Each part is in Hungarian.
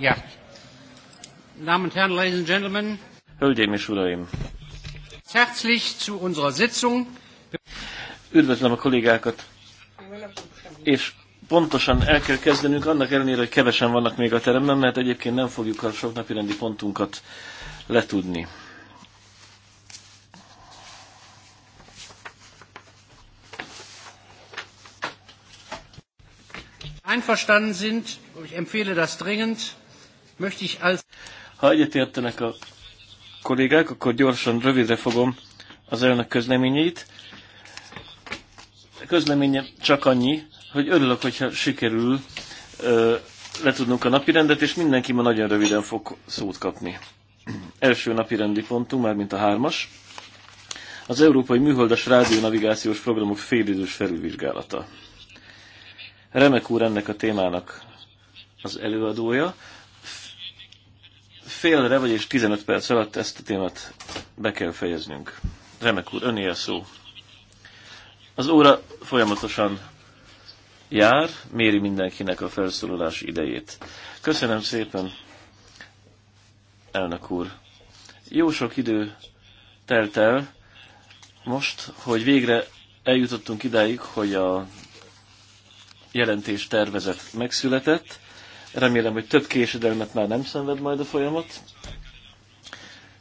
Ja. Damen Herren, Ladies and Gentlemen. Hölgyeim és Uraim. Herzlich zu unserer Sitzung. Üdvözlöm a kollégákat. És pontosan el kell kezdenünk, annak ellenére, hogy kevesen vannak még a teremben, mert egyébként nem fogjuk a sok napi rendi pontunkat letudni. Einverstanden sind, ich empfehle das dringend, ha egyetértenek a kollégák, akkor gyorsan, rövidre fogom az elnök közleményeit. A közleménye csak annyi, hogy örülök, hogyha sikerül ö, letudnunk a napirendet, és mindenki ma nagyon röviden fog szót kapni. Első napirendi pontunk, már mint a hármas, az Európai Műholdas rádió navigációs Programok félidős felülvizsgálata. Remek úr ennek a témának az előadója félre, vagyis 15 perc alatt ezt a témát be kell fejeznünk. Remek úr, öné a szó. Az óra folyamatosan jár, méri mindenkinek a felszólalás idejét. Köszönöm szépen, elnök úr. Jó sok idő telt el most, hogy végre eljutottunk idáig, hogy a jelentés tervezet megszületett. Remélem, hogy több késedelmet már nem szenved majd a folyamat,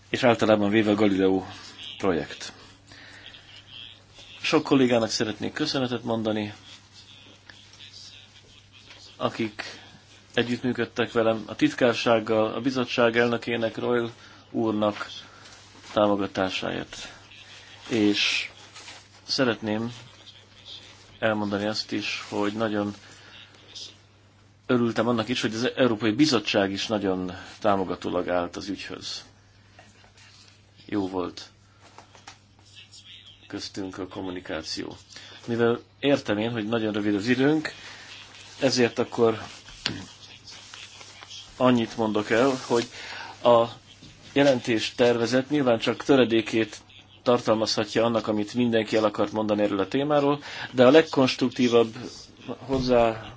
és általában véve a Galileo projekt. Sok kollégának szeretnék köszönetet mondani, akik együttműködtek velem, a titkársággal, a bizottság elnökének, Royal úrnak támogatásáért. És szeretném elmondani azt is, hogy nagyon örültem annak is, hogy az Európai Bizottság is nagyon támogatólag állt az ügyhöz. Jó volt köztünk a kommunikáció. Mivel értem én, hogy nagyon rövid az időnk, ezért akkor annyit mondok el, hogy a jelentés tervezet nyilván csak töredékét tartalmazhatja annak, amit mindenki el akart mondani erről a témáról, de a legkonstruktívabb hozzá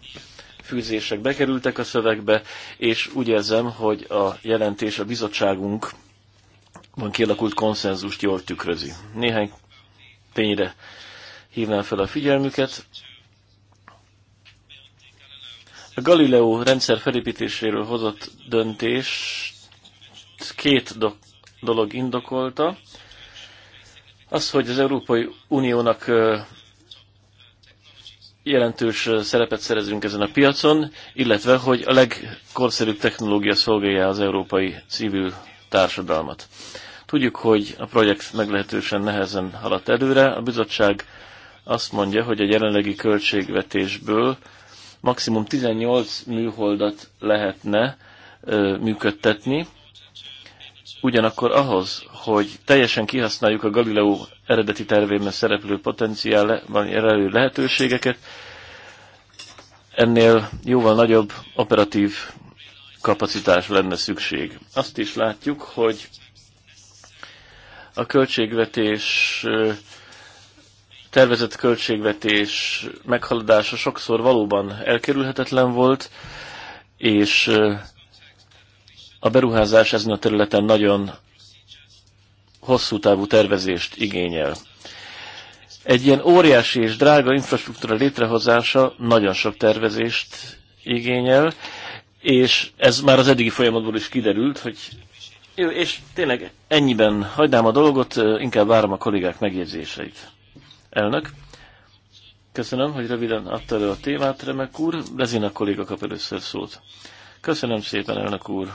fűzések bekerültek a szövegbe, és úgy érzem, hogy a jelentés a bizottságunkban kialakult konszenzust jól tükrözi. Néhány tényre hívnám fel a figyelmüket. A Galileo rendszer felépítéséről hozott döntés két do- dolog indokolta. Az, hogy az Európai Uniónak jelentős szerepet szerezünk ezen a piacon, illetve hogy a legkorszerűbb technológia szolgálja az európai civil társadalmat. Tudjuk, hogy a projekt meglehetősen nehezen haladt előre. A bizottság azt mondja, hogy a jelenlegi költségvetésből maximum 18 műholdat lehetne ö, működtetni, Ugyanakkor ahhoz, hogy teljesen kihasználjuk a Galileo eredeti tervében szereplő potenciálban jelenlő lehetőségeket, ennél jóval nagyobb operatív kapacitás lenne szükség. Azt is látjuk, hogy a költségvetés, tervezett költségvetés meghaladása sokszor valóban elkerülhetetlen volt, és a beruházás ezen a területen nagyon hosszú távú tervezést igényel. Egy ilyen óriási és drága infrastruktúra létrehozása nagyon sok tervezést igényel, és ez már az eddigi folyamatból is kiderült, hogy jó, és tényleg ennyiben hagynám a dolgot, inkább várom a kollégák megjegyzéseit. Elnök, köszönöm, hogy röviden adta elő a témát, remek úr. Lezina kolléga kap először szót. Köszönöm szépen, elnök úr.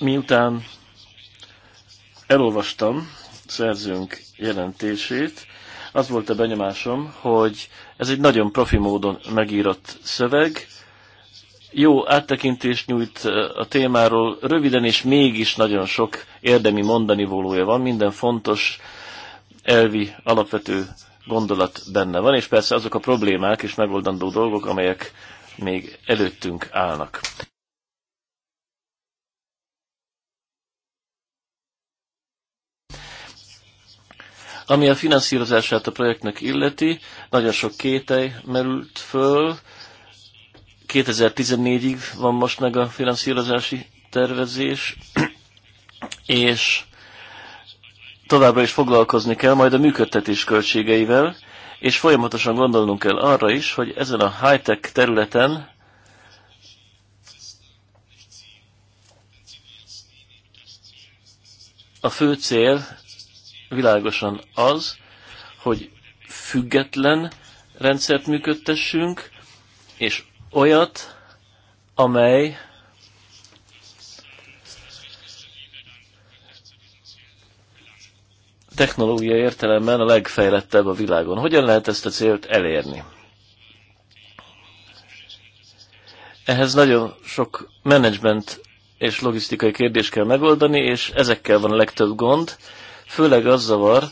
miután elolvastam szerzőnk jelentését, az volt a benyomásom, hogy ez egy nagyon profi módon megírott szöveg, jó áttekintést nyújt a témáról, röviden és mégis nagyon sok érdemi mondani volója van, minden fontos elvi alapvető gondolat benne van, és persze azok a problémák és megoldandó dolgok, amelyek még előttünk állnak. Ami a finanszírozását a projektnek illeti, nagyon sok kétej merült föl. 2014-ig van most meg a finanszírozási tervezés, és továbbra is foglalkozni kell majd a működtetés költségeivel, és folyamatosan gondolnunk kell arra is, hogy ezen a high-tech területen a fő cél világosan az, hogy független rendszert működtessünk, és olyat, amely technológia értelemben a legfejlettebb a világon. Hogyan lehet ezt a célt elérni? Ehhez nagyon sok menedzsment és logisztikai kérdés kell megoldani, és ezekkel van a legtöbb gond főleg az zavar,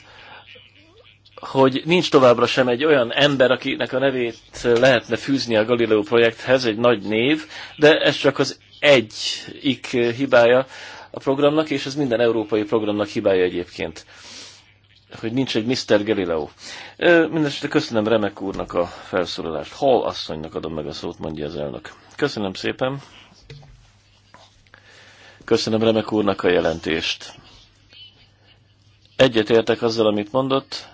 hogy nincs továbbra sem egy olyan ember, akinek a nevét lehetne fűzni a Galileo projekthez, egy nagy név, de ez csak az egyik hibája a programnak, és ez minden európai programnak hibája egyébként, hogy nincs egy Mr. Galileo. Mindenesetre köszönöm Remek úrnak a felszólalást. Hall asszonynak adom meg a szót, mondja az elnök. Köszönöm szépen. Köszönöm Remek úrnak a jelentést. Egyetértek azzal, amit mondott.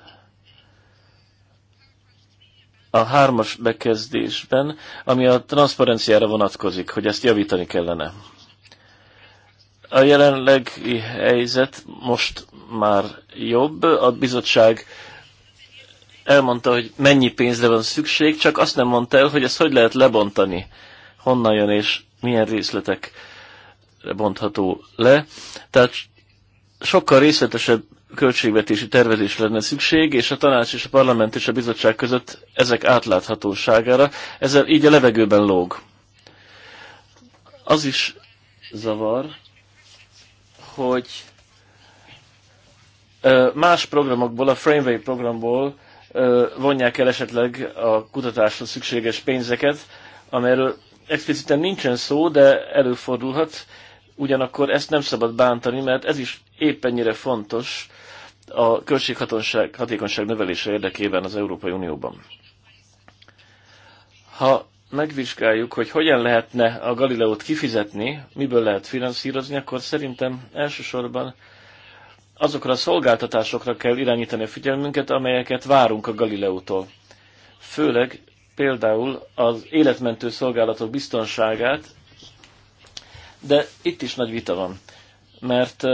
A hármas bekezdésben, ami a transzparenciára vonatkozik, hogy ezt javítani kellene. A jelenlegi helyzet most már jobb. A bizottság elmondta, hogy mennyi pénzre van szükség, csak azt nem mondta el, hogy ezt hogy lehet lebontani, honnan jön és milyen részletek bontható le. Tehát sokkal részletesebb költségvetési tervezés lenne szükség, és a tanács és a parlament és a bizottság között ezek átláthatóságára, ezzel így a levegőben lóg. Az is zavar, hogy más programokból, a Frameway programból vonják el esetleg a kutatásra szükséges pénzeket, amelyről expliciten nincsen szó, de előfordulhat, ugyanakkor ezt nem szabad bántani, mert ez is éppennyire fontos a költséghatóság hatékonyság növelése érdekében az Európai Unióban. Ha megvizsgáljuk, hogy hogyan lehetne a Galileót kifizetni, miből lehet finanszírozni, akkor szerintem elsősorban azokra a szolgáltatásokra kell irányítani a figyelmünket, amelyeket várunk a Galileótól. Főleg például az életmentő szolgálatok biztonságát de itt is nagy vita van, mert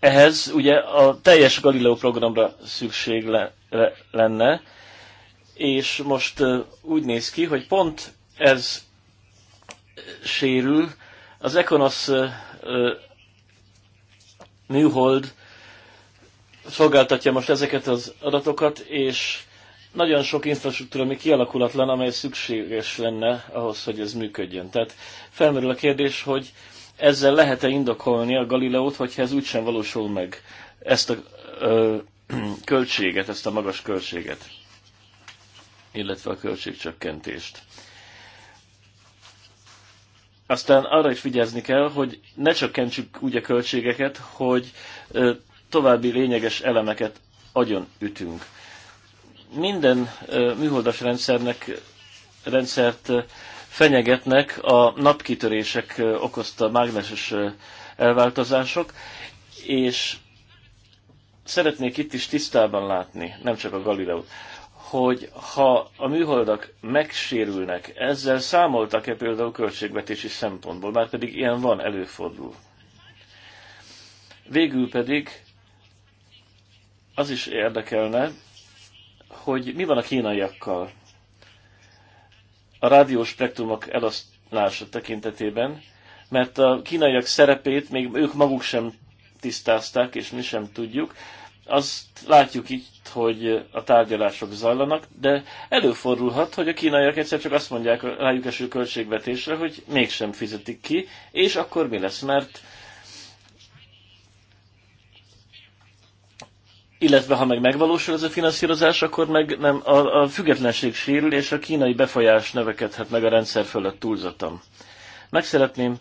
ehhez ugye a teljes Galileo programra szükség le, le, lenne, és most úgy néz ki, hogy pont ez sérül. Az Econos Newhold szolgáltatja most ezeket az adatokat, és nagyon sok infrastruktúra még kialakulatlan, amely szükséges lenne ahhoz, hogy ez működjön. Tehát felmerül a kérdés, hogy ezzel lehet-e indokolni a Galileót, hogyha ez úgysem valósul meg, ezt a ö, költséget, ezt a magas költséget, illetve a költségcsökkentést. Aztán arra is figyelni kell, hogy ne csökkentsük úgy a költségeket, hogy ö, további lényeges elemeket agyon ütünk minden műholdas rendszernek, rendszert fenyegetnek a napkitörések okozta mágneses elváltozások, és szeretnék itt is tisztában látni, nem csak a Galileót, hogy ha a műholdak megsérülnek, ezzel számoltak-e például költségvetési szempontból, már pedig ilyen van, előfordul. Végül pedig az is érdekelne, hogy mi van a kínaiakkal a rádiós spektrumok elosztása tekintetében, mert a kínaiak szerepét még ők maguk sem tisztázták, és mi sem tudjuk. Azt látjuk itt, hogy a tárgyalások zajlanak, de előfordulhat, hogy a kínaiak egyszer csak azt mondják a rájuk eső költségvetésre, hogy mégsem fizetik ki, és akkor mi lesz, mert illetve ha meg megvalósul ez a finanszírozás, akkor meg nem, a, a függetlenség sérül, és a kínai befolyás növekedhet meg a rendszer fölött túlzatam. Meg szeretném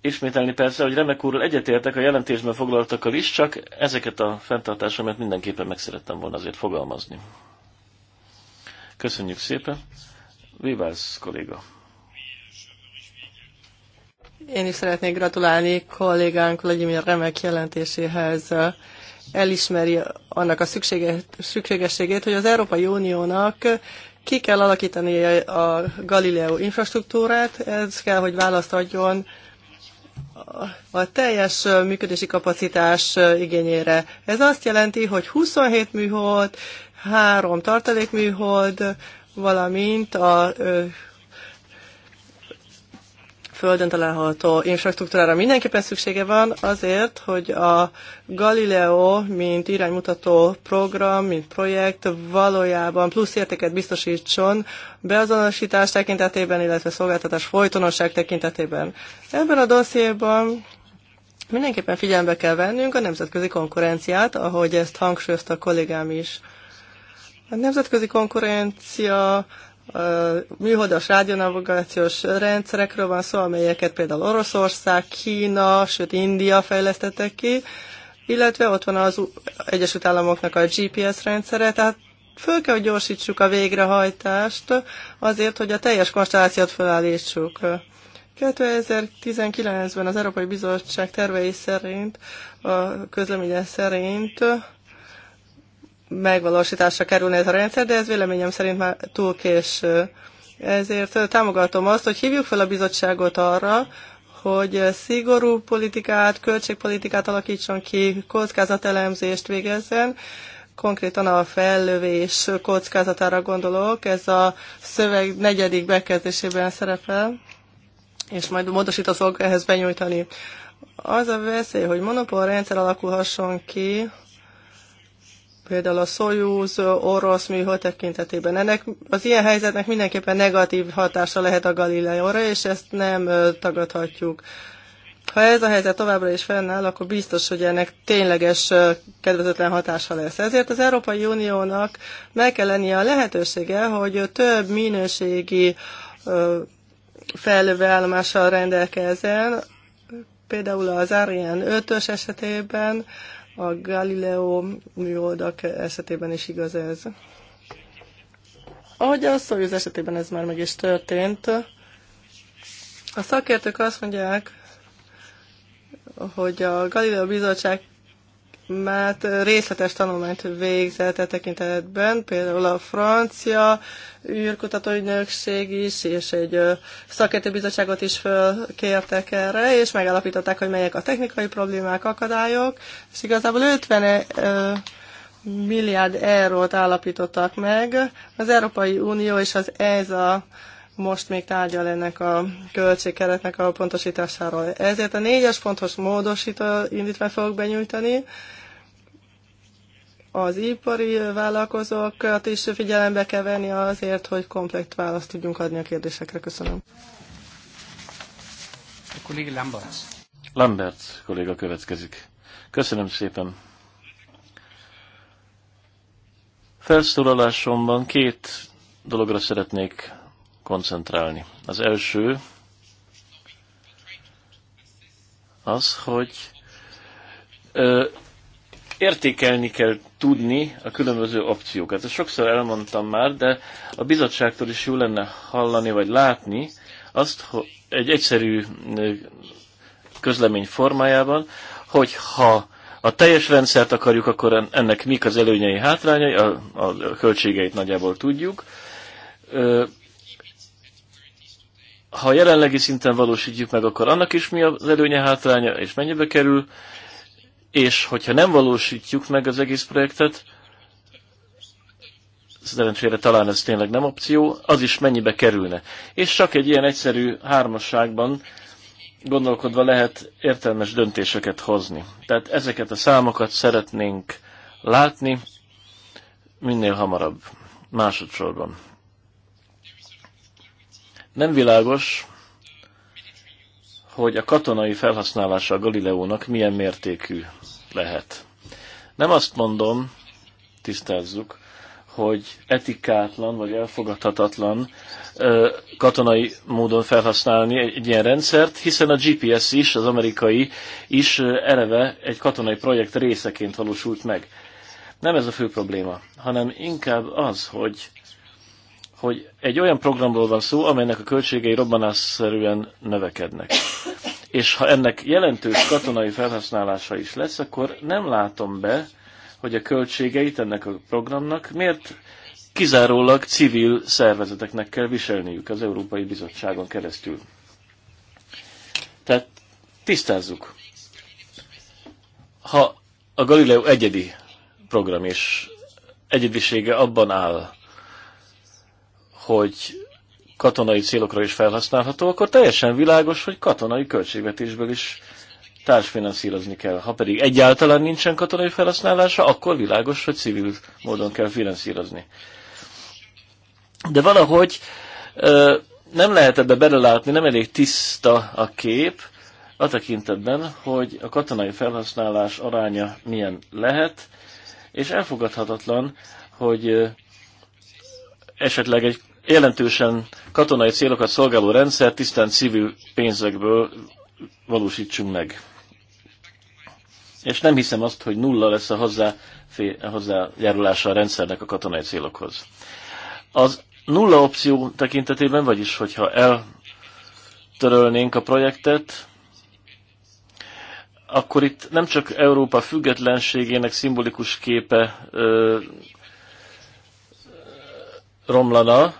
ismételni persze, hogy remek úrral egyetértek a jelentésben foglaltakkal is, csak ezeket a fenntartásomat mindenképpen meg szerettem volna azért fogalmazni. Köszönjük szépen. Vivász kolléga. Én is szeretnék gratulálni kollégánk Vladimir remek jelentéséhez elismeri annak a szükségességét, hogy az Európai Uniónak ki kell alakítani a Galileo infrastruktúrát, ez kell, hogy választ adjon a teljes működési kapacitás igényére. Ez azt jelenti, hogy 27 műhold, 3 tartalékműhold, valamint a földön található infrastruktúrára mindenképpen szüksége van azért, hogy a Galileo, mint iránymutató program, mint projekt valójában plusz értéket biztosítson beazonosítás tekintetében, illetve szolgáltatás folytonosság tekintetében. Ebben a dossziéban mindenképpen figyelembe kell vennünk a nemzetközi konkurenciát, ahogy ezt hangsúlyozta a kollégám is. A nemzetközi konkurencia műholdas rádionavigációs rendszerekről van szó, amelyeket például Oroszország, Kína, sőt India fejlesztettek ki, illetve ott van az Egyesült Államoknak a GPS rendszere, tehát föl kell, hogy gyorsítsuk a végrehajtást azért, hogy a teljes konstellációt felállítsuk. 2019-ben az Európai Bizottság tervei szerint, a közleménye szerint megvalósításra kerülne ez a rendszer, de ez véleményem szerint már túl késő. Ezért támogatom azt, hogy hívjuk fel a bizottságot arra, hogy szigorú politikát, költségpolitikát alakítson ki, kockázatelemzést végezzen, konkrétan a fellövés kockázatára gondolok, ez a szöveg negyedik bekezdésében szerepel, és majd módosító fogok ehhez benyújtani. Az a veszély, hogy monopól rendszer alakulhasson ki, például a Soyuz orosz műhold tekintetében. Ennek az ilyen helyzetnek mindenképpen negatív hatása lehet a Galileóra, és ezt nem tagadhatjuk. Ha ez a helyzet továbbra is fennáll, akkor biztos, hogy ennek tényleges kedvezőtlen hatása lesz. Ezért az Európai Uniónak meg kell lennie a lehetősége, hogy több minőségi fejlővő állomással rendelkezzen, például az Ariane 5-ös esetében, a Galileo műoldak esetében is igaz ez. Ahogy a Soyuz esetében ez már meg is történt, a szakértők azt mondják, hogy a Galileo Bizottság mert részletes tanulmányt végzett e tekintetben, például a francia űrkutatóügynökség is, és egy szakértőbizottságot is fölkértek erre, és megállapították, hogy melyek a technikai problémák, akadályok, és igazából 50 milliárd eurót állapítottak meg. Az Európai Unió és az ESA most még tárgyal ennek a költségkeretnek a pontosításáról. Ezért a négyes pontos módosító indítványt fogok benyújtani, az ipari vállalkozókat is figyelembe kell venni azért, hogy komplekt választ tudjunk adni a kérdésekre. Köszönöm. A kolléga Lambert. Lambert kolléga következik. Köszönöm szépen. Felszólalásomban két dologra szeretnék koncentrálni. Az első az, hogy ö, értékelni kell tudni a különböző opciókat. Ezt sokszor elmondtam már, de a bizottságtól is jó lenne hallani vagy látni azt, hogy egy egyszerű közlemény formájában, hogy ha a teljes rendszert akarjuk, akkor ennek mik az előnyei, hátrányai, a, a költségeit nagyjából tudjuk. Ha jelenlegi szinten valósítjuk meg, akkor annak is mi az előnye, hátránya, és mennyibe kerül, és hogyha nem valósítjuk meg az egész projektet, szerencsére talán ez tényleg nem opció, az is mennyibe kerülne. És csak egy ilyen egyszerű hármasságban gondolkodva lehet értelmes döntéseket hozni. Tehát ezeket a számokat szeretnénk látni minél hamarabb, másodszorban. Nem világos, hogy a katonai felhasználása a Galileónak milyen mértékű lehet. Nem azt mondom, tisztázzuk, hogy etikátlan vagy elfogadhatatlan katonai módon felhasználni egy ilyen rendszert, hiszen a GPS is, az amerikai is eleve egy katonai projekt részeként valósult meg. Nem ez a fő probléma, hanem inkább az, hogy hogy egy olyan programról van szó, amelynek a költségei robbanásszerűen növekednek. És ha ennek jelentős katonai felhasználása is lesz, akkor nem látom be, hogy a költségeit ennek a programnak miért kizárólag civil szervezeteknek kell viselniük az Európai Bizottságon keresztül. Tehát tisztázzuk. Ha a Galileo egyedi program és egyedisége abban áll, hogy katonai célokra is felhasználható, akkor teljesen világos, hogy katonai költségvetésből is társfinanszírozni kell. Ha pedig egyáltalán nincsen katonai felhasználása, akkor világos, hogy civil módon kell finanszírozni. De valahogy nem lehet ebbe belelátni, nem elég tiszta a kép a tekintetben, hogy a katonai felhasználás aránya milyen lehet, és elfogadhatatlan, hogy esetleg egy jelentősen katonai célokat szolgáló rendszer tisztán civil pénzekből valósítsunk meg. És nem hiszem azt, hogy nulla lesz a hozzá, hozzájárulása a rendszernek a katonai célokhoz. Az nulla opció tekintetében, vagyis hogyha eltörölnénk a projektet, akkor itt nem csak Európa függetlenségének szimbolikus képe ö, romlana,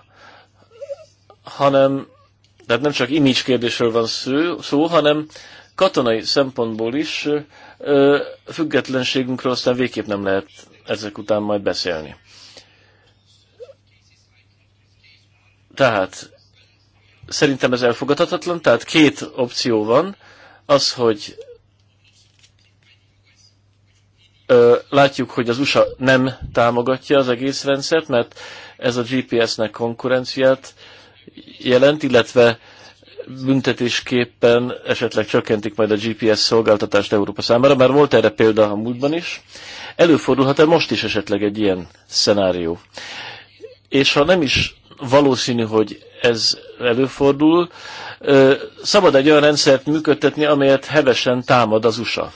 hanem tehát nem csak image kérdésről van szó, szó, hanem katonai szempontból is ö, függetlenségünkről aztán végképp nem lehet ezek után majd beszélni. Tehát szerintem ez elfogadhatatlan, tehát két opció van, az, hogy ö, látjuk, hogy az USA nem támogatja az egész rendszert, mert ez a GPS-nek konkurenciát ö, jelent, illetve büntetésképpen esetleg csökkentik majd a GPS szolgáltatást Európa számára, már volt erre példa a múltban is. Előfordulhat-e most is esetleg egy ilyen szenárió? És ha nem is valószínű, hogy ez előfordul, szabad egy olyan rendszert működtetni, amelyet hevesen támad az USA.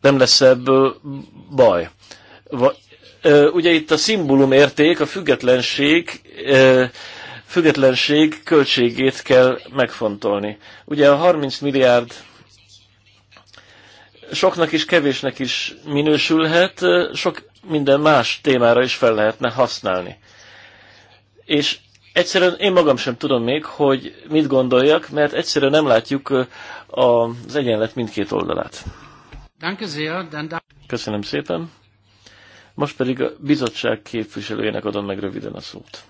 Nem lesz ebből baj ugye itt a szimbólum érték, a függetlenség, függetlenség költségét kell megfontolni. Ugye a 30 milliárd soknak is kevésnek is minősülhet, sok minden más témára is fel lehetne használni. És egyszerűen én magam sem tudom még, hogy mit gondoljak, mert egyszerűen nem látjuk az egyenlet mindkét oldalát. Köszönöm szépen. Most pedig a bizottság képviselőjének adom meg röviden a szót.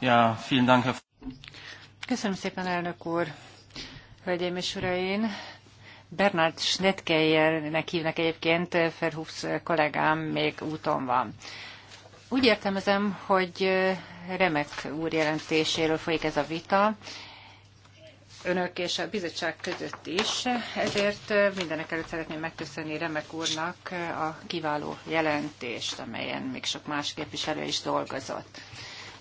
Ja, vielen Dank, Köszönöm szépen, elnök úr. Hölgyeim és uraim, Bernard Schnetkeyernek hívnak egyébként, Ferhufs kollégám még úton van. Úgy értelmezem, hogy remek úr jelentéséről folyik ez a vita, önök és a bizottság között is. Ezért mindenek előtt szeretném megköszönni Remek úrnak a kiváló jelentést, amelyen még sok más képviselő is dolgozott.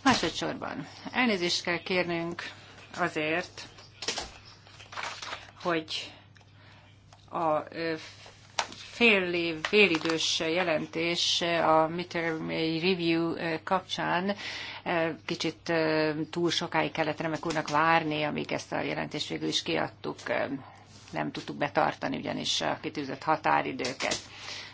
Másodszorban elnézést kell kérnünk azért, hogy a fél év, félidős jelentés a midterm review kapcsán Kicsit túl sokáig kellett Remek úrnak várni, amíg ezt a jelentést végül is kiadtuk. Nem tudtuk betartani ugyanis a kitűzött határidőket.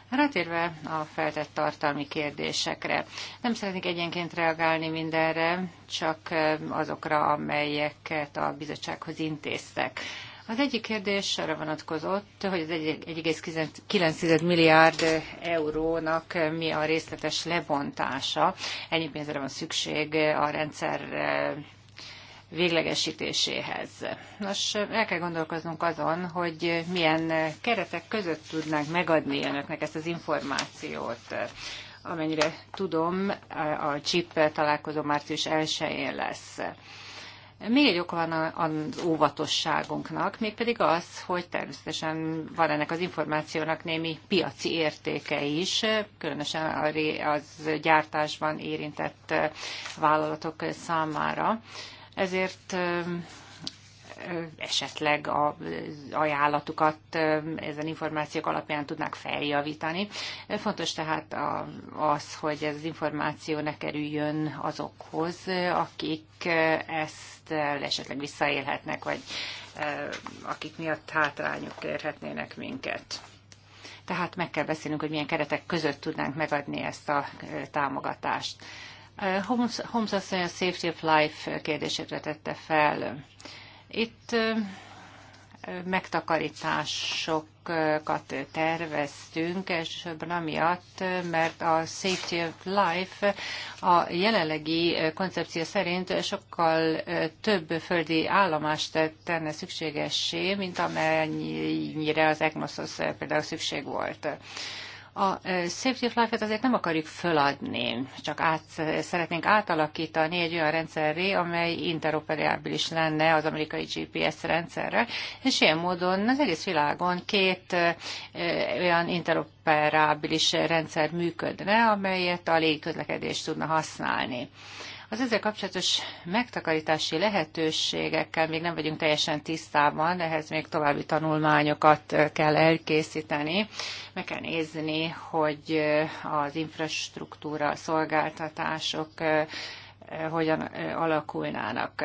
Rátérve a feltett tartalmi kérdésekre. Nem szeretnék egyenként reagálni mindenre, csak azokra, amelyeket a bizottsághoz intéztek. Az egyik kérdés arra vonatkozott, hogy az 1,9 milliárd eurónak mi a részletes lebontása. Ennyi pénzre van szükség a rendszer eh, véglegesítéséhez. Nos, el kell gondolkoznunk azon, hogy milyen keretek között tudnánk megadni önöknek ezt az információt. Amennyire tudom, a CSIP találkozó március 1-én lesz. Még egy oka van az óvatosságunknak, mégpedig az, hogy természetesen van ennek az információnak némi piaci értéke is, különösen az gyártásban érintett eh, vállalatok számára. Ezért eh, esetleg az ajánlatukat ezen információk alapján tudnák feljavítani. Fontos tehát az, hogy ez az információ ne kerüljön azokhoz, akik ezt esetleg visszaélhetnek, vagy akik miatt hátrányok érhetnének minket. Tehát meg kell beszélnünk, hogy milyen keretek között tudnánk megadni ezt a támogatást. Holmes, Holmes asszony a Safety of Life kérdését vetette fel. Itt megtakarításokat terveztünk, elsősorban amiatt, mert a Safety of Life a jelenlegi koncepció szerint sokkal több földi állomást tenne szükségessé, mint amennyire az ecmos például szükség volt. A Safety of Life-et azért nem akarjuk föladni, csak át, szeretnénk átalakítani egy olyan rendszerré, amely interoperabilis lenne az amerikai GPS rendszerre, és ilyen módon az egész világon két olyan interoperabilis rendszer működne, amelyet a légiközlekedés tudna használni. Az ezzel kapcsolatos megtakarítási lehetőségekkel még nem vagyunk teljesen tisztában, ehhez még további tanulmányokat kell elkészíteni. Meg kell nézni, hogy az infrastruktúra szolgáltatások hogyan alakulnának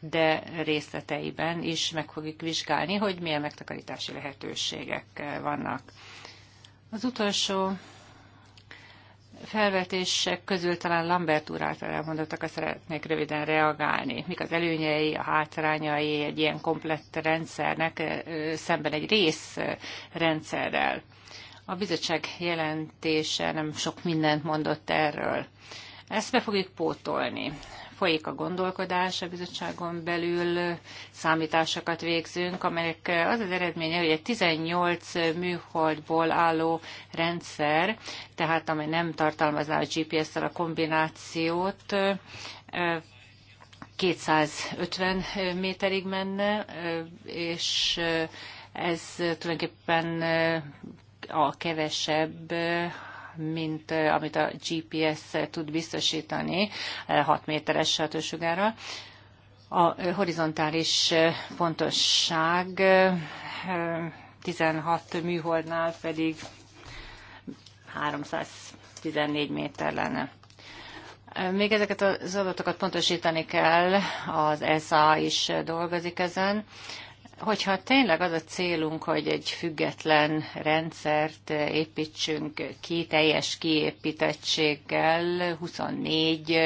de részleteiben is meg fogjuk vizsgálni, hogy milyen megtakarítási lehetőségek vannak. Az utolsó felvetések közül talán Lambert úr által elmondottakra szeretnék röviden reagálni. Mik az előnyei, a hátrányai egy ilyen komplett rendszernek szemben egy részrendszerrel? A bizottság jelentése nem sok mindent mondott erről. Ezt be fogjuk pótolni folyik a gondolkodás a bizottságon belül, számításokat végzünk, amelyek az az eredménye, hogy egy 18 műholdból álló rendszer, tehát amely nem tartalmazná a GPS-tel a kombinációt, 250 méterig menne, és ez tulajdonképpen a kevesebb mint amit a GPS tud biztosítani 6 méteres hatósugára. A horizontális pontosság 16 műholdnál pedig 314 méter lenne. Még ezeket az adatokat pontosítani kell, az ESA is dolgozik ezen, hogyha tényleg az a célunk, hogy egy független rendszert építsünk ki teljes kiépítettséggel, 24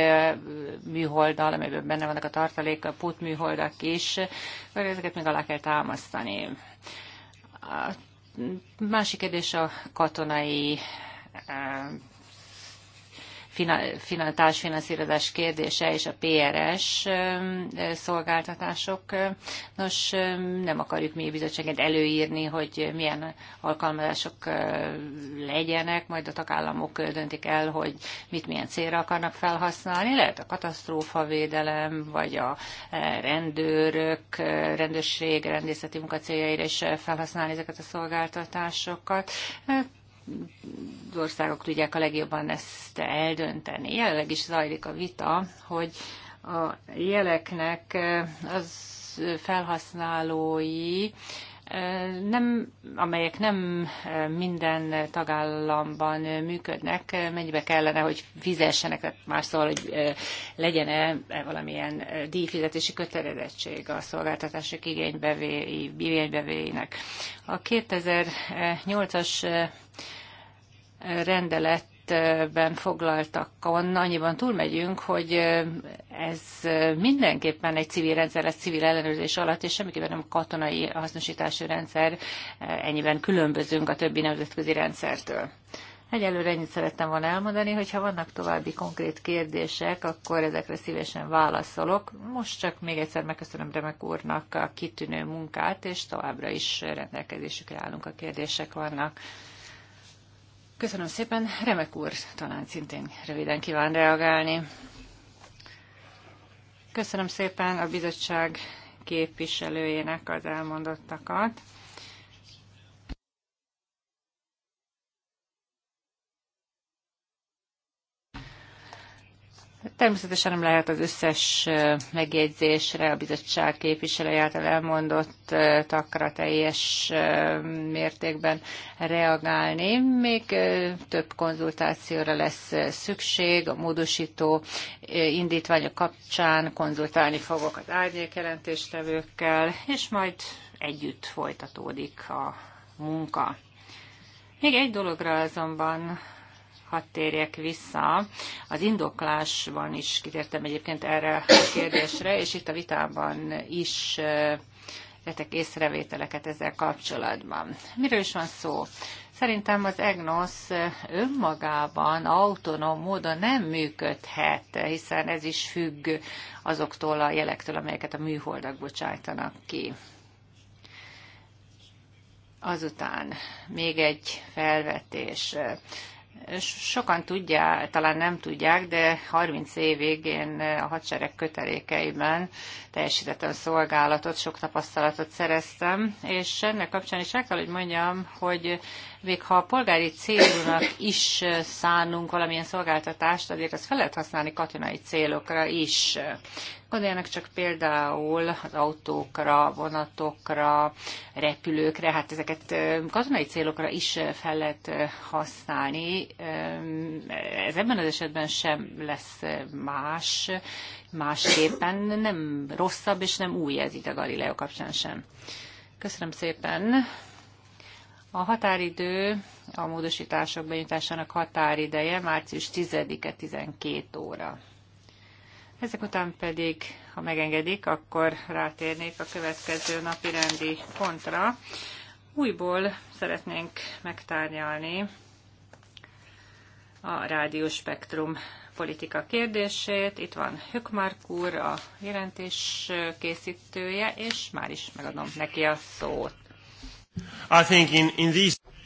műholdal, amelyben benne vannak a tartalék, a pótműholdak is, akkor ezeket még alá kell támasztani. A másik kérdés a katonai társfinanszírozás kérdése és a PRS szolgáltatások. Nos, nem akarjuk mi bizottságet előírni, hogy milyen alkalmazások legyenek, majd a tagállamok döntik el, hogy mit milyen célra akarnak felhasználni. Lehet a katasztrófavédelem, vagy a rendőrök, rendőrség, rendészeti munkacéljaira is felhasználni ezeket a szolgáltatásokat. Hát, országok tudják a legjobban ezt eldönteni. Jelenleg is zajlik a vita, hogy a jeleknek az felhasználói nem, amelyek nem minden tagállamban működnek, mennyibe kellene, hogy fizessenek, tehát más szóval, hogy legyen-e e, valamilyen díjfizetési kötelezettség a szolgáltatások igénybevéinek. A 2008-as rendelet rendeletben foglaltakon annyiban túlmegyünk, hogy ez mindenképpen egy civil rendszer lesz civil ellenőrzés alatt, és semmiképpen nem katonai hasznosítású rendszer, ennyiben különbözünk a többi nemzetközi rendszertől. Egyelőre ennyit szerettem volna elmondani, hogy ha vannak további konkrét kérdések, akkor ezekre szívesen válaszolok. Most csak még egyszer megköszönöm Remek úrnak a kitűnő munkát, és továbbra is rendelkezésükre állunk, a kérdések vannak. Köszönöm szépen. Remek úr talán szintén röviden kíván reagálni. Köszönöm szépen a bizottság képviselőjének az elmondottakat. Természetesen nem lehet az összes megjegyzésre a bizottság képviselője által takra teljes mértékben reagálni. Még több konzultációra lesz szükség a módosító indítványok kapcsán, konzultálni fogok az árnyékjelentéstevőkkel, és majd együtt folytatódik a munka. Még egy dologra azonban hadd térjek vissza. Az indoklásban is kitértem egyébként erre a kérdésre, és itt a vitában is tettek észrevételeket ezzel kapcsolatban. Miről is van szó? Szerintem az EGNOS önmagában autonóm módon nem működhet, hiszen ez is függ azoktól a jelektől, amelyeket a műholdak bocsájtanak ki. Azután még egy felvetés. Sokan tudják, talán nem tudják, de 30 évig végén a hadsereg kötelékeiben teljesítettem szolgálatot, sok tapasztalatot szereztem, és ennek kapcsán is el kell, hogy mondjam, hogy még ha a polgári célúnak is szánunk valamilyen szolgáltatást, azért azt fel lehet használni katonai célokra is. Gondoljanak csak például az autókra, vonatokra, repülőkre, hát ezeket katonai célokra is fel lehet használni. Ez ebben az esetben sem lesz más, másképpen nem rosszabb és nem új ez itt a Galileo kapcsán sem. Köszönöm szépen! A határidő, a módosítások benyújtásának határideje március 10-e 12 óra. Ezek után pedig, ha megengedik, akkor rátérnék a következő napi rendi pontra. Újból szeretnénk megtárnyalni a rádióspektrum politika kérdését. Itt van Hökmark úr, a jelentés készítője, és már is megadom neki a szót.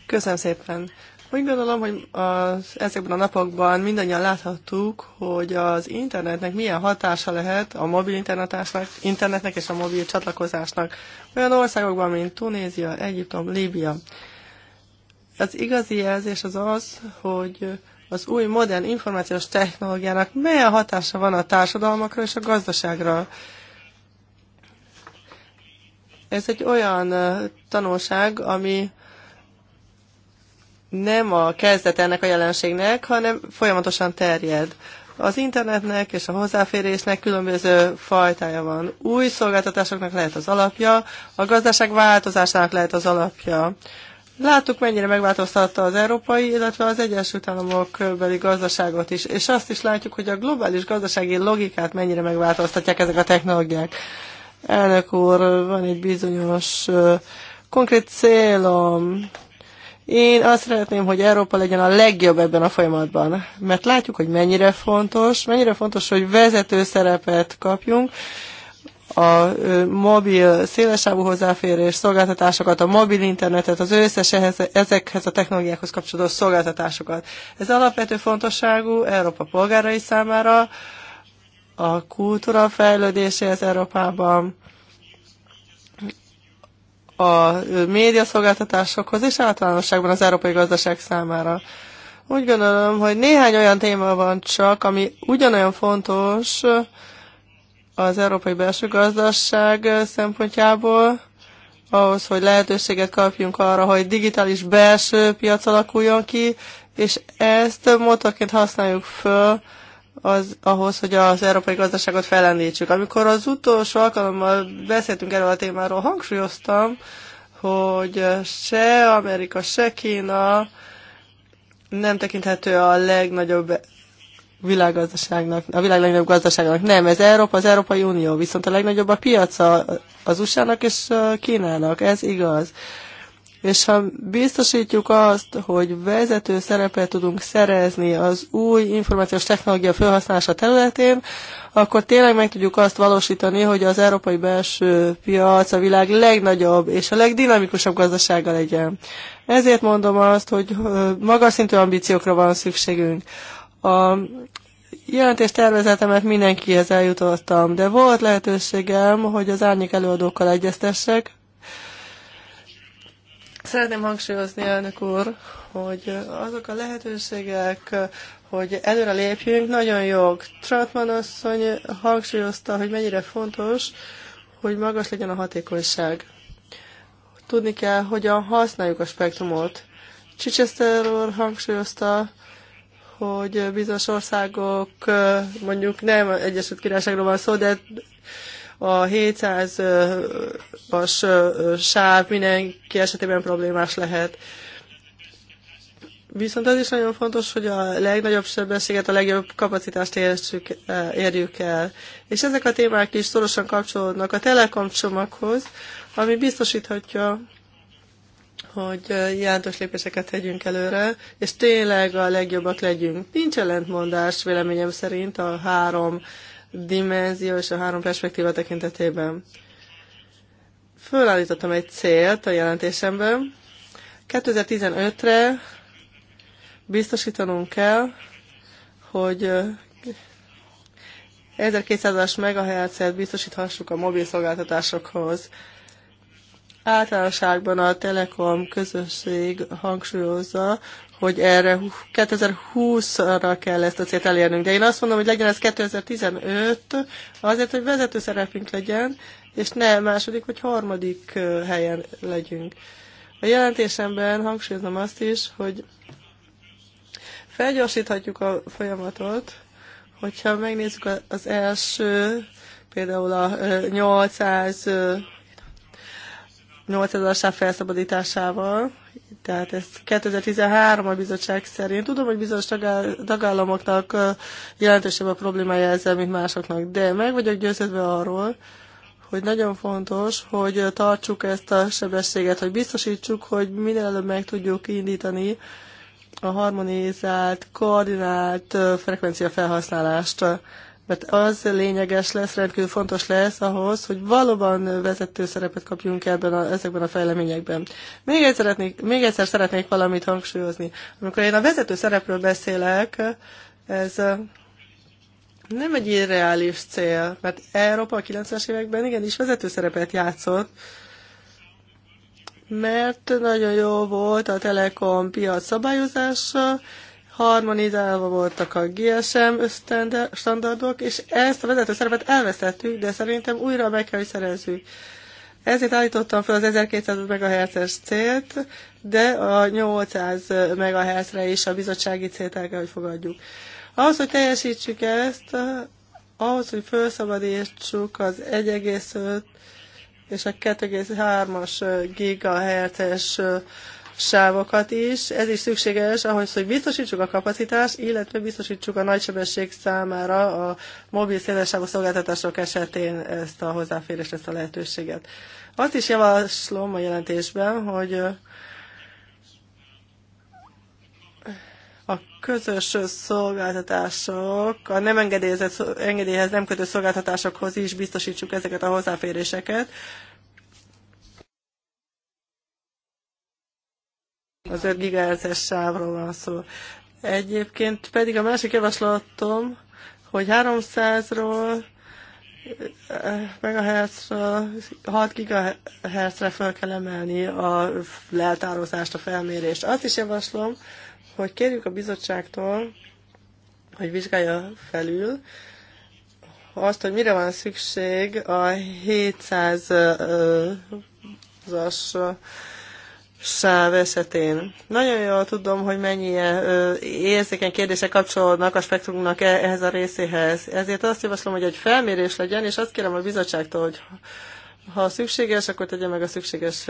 Köszönöm szépen. Úgy gondolom, hogy az, ezekben a napokban mindannyian láthattuk, hogy az internetnek milyen hatása lehet a mobil internetnek és a mobil csatlakozásnak olyan országokban, mint Tunézia, Egyiptom, Líbia. Az igazi jelzés az az, hogy az új modern információs technológiának milyen hatása van a társadalmakra és a gazdaságra. Ez egy olyan tanulság, ami nem a kezdet ennek a jelenségnek, hanem folyamatosan terjed. Az internetnek és a hozzáférésnek különböző fajtája van. Új szolgáltatásoknak lehet az alapja, a gazdaság változásának lehet az alapja. Láttuk, mennyire megváltoztatta az európai, illetve az Egyesült Államok beli gazdaságot is, és azt is látjuk, hogy a globális gazdasági logikát mennyire megváltoztatják ezek a technológiák. Elnök úr, van egy bizonyos konkrét célom. Én azt szeretném, hogy Európa legyen a legjobb ebben a folyamatban, mert látjuk, hogy mennyire fontos, mennyire fontos, hogy vezető szerepet kapjunk, a mobil szélesávú hozzáférés szolgáltatásokat, a mobil internetet, az összes ehhez, ezekhez a technológiákhoz kapcsolódó szolgáltatásokat. Ez alapvető fontosságú Európa polgárai számára, a kultúra fejlődéséhez Európában, a médiaszolgáltatásokhoz és általánosságban az európai gazdaság számára. Úgy gondolom, hogy néhány olyan téma van csak, ami ugyanolyan fontos az európai belső gazdaság szempontjából, ahhoz, hogy lehetőséget kapjunk arra, hogy digitális belső piac alakuljon ki, és ezt motorként használjuk föl az, ahhoz, hogy az európai gazdaságot felendítsük. Amikor az utolsó alkalommal beszéltünk erről a témáról, hangsúlyoztam, hogy se Amerika, se Kína nem tekinthető a legnagyobb világgazdaságnak, a világ legnagyobb gazdaságnak. Nem, ez Európa, az Európai Unió, viszont a legnagyobb a piaca az USA-nak és Kínának, ez igaz és ha biztosítjuk azt, hogy vezető szerepet tudunk szerezni az új információs technológia felhasználása területén, akkor tényleg meg tudjuk azt valósítani, hogy az európai belső piac a világ legnagyobb és a legdinamikusabb gazdasága legyen. Ezért mondom azt, hogy magas szintű ambíciókra van szükségünk. A jelentés tervezetemet mindenkihez eljutottam, de volt lehetőségem, hogy az árnyék előadókkal egyeztessek, Szeretném hangsúlyozni, elnök úr, hogy azok a lehetőségek, hogy előre lépjünk, nagyon jók. Trautmann asszony hangsúlyozta, hogy mennyire fontos, hogy magas legyen a hatékonyság. Tudni kell, hogyan használjuk a spektrumot. Chichester úr hangsúlyozta, hogy bizonyos országok, mondjuk nem Egyesült Királyságról van szó, de a 700-as sáv mindenki esetében problémás lehet. Viszont az is nagyon fontos, hogy a legnagyobb sebességet, a legjobb kapacitást értsük, érjük el. És ezek a témák is szorosan kapcsolódnak a Telekom csomaghoz, ami biztosíthatja, hogy jelentős lépéseket tegyünk előre, és tényleg a legjobbak legyünk. Nincs ellentmondás véleményem szerint a három dimenzió és a három perspektíva tekintetében. Fölállítottam egy célt a jelentésemben. 2015-re biztosítanunk kell, hogy 1200-as megahertzet biztosíthassuk a mobil szolgáltatásokhoz. Általánosságban a Telekom közösség hangsúlyozza, hogy erre 2020-ra kell ezt a célt elérnünk. De én azt mondom, hogy legyen ez 2015, azért, hogy vezető szerepünk legyen, és ne második vagy harmadik helyen legyünk. A jelentésemben hangsúlyozom azt is, hogy felgyorsíthatjuk a folyamatot, hogyha megnézzük az első, például a 800 8 felszabadításával, tehát ez 2013 a bizottság szerint. Tudom, hogy bizonyos tagállamoknak jelentősebb a problémája ezzel, mint másoknak, de meg vagyok győződve arról, hogy nagyon fontos, hogy tartsuk ezt a sebességet, hogy biztosítsuk, hogy minél előbb meg tudjuk indítani a harmonizált, koordinált frekvencia felhasználást mert az lényeges lesz, rendkívül fontos lesz ahhoz, hogy valóban vezető szerepet kapjunk ebben a, ezekben a fejleményekben. Még egyszer, szeretnék, még egyszer szeretnék valamit hangsúlyozni. Amikor én a vezető szerepről beszélek, ez nem egy irreális cél, mert Európa a 90-es években igenis vezető szerepet játszott, mert nagyon jó volt a telekom piac szabályozása, harmonizálva voltak a GSM standardok, és ezt a vezető szerepet elvesztettük, de szerintem újra meg kell, hogy szerezzük. Ezért állítottam fel az 1200 MHz-es célt, de a 800 MHz-re is a bizottsági célt el kell, hogy fogadjuk. Ahhoz, hogy teljesítsük ezt, ahhoz, hogy felszabadítsuk az 1,5 és a 2,3-as GHz-es sávokat is. Ez is szükséges ahhoz, hogy biztosítsuk a kapacitást, illetve biztosítsuk a nagysebesség számára a mobil szélesávú szolgáltatások esetén ezt a hozzáférést, ezt a lehetőséget. Azt is javaslom a jelentésben, hogy a közös szolgáltatások, a nem engedélyhez nem kötő szolgáltatásokhoz is biztosítsuk ezeket a hozzáféréseket, az 5 GHz-es sávról van szó. Egyébként pedig a másik javaslatom, hogy 300-ról eh, megahertzről 6 GHz-re fel kell emelni a leltározást, a felmérést. Azt is javaslom, hogy kérjük a bizottságtól, hogy vizsgálja felül azt, hogy mire van szükség a 700-as sáv esetén. Nagyon jól tudom, hogy mennyire érzékeny kérdések kapcsolódnak a spektrumnak e-, ehhez a részéhez. Ezért azt javaslom, hogy egy felmérés legyen, és azt kérem a bizottságtól, hogy ha szükséges, akkor tegye meg a szükséges,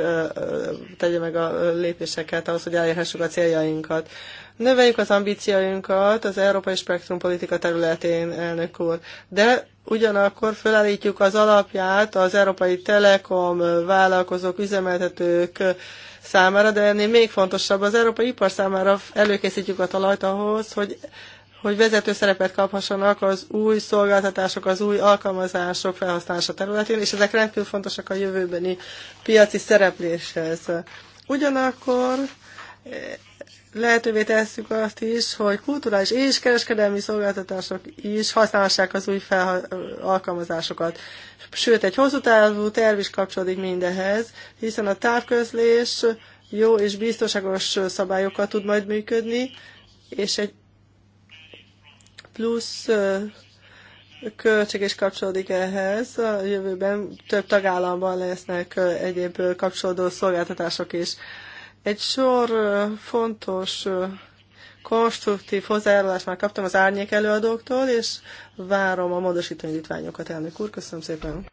tegye meg a lépéseket ahhoz, hogy elérhessük a céljainkat. Növeljük az ambícióinkat az európai spektrum politika területén, elnök úr, de ugyanakkor felállítjuk az alapját az európai telekom, vállalkozók, üzemeltetők, számára, de ennél még fontosabb, az európai ipar számára előkészítjük a talajt ahhoz, hogy hogy vezető szerepet kaphassanak az új szolgáltatások, az új alkalmazások felhasználása területén, és ezek rendkívül fontosak a jövőbeni piaci szerepléshez. Ugyanakkor lehetővé tesszük azt is, hogy kulturális és kereskedelmi szolgáltatások is használhassák az új fel alkalmazásokat. Sőt, egy hosszú távú terv is kapcsolódik mindehez, hiszen a távközlés jó és biztonságos szabályokkal tud majd működni, és egy plusz költség is kapcsolódik ehhez. A jövőben több tagállamban lesznek egyéb kapcsolódó szolgáltatások is. Egy sor fontos konstruktív hozzájárulást már kaptam az árnyék előadóktól, és várom a módosító indítványokat, elnök úr. Köszönöm szépen.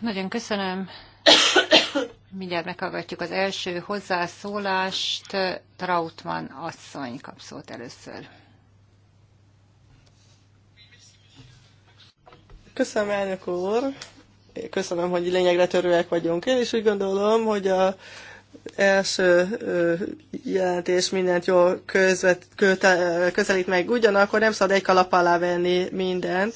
Nagyon köszönöm. Mindjárt meghallgatjuk az első hozzászólást. Trautmann asszony kap szót először. Köszönöm, elnök úr. Köszönöm, hogy lényegre törőek vagyunk. Én is úgy gondolom, hogy a első jelentés mindent jól közvet, köte, közelít meg, ugyanakkor nem szabad egy kalap alá venni mindent,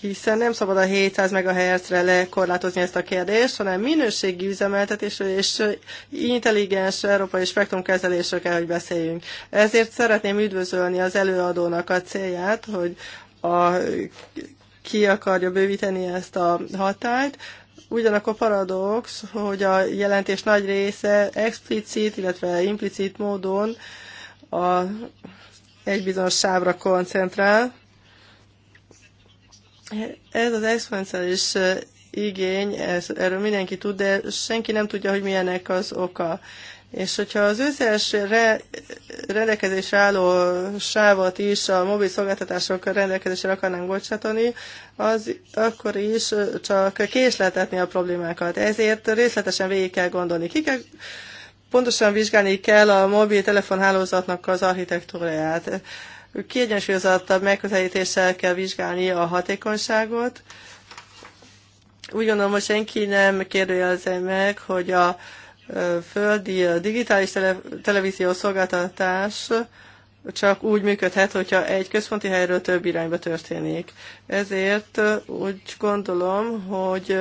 hiszen nem szabad a 700 MHz-re lekorlátozni ezt a kérdést, hanem minőségi üzemeltetésről és intelligens európai spektrumkezelésről kell, hogy beszéljünk. Ezért szeretném üdvözölni az előadónak a célját, hogy a, ki akarja bővíteni ezt a hatályt, Ugyanakkor paradox, hogy a jelentés nagy része explicit, illetve implicit módon a egy bizonyos sávra koncentrál. Ez az exponenciális igény, ez, erről mindenki tud, de senki nem tudja, hogy milyenek az oka. És hogyha az összes re, rendelkezésre álló sávot is a mobil szolgáltatások rendelkezésre akarnánk bocsátani, az akkor is csak késletetni a problémákat. Ezért részletesen végig kell gondolni. Ki kell, pontosan vizsgálni kell a mobiltelefon hálózatnak az architektúráját. Kiegyensúlyozottabb megközelítéssel kell vizsgálni a hatékonyságot. Úgy gondolom, hogy senki nem kérdőjelezi meg, hogy a földi digitális tele, televíziós szolgáltatás csak úgy működhet, hogyha egy központi helyről több irányba történik. Ezért úgy gondolom, hogy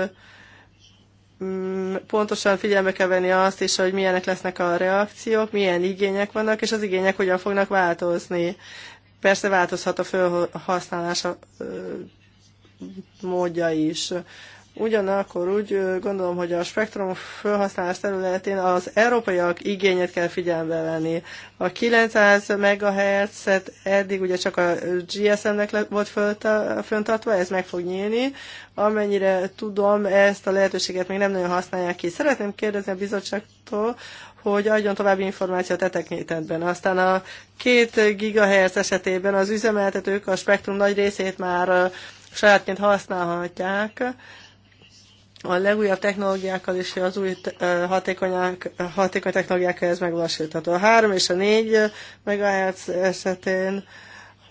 pontosan figyelme kell venni azt is, hogy milyenek lesznek a reakciók, milyen igények vannak, és az igények hogyan fognak változni. Persze változhat a felhasználása módja is. Ugyanakkor úgy gondolom, hogy a spektrum felhasználás területén az európaiak igényet kell figyelembe venni. A 900 MHz-et eddig ugye csak a GSM-nek volt föntartva, ez meg fog nyílni. Amennyire tudom, ezt a lehetőséget még nem nagyon használják ki. Szeretném kérdezni a bizottságtól, hogy adjon további információt a e tekintetben. Aztán a 2 GHz esetében az üzemeltetők a spektrum nagy részét már sajátként használhatják, a legújabb technológiákkal és az új hatékony technológiákkal ez megvalósítható. A 3 és a 4 MHz esetén,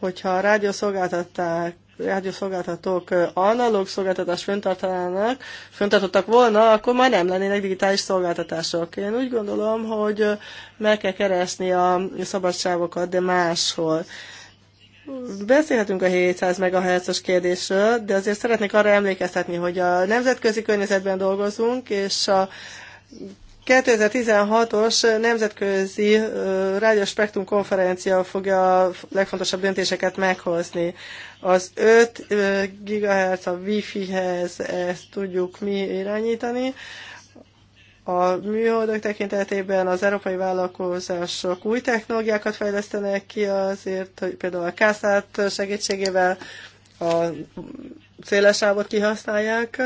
hogyha a rádiószolgáltatták rádiószolgáltatók analóg szolgáltatást föntartanának, föntartottak volna, akkor már nem lennének digitális szolgáltatások. Én úgy gondolom, hogy meg kell keresni a szabadságokat, de máshol. Beszélhetünk a 700 MHz-os kérdésről, de azért szeretnék arra emlékeztetni, hogy a nemzetközi környezetben dolgozunk, és a 2016-os nemzetközi rádióspektrum konferencia fogja a legfontosabb döntéseket meghozni. Az 5 GHz a Wi-Fi-hez ezt tudjuk mi irányítani, a műholdak tekintetében az európai vállalkozások új technológiákat fejlesztenek ki azért, hogy például a kászát segítségével a széles sávot kihasználják,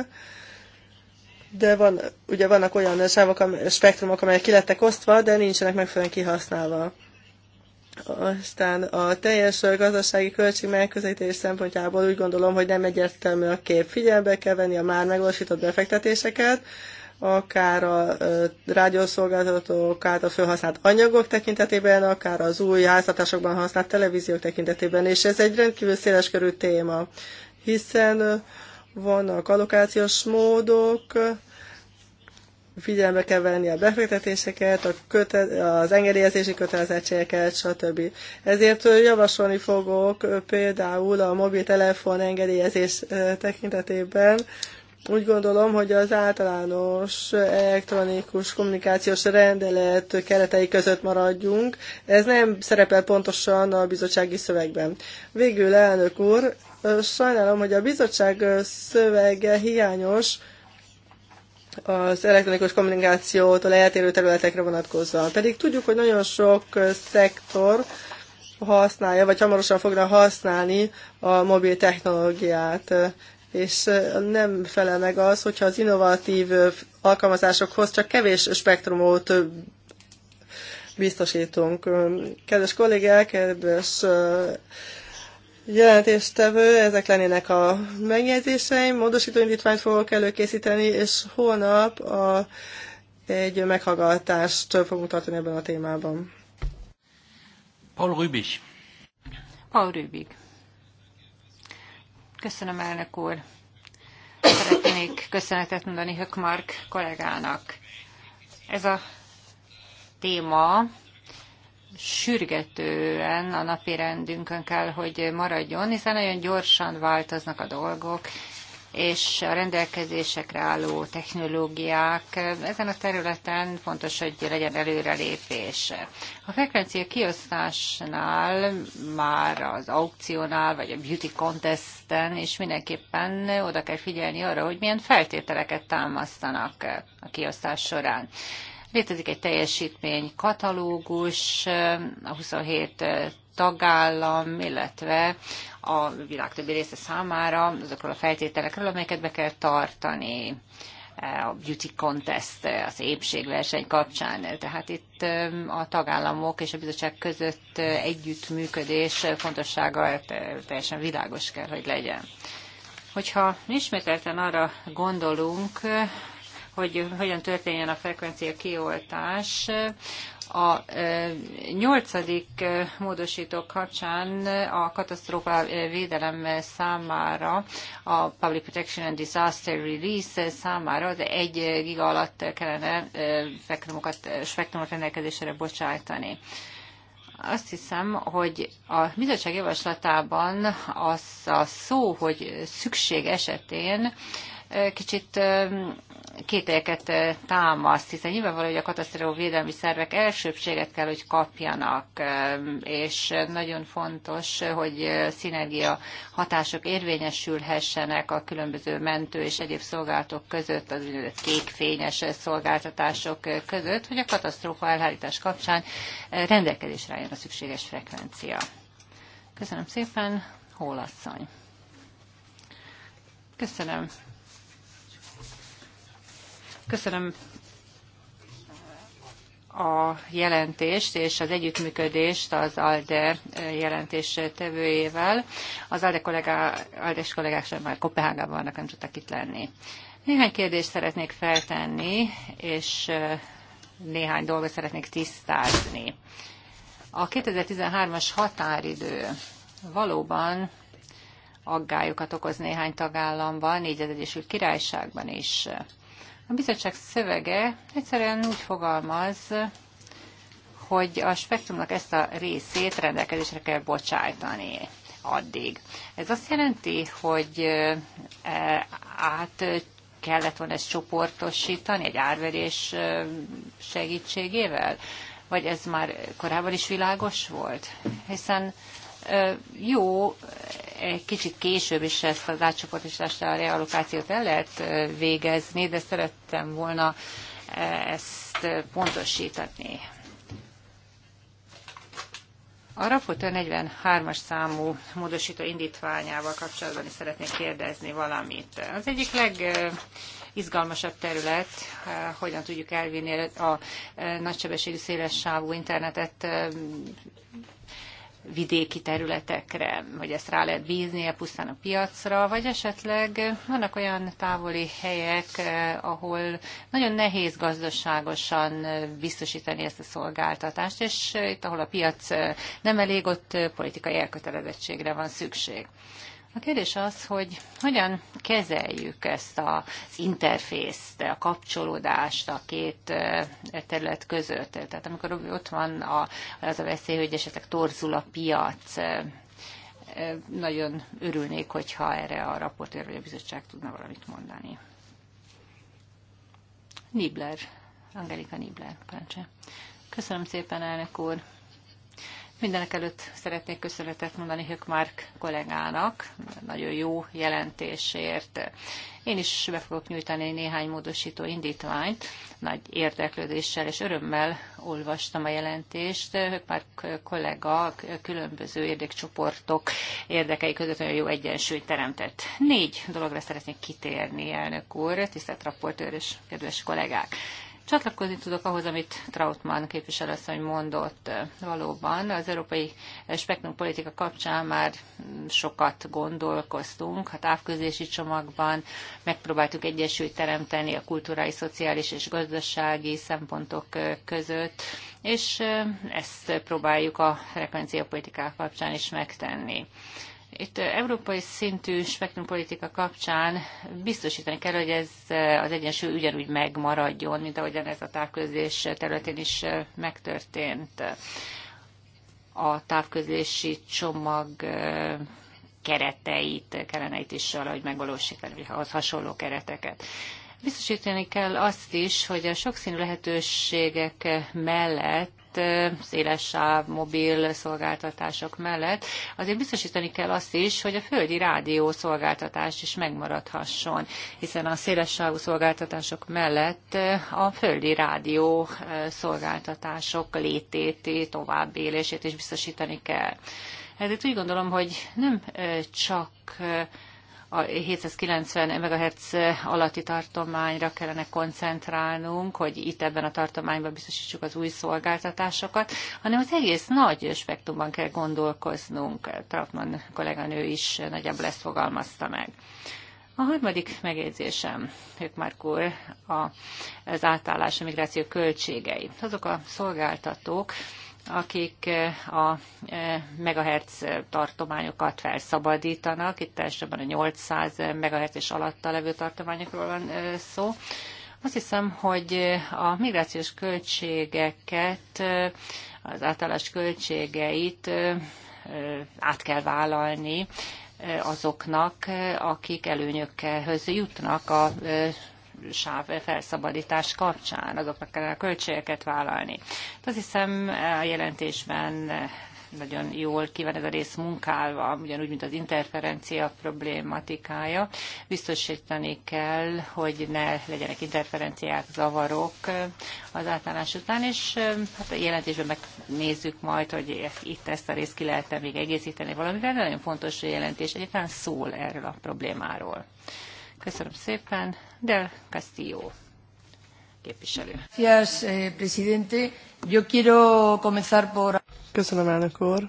de van, ugye vannak olyan sávok, spektrumok, amelyek ki lettek osztva, de nincsenek megfelelően kihasználva. Aztán a teljes gazdasági költség megközelítés szempontjából úgy gondolom, hogy nem egyértelmű a kép. Figyelembe kell venni a már megvalósított befektetéseket, akár a rádiószolgáltatók által felhasznált anyagok tekintetében, akár az új háztartásokban használt televíziók tekintetében, és ez egy rendkívül széleskörű téma, hiszen vannak allokációs módok, figyelembe kell venni a befektetéseket, a köte- az engedélyezési kötelezettségeket, stb. Ezért javasolni fogok például a mobiltelefon engedélyezés tekintetében, úgy gondolom, hogy az általános elektronikus kommunikációs rendelet keretei között maradjunk. Ez nem szerepel pontosan a bizottsági szövegben. Végül, elnök úr, sajnálom, hogy a bizottság szövege hiányos, az elektronikus kommunikációtól eltérő területekre vonatkozva. Pedig tudjuk, hogy nagyon sok szektor használja, vagy hamarosan fognak használni a mobil technológiát és nem felel meg az, hogyha az innovatív alkalmazásokhoz csak kevés spektrumot biztosítunk. Kedves kollégák, kedves jelentéstevő, ezek lennének a megjegyzéseim, módosító indítványt fogok előkészíteni, és holnap a, egy meghallgatást fogunk tartani ebben a témában. Paul Rübig. Paul Rübig. Köszönöm, elnök úr. Szeretnék köszönetet mondani Hökmark kollégának. Ez a téma sürgetően a napi rendünkön kell, hogy maradjon, hiszen nagyon gyorsan változnak a dolgok, és a rendelkezésekre álló technológiák. Ezen a területen fontos, hogy legyen előrelépés. A frekvencia kiosztásnál, már az aukciónál, vagy a beauty contesten és mindenképpen oda kell figyelni arra, hogy milyen feltételeket támasztanak a kiosztás során. Létezik egy teljesítmény katalógus, a 27 tagállam, illetve a világ többi része számára azokról a feltételekről, amelyeket be kell tartani eh, a beauty contest, eh, az épségverseny kapcsán. Tehát itt eh, a tagállamok és a bizottság között együttműködés fontossága teljesen világos kell, hogy legyen. Hogyha ismételten arra gondolunk, hogy hogyan történjen a frekvencia kioltás, a nyolcadik módosítók kapcsán a katasztrófa védelem számára, a Public Protection and Disaster Release számára az egy giga alatt kellene spektrumot rendelkezésre bocsájtani. Azt hiszem, hogy a bizottság javaslatában az a szó, hogy szükség esetén kicsit kételyeket támaszt, hiszen nyilvánvaló, hogy a katasztrófa védelmi szervek elsőbséget kell, hogy kapjanak, és nagyon fontos, hogy szinergia hatások érvényesülhessenek a különböző mentő és egyéb szolgálatok között, az úgynevezett kékfényes szolgáltatások között, hogy a katasztrófa elhárítás kapcsán rendelkezésre álljon a szükséges frekvencia. Köszönöm szépen, Hólasszony. Köszönöm. Köszönöm a jelentést és az együttműködést az ALDE eh, jelentés tevőjével. Az ALDE kollégá, ALDE-s kollégák sem már Kopenhágában vannak, nem tudtak itt lenni. Néhány kérdést szeretnék feltenni, és eh, néhány dolgot szeretnék tisztázni. A 2013-as határidő valóban aggályokat okoz néhány tagállamban, így az Egyesült Királyságban is. A bizottság szövege egyszerűen úgy fogalmaz, hogy a spektrumnak ezt a részét rendelkezésre kell bocsájtani addig. Ez azt jelenti, hogy e, át kellett volna ezt csoportosítani egy árverés segítségével? Vagy ez már korábban is világos volt? Hiszen jó, egy kicsit később is ezt az átcsoportosítást, a reallokációt el lehet végezni, de szerettem volna ezt pontosítani. A Rafotő 43-as számú módosító indítványával kapcsolatban is szeretnék kérdezni valamit. Az egyik leg izgalmasabb terület, hogyan tudjuk elvinni a nagysebességű széles sávú internetet vidéki területekre, hogy ezt rá lehet bíznie pusztán a piacra, vagy esetleg vannak olyan távoli helyek, eh, ahol nagyon nehéz gazdaságosan eh, biztosítani ezt a szolgáltatást, és eh, itt, ahol a piac nem elég, ott politikai elkötelezettségre van szükség. A kérdés az, hogy hogyan kezeljük ezt az interfészt, a kapcsolódást a két terület között. Tehát amikor ott van a, az a veszély, hogy esetleg torzul a piac, nagyon örülnék, hogyha erre a raportőr vagy a bizottság tudna valamit mondani. Nibler, Angelika Nibler, parancsa. Köszönöm szépen, elnök úr. Mindenek előtt szeretnék köszönetet mondani Hökmark kollégának, nagyon jó jelentésért. Én is be fogok nyújtani néhány módosító indítványt. Nagy érdeklődéssel és örömmel olvastam a jelentést. Hökmark kollega különböző érdekcsoportok érdekei között nagyon jó egyensúlyt teremtett. Négy dologra szeretnék kitérni, elnök úr, tisztelt raportőr és kedves kollégák. Csatlakozni tudok ahhoz, amit Trautmann képviselőasszony mondott. Valóban az európai spektrumpolitika kapcsán már mm, sokat gondolkoztunk. A távközési csomagban megpróbáltuk egyensúlyt teremteni a kulturális, szociális és gazdasági szempontok között, és ezt próbáljuk a frekvenciapolitikák kapcsán is megtenni. Itt európai szintű spektrumpolitika kapcsán biztosítani kell, hogy ez az egyensúly ugyanúgy megmaradjon, mint ahogyan ez a távközlés területén is megtörtént. A távközlési csomag kereteit kellene itt is valahogy megvalósítani, az hasonló kereteket. Biztosítani kell azt is, hogy a sokszínű lehetőségek mellett mellett, széles sáv, mobil szolgáltatások mellett, azért biztosítani kell azt is, hogy a földi rádió szolgáltatás is megmaradhasson, hiszen a széles sávú szolgáltatások mellett a földi rádió szolgáltatások létét, élését is biztosítani kell. Ezért úgy gondolom, hogy nem csak a 790 MHz alatti tartományra kellene koncentrálnunk, hogy itt ebben a tartományban biztosítsuk az új szolgáltatásokat, hanem az egész nagy spektrumban kell gondolkoznunk. Trautmann kolléganő is nagyjából ezt fogalmazta meg. A harmadik megjegyzésem, ők már kúr, az átállás, a migráció költségei. Azok a szolgáltatók, akik eh, a eh, megahertz eh, tartományokat felszabadítanak. Itt elsősorban a 800 megahertz és alatta levő tartományokról van szó. Azt hiszem, hogy a migrációs költségeket, az általános költségeit át kell vállalni azoknak, akik előnyökhöz jutnak a sáv felszabadítás kapcsán, azoknak kell a költségeket vállalni. Hát azt hiszem a jelentésben nagyon jól kíván ez a rész munkálva, ugyanúgy, mint az interferencia problématikája. Biztosítani kell, hogy ne legyenek interferenciák, zavarok az átállás után, és hát a jelentésben megnézzük majd, hogy itt ezt a részt ki lehetne még egészíteni valamivel. Nagyon fontos, hogy a jelentés egyáltalán szól erről a problémáról. Köszönöm szépen. Del Castillo képviselő. Gracias, eh, presidente. Yo quiero comenzar por... Köszönöm, elnök úr.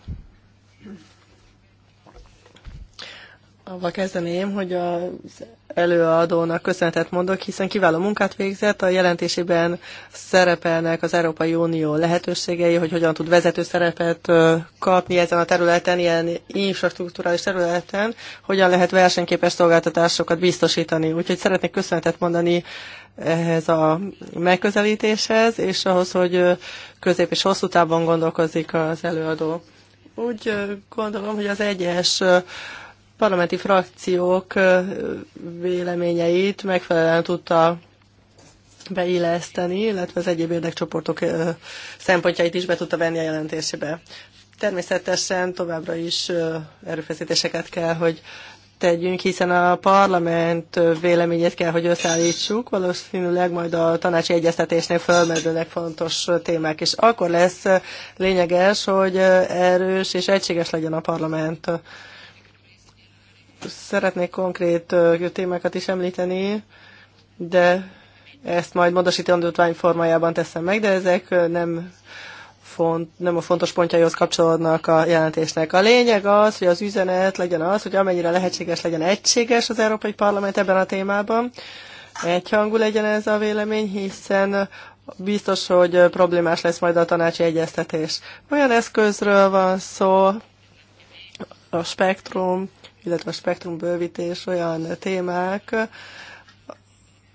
Avval kezdeném, hogy a előadónak köszönetet mondok, hiszen kiváló munkát végzett. A jelentésében szerepelnek az Európai Unió lehetőségei, hogy hogyan tud vezető szerepet kapni ezen a területen, ilyen infrastruktúrális területen, hogyan lehet versenyképes szolgáltatásokat biztosítani. Úgyhogy szeretnék köszönetet mondani ehhez a megközelítéshez, és ahhoz, hogy közép és hosszú távon gondolkozik az előadó. Úgy gondolom, hogy az egyes parlamenti frakciók véleményeit megfelelően tudta beilleszteni, illetve az egyéb érdekcsoportok szempontjait is be tudta venni a jelentésébe. Természetesen továbbra is erőfeszítéseket kell, hogy tegyünk, hiszen a parlament véleményét kell, hogy összeállítsuk. Valószínűleg majd a tanácsi egyeztetésnél fölmerülnek fontos témák, és akkor lesz lényeges, hogy erős és egységes legyen a parlament szeretnék konkrét témákat is említeni, de ezt majd módosítandótvány formájában teszem meg, de ezek nem, font, nem a fontos pontjaihoz kapcsolódnak a jelentésnek. A lényeg az, hogy az üzenet legyen az, hogy amennyire lehetséges legyen egységes az Európai Parlament ebben a témában, egyhangú legyen ez a vélemény, hiszen biztos, hogy problémás lesz majd a tanácsi egyeztetés. Olyan eszközről van szó, a spektrum illetve a spektrumbővítés olyan témák,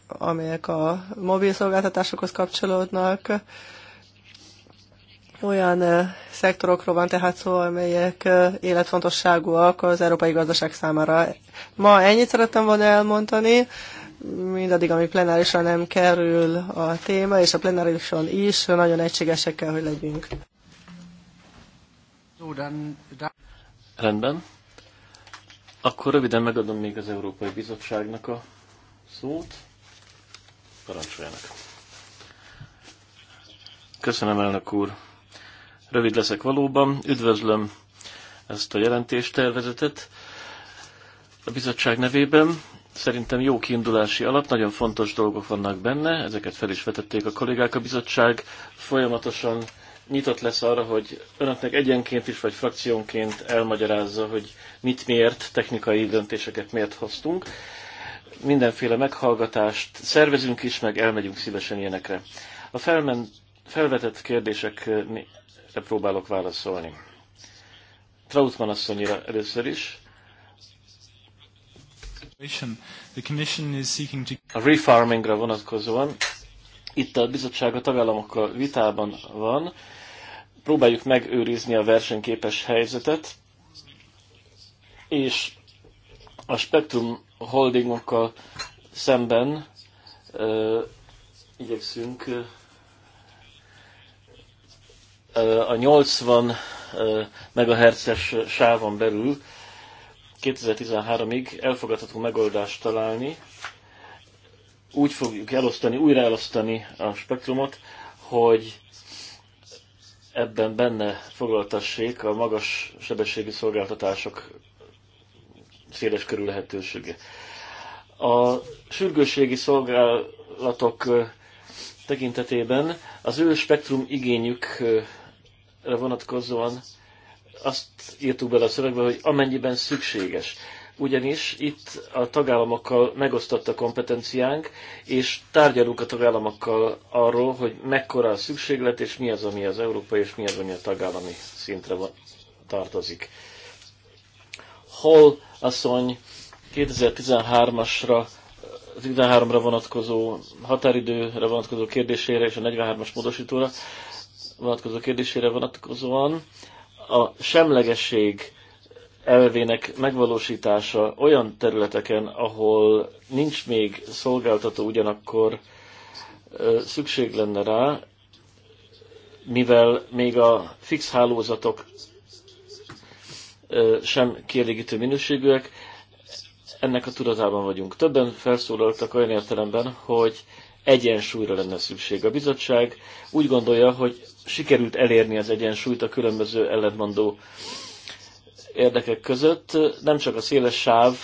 amelyek a mobil szolgáltatásokhoz kapcsolódnak. Olyan eh, szektorokról van tehát szó, amelyek eh, életfontosságúak az európai gazdaság számára. Ma ennyit szerettem volna elmondani, mindaddig, ami plenárisra nem kerül a téma, és a plenárison is nagyon egységesek kell, hogy legyünk. Rendben. Akkor röviden megadom még az Európai Bizottságnak a szót. Parancsoljanak. Köszönöm, elnök úr. Rövid leszek valóban. Üdvözlöm ezt a jelentéstervezetet a bizottság nevében. Szerintem jó kiindulási alap, nagyon fontos dolgok vannak benne, ezeket fel is vetették a kollégák. A bizottság folyamatosan nyitott lesz arra, hogy önöknek egyenként is, vagy frakciónként elmagyarázza, hogy mit miért, technikai döntéseket miért hoztunk. Mindenféle meghallgatást szervezünk is, meg elmegyünk szívesen ilyenekre. A felmen, felvetett kérdésekre próbálok válaszolni. Trautmann asszonyra először is. A refarmingra vonatkozóan itt a bizottság a tagállamokkal vitában van, próbáljuk megőrizni a versenyképes helyzetet, és a Spectrum holdingokkal szemben ö, igyekszünk ö, a 80 megahertzes sávon belül 2013-ig elfogadható megoldást találni. Úgy fogjuk elosztani, újra elosztani a spektrumot, hogy ebben benne foglaltassék a magas sebességű szolgáltatások széles körű lehetősége. A sürgőségi szolgálatok tekintetében az ő spektrum igényükre vonatkozóan azt írtuk bele a szövegbe, hogy amennyiben szükséges ugyanis itt a tagállamokkal megosztott a kompetenciánk, és tárgyalunk a tagállamokkal arról, hogy mekkora a szükséglet, és mi az, ami az európai, és mi az, ami a tagállami szintre tartozik. Hol asszony 2013-asra 13-ra vonatkozó határidőre vonatkozó kérdésére és a 43-as módosítóra vonatkozó kérdésére vonatkozóan a semlegesség elvének megvalósítása olyan területeken, ahol nincs még szolgáltató, ugyanakkor szükség lenne rá, mivel még a fix hálózatok sem kielégítő minőségűek, ennek a tudatában vagyunk. Többen felszólaltak olyan értelemben, hogy egyensúlyra lenne szükség. A bizottság úgy gondolja, hogy sikerült elérni az egyensúlyt a különböző ellentmondó érdekek között nem csak a széles sáv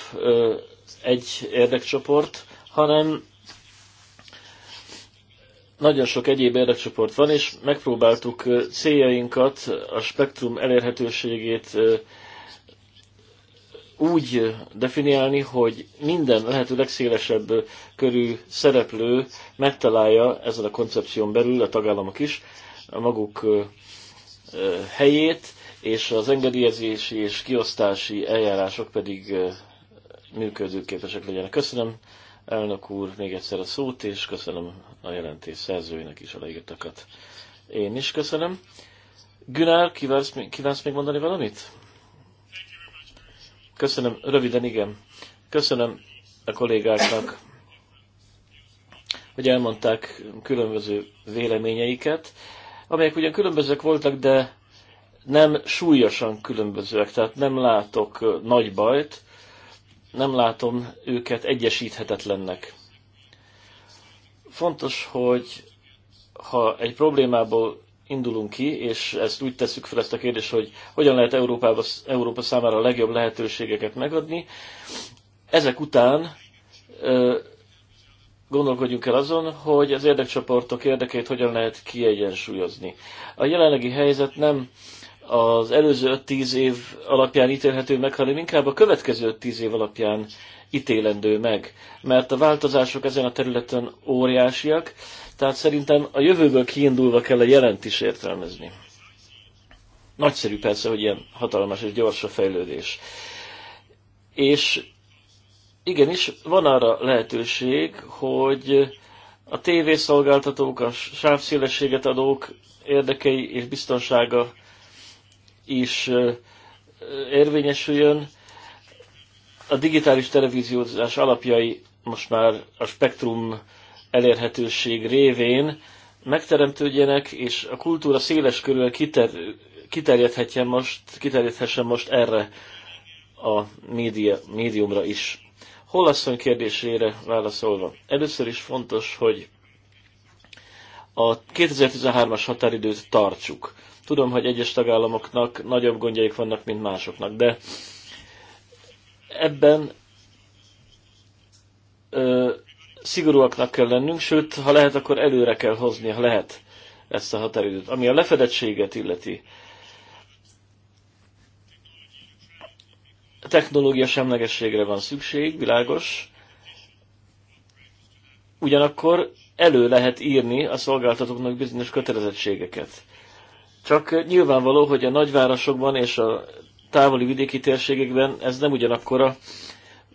egy érdekcsoport, hanem nagyon sok egyéb érdekcsoport van, és megpróbáltuk céljainkat, a spektrum elérhetőségét úgy definiálni, hogy minden lehető legszélesebb körű szereplő megtalálja ezen a koncepción belül, a tagállamok is, a maguk helyét, és az engedélyezési és kiosztási eljárások pedig működőképesek legyenek. Köszönöm, elnök úr, még egyszer a szót, és köszönöm a jelentés szerzőinek is a leírtakat. Én is köszönöm. Günár, kívánsz, kívánsz még mondani valamit? Köszönöm, röviden igen. Köszönöm a kollégáknak, hogy elmondták különböző véleményeiket, amelyek ugyan különbözők voltak, de nem súlyosan különbözőek, tehát nem látok nagy bajt, nem látom őket egyesíthetetlennek. Fontos, hogy ha egy problémából indulunk ki, és ezt úgy tesszük fel ezt a kérdést, hogy hogyan lehet Európába, Európa számára a legjobb lehetőségeket megadni, ezek után gondolkodjunk el azon, hogy az érdekcsoportok érdekét hogyan lehet kiegyensúlyozni. A jelenlegi helyzet nem az előző 5-10 év alapján ítélhető meg, hanem inkább a következő 5-10 év alapján ítélendő meg. Mert a változások ezen a területen óriásiak, tehát szerintem a jövőből kiindulva kell a jelent is értelmezni. Nagyszerű persze, hogy ilyen hatalmas és gyors a fejlődés. És igenis, van arra lehetőség, hogy a tévészolgáltatók, a sávszélességet adók érdekei és biztonsága is érvényesüljön. A digitális televíziózás alapjai most már a spektrum elérhetőség révén megteremtődjenek, és a kultúra széles körül kiter, kiterjedhetjen most, kiterjedhessen most erre a média, médiumra is. Hollasszony kérdésére válaszolva. Először is fontos, hogy a 2013-as határidőt tartsuk. Tudom, hogy egyes tagállamoknak nagyobb gondjaik vannak, mint másoknak, de ebben ö, szigorúaknak kell lennünk, sőt, ha lehet, akkor előre kell hozni, ha lehet ezt a határidőt. Ami a lefedettséget illeti, technológia semlegességre van szükség, világos, ugyanakkor elő lehet írni a szolgáltatóknak bizonyos kötelezettségeket. Csak eh, nyilvánvaló, hogy a nagyvárosokban és a távoli vidéki térségekben ez nem ugyanakkora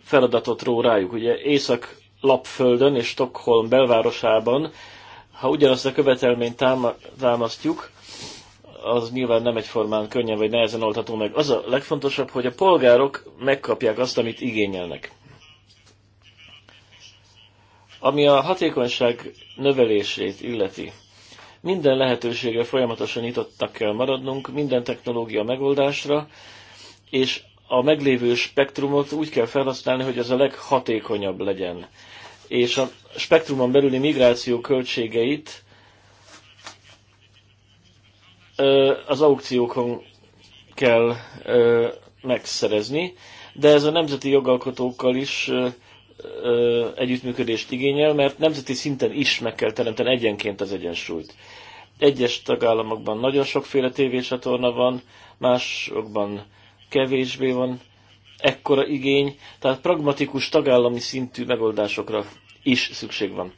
feladatot ró rájuk. Ugye Észak-Lapföldön és Stockholm belvárosában, ha ugyanazt a követelményt támasztjuk, az nyilván nem egyformán könnyen vagy nehezen oldható meg. Az a legfontosabb, hogy a polgárok megkapják azt, amit igényelnek. Ami a hatékonyság növelését illeti, minden lehetőségre folyamatosan nyitottak kell maradnunk, minden technológia megoldásra, és a meglévő spektrumot úgy kell felhasználni, hogy ez a leghatékonyabb legyen. És a spektrumon belüli migráció költségeit az aukciókon kell megszerezni, de ez a nemzeti jogalkotókkal is ö, együttműködést igényel, mert nemzeti szinten is meg kell teremteni egyenként az egyensúlyt. Egyes tagállamokban nagyon sokféle tévésatorna van, másokban kevésbé van ekkora igény, tehát pragmatikus tagállami szintű megoldásokra is szükség van.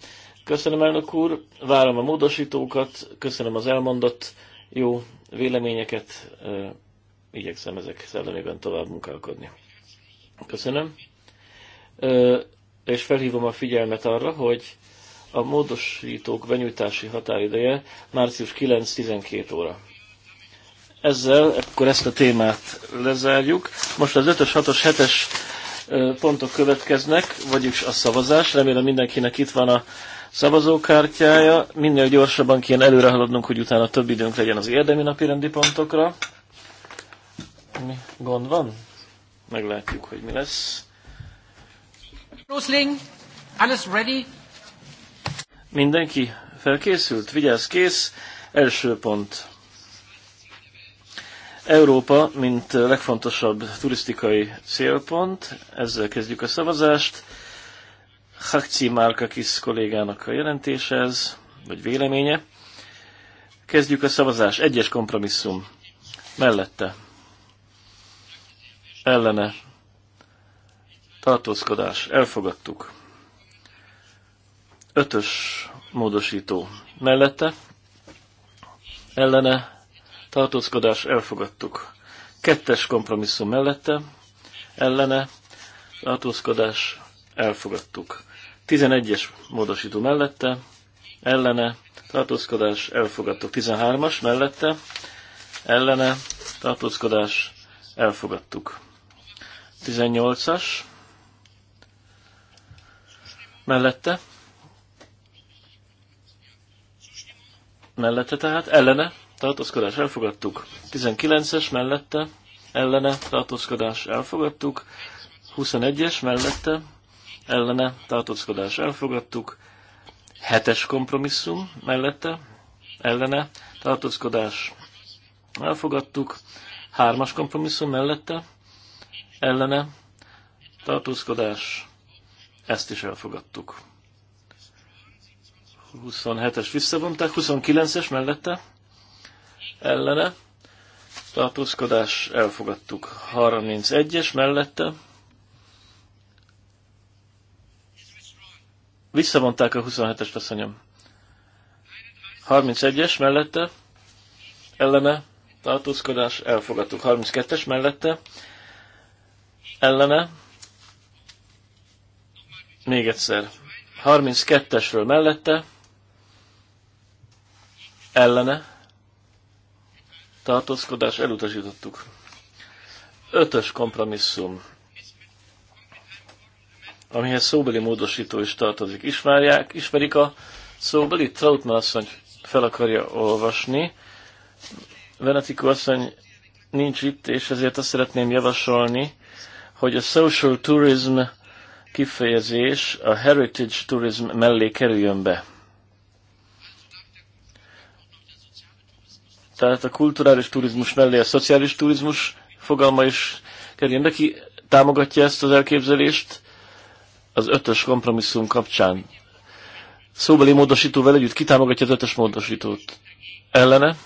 Köszönöm, elnök úr, várom a módosítókat, köszönöm az elmondott jó véleményeket, igyekszem ezek szellemében tovább munkálkodni. Köszönöm és felhívom a figyelmet arra, hogy a módosítók benyújtási határideje március 9-12 óra. Ezzel akkor ezt a témát lezárjuk. Most az 5-ös, 6-os, 7-es pontok következnek, vagyis a szavazás. Remélem mindenkinek itt van a szavazókártyája. Minél gyorsabban kéne előre haladnunk, hogy utána több időnk legyen az érdemi napi rendi pontokra. Mi gond van? Meglátjuk, hogy mi lesz. Rosling, alles ready? Mindenki felkészült? Vigyázz, kész. Első pont. Európa, mint legfontosabb turisztikai célpont. Ezzel kezdjük a szavazást. Hakci kis kollégának a jelentése ez, vagy véleménye. Kezdjük a szavazás. Egyes kompromisszum. Mellette. Ellene tartózkodás, elfogadtuk. Ötös módosító mellette, ellene, tartózkodás, elfogadtuk. Kettes kompromisszum mellette, ellene, tartózkodás, elfogadtuk. tizenegyes módosító mellette, ellene, tartózkodás, elfogadtuk. Tizenhármas mellette, ellene, tartózkodás, elfogadtuk. 18-as Mellette. Mellette tehát, ellene, tartózkodás elfogadtuk. 19-es mellette, ellene, tartózkodás elfogadtuk. 21-es mellette, ellene, tartózkodás elfogadtuk. 7-es kompromisszum mellette, ellene, tartózkodás elfogadtuk. 3-as kompromisszum mellette, ellene, tartózkodás ezt is elfogadtuk. 27-es visszavonták, 29-es mellette ellene. Tartózkodás elfogadtuk. 31-es mellette. Visszavonták a 27-est, asszonyom. 31-es mellette. Ellene. Tartózkodás elfogadtuk. 32-es mellette. Ellene. Még egyszer. 32-esről mellette. Ellene. Tartózkodás elutasítottuk. Ötös kompromisszum. Amihez szóbeli módosító is tartozik. Ismerják, ismerik a szóbeli? Trautmann asszony fel akarja olvasni. Venetikó asszony nincs itt, és ezért azt szeretném javasolni, hogy a social tourism kifejezés a heritage tourism mellé kerüljön be. Tehát a kulturális turizmus mellé a szociális turizmus fogalma is kerüljön be. Ki támogatja ezt az elképzelést az ötös kompromisszum kapcsán? Szóbeli módosítóval együtt támogatja az ötös módosítót. Ellene?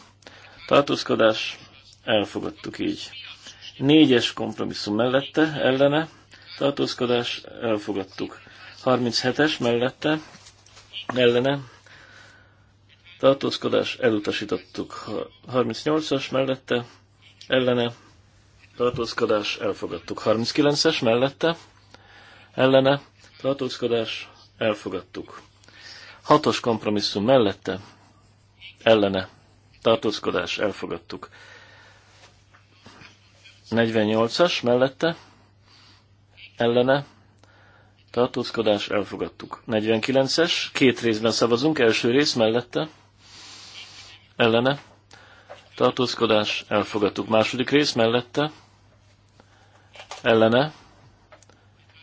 Tartózkodás? Elfogadtuk így. Négyes kompromisszum mellette, ellene? tartózkodás, elfogadtuk. 37-es mellette, ellene, tartózkodás, elutasítottuk. 38-as mellette, ellene, tartózkodás, elfogadtuk. 39-es mellette, ellene, tartózkodás, elfogadtuk. 6-os kompromisszum mellette, ellene, tartózkodás, elfogadtuk. 48-as mellette, ellene tartózkodás elfogadtuk. 49-es, két részben szavazunk, első rész mellette ellene tartózkodás elfogadtuk. Második rész mellette ellene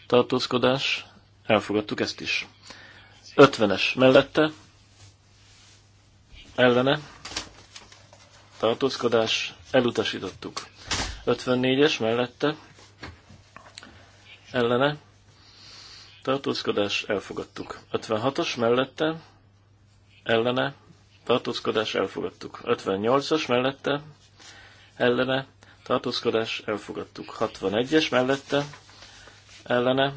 tartózkodás elfogadtuk ezt is. 50-es mellette ellene tartózkodás elutasítottuk. 54-es mellette ellene, tartózkodás elfogadtuk. 56-os mellette, ellene, tartózkodás elfogadtuk. 58-as mellette, ellene, tartózkodás elfogadtuk. 61-es mellette, ellene,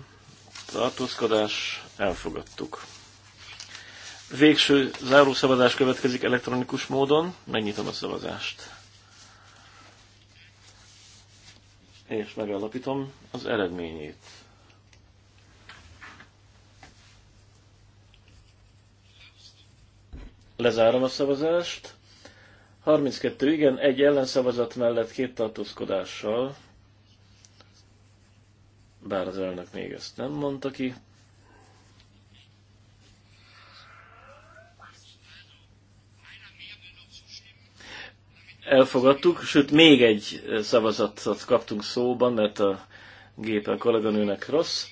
tartózkodás elfogadtuk. Végső zárószavazás következik elektronikus módon. Megnyitom a szavazást. és megállapítom az eredményét. Lezárom a szavazást. 32 igen, egy ellenszavazat mellett két tartózkodással, bár az elnök még ezt nem mondta ki, elfogadtuk, sőt még egy szavazatot kaptunk szóban, mert a gépe a kolléganőnek rossz.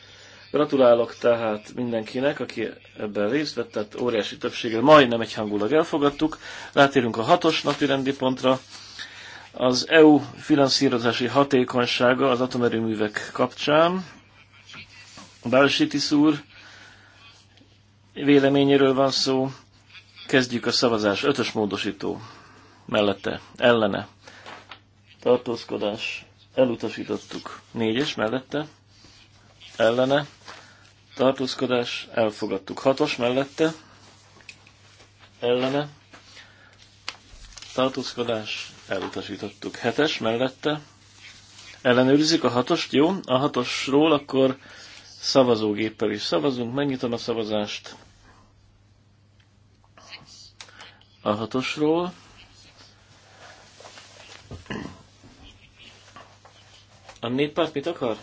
Gratulálok tehát mindenkinek, aki ebben részt vett, tehát óriási többséggel majdnem egyhangulag elfogadtuk. Rátérünk a hatos napi rendi pontra. Az EU finanszírozási hatékonysága az atomerőművek kapcsán. Balsitis úr véleményéről van szó. Kezdjük a szavazás. Ötös módosító mellette, ellene, tartózkodás, elutasítottuk. Négyes mellette, ellene, tartózkodás, elfogadtuk. Hatos mellette, ellene, tartózkodás, elutasítottuk. Hetes mellette, ellenőrizzük a hatost, jó? A hatosról akkor szavazógéppel is szavazunk, megnyitom a szavazást a hatosról. A néppárt mit akar?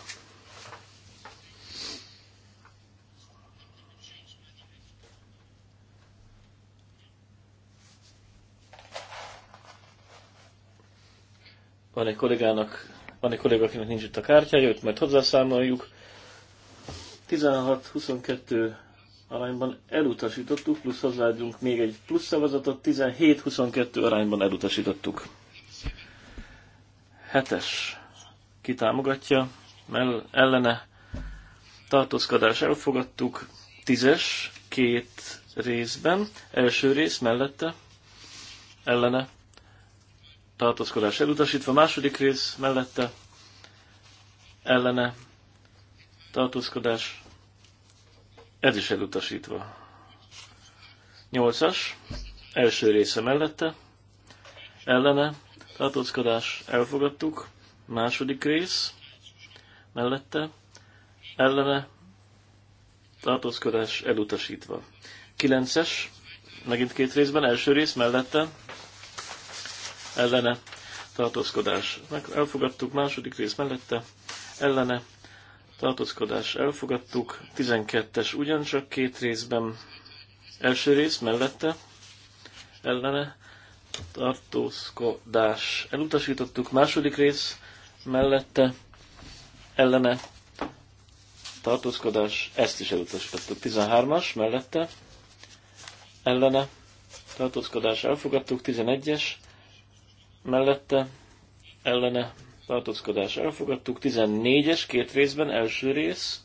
Van egy kollégának, van egy kollégának, akinek nincs itt a kártyája, őt majd hozzászámoljuk. 16-22 arányban elutasítottuk, plusz hozzáadjunk még egy plusz szavazatot, 17-22 arányban elutasítottuk. Hetes kitámogatja, mell ellene tartózkodás elfogadtuk. Tízes, két részben. Első rész mellette, ellene tartózkodás elutasítva. Második rész mellette, ellene tartózkodás, ez is elutasítva. Nyolcas, első része mellette, ellene tartózkodás elfogadtuk, második rész mellette, ellene tartózkodás elutasítva. Kilences, megint két részben, első rész mellette, ellene tartózkodás. Elfogadtuk második rész mellette, ellene tartózkodás elfogadtuk, tizenkettes ugyancsak két részben, első rész mellette, ellene tartózkodás elutasítottuk, második rész mellette ellene tartózkodás, ezt is elutasítottuk. 13-as mellette ellene tartózkodás elfogadtuk, 11-es mellette ellene tartózkodás elfogadtuk, 14-es két részben, első rész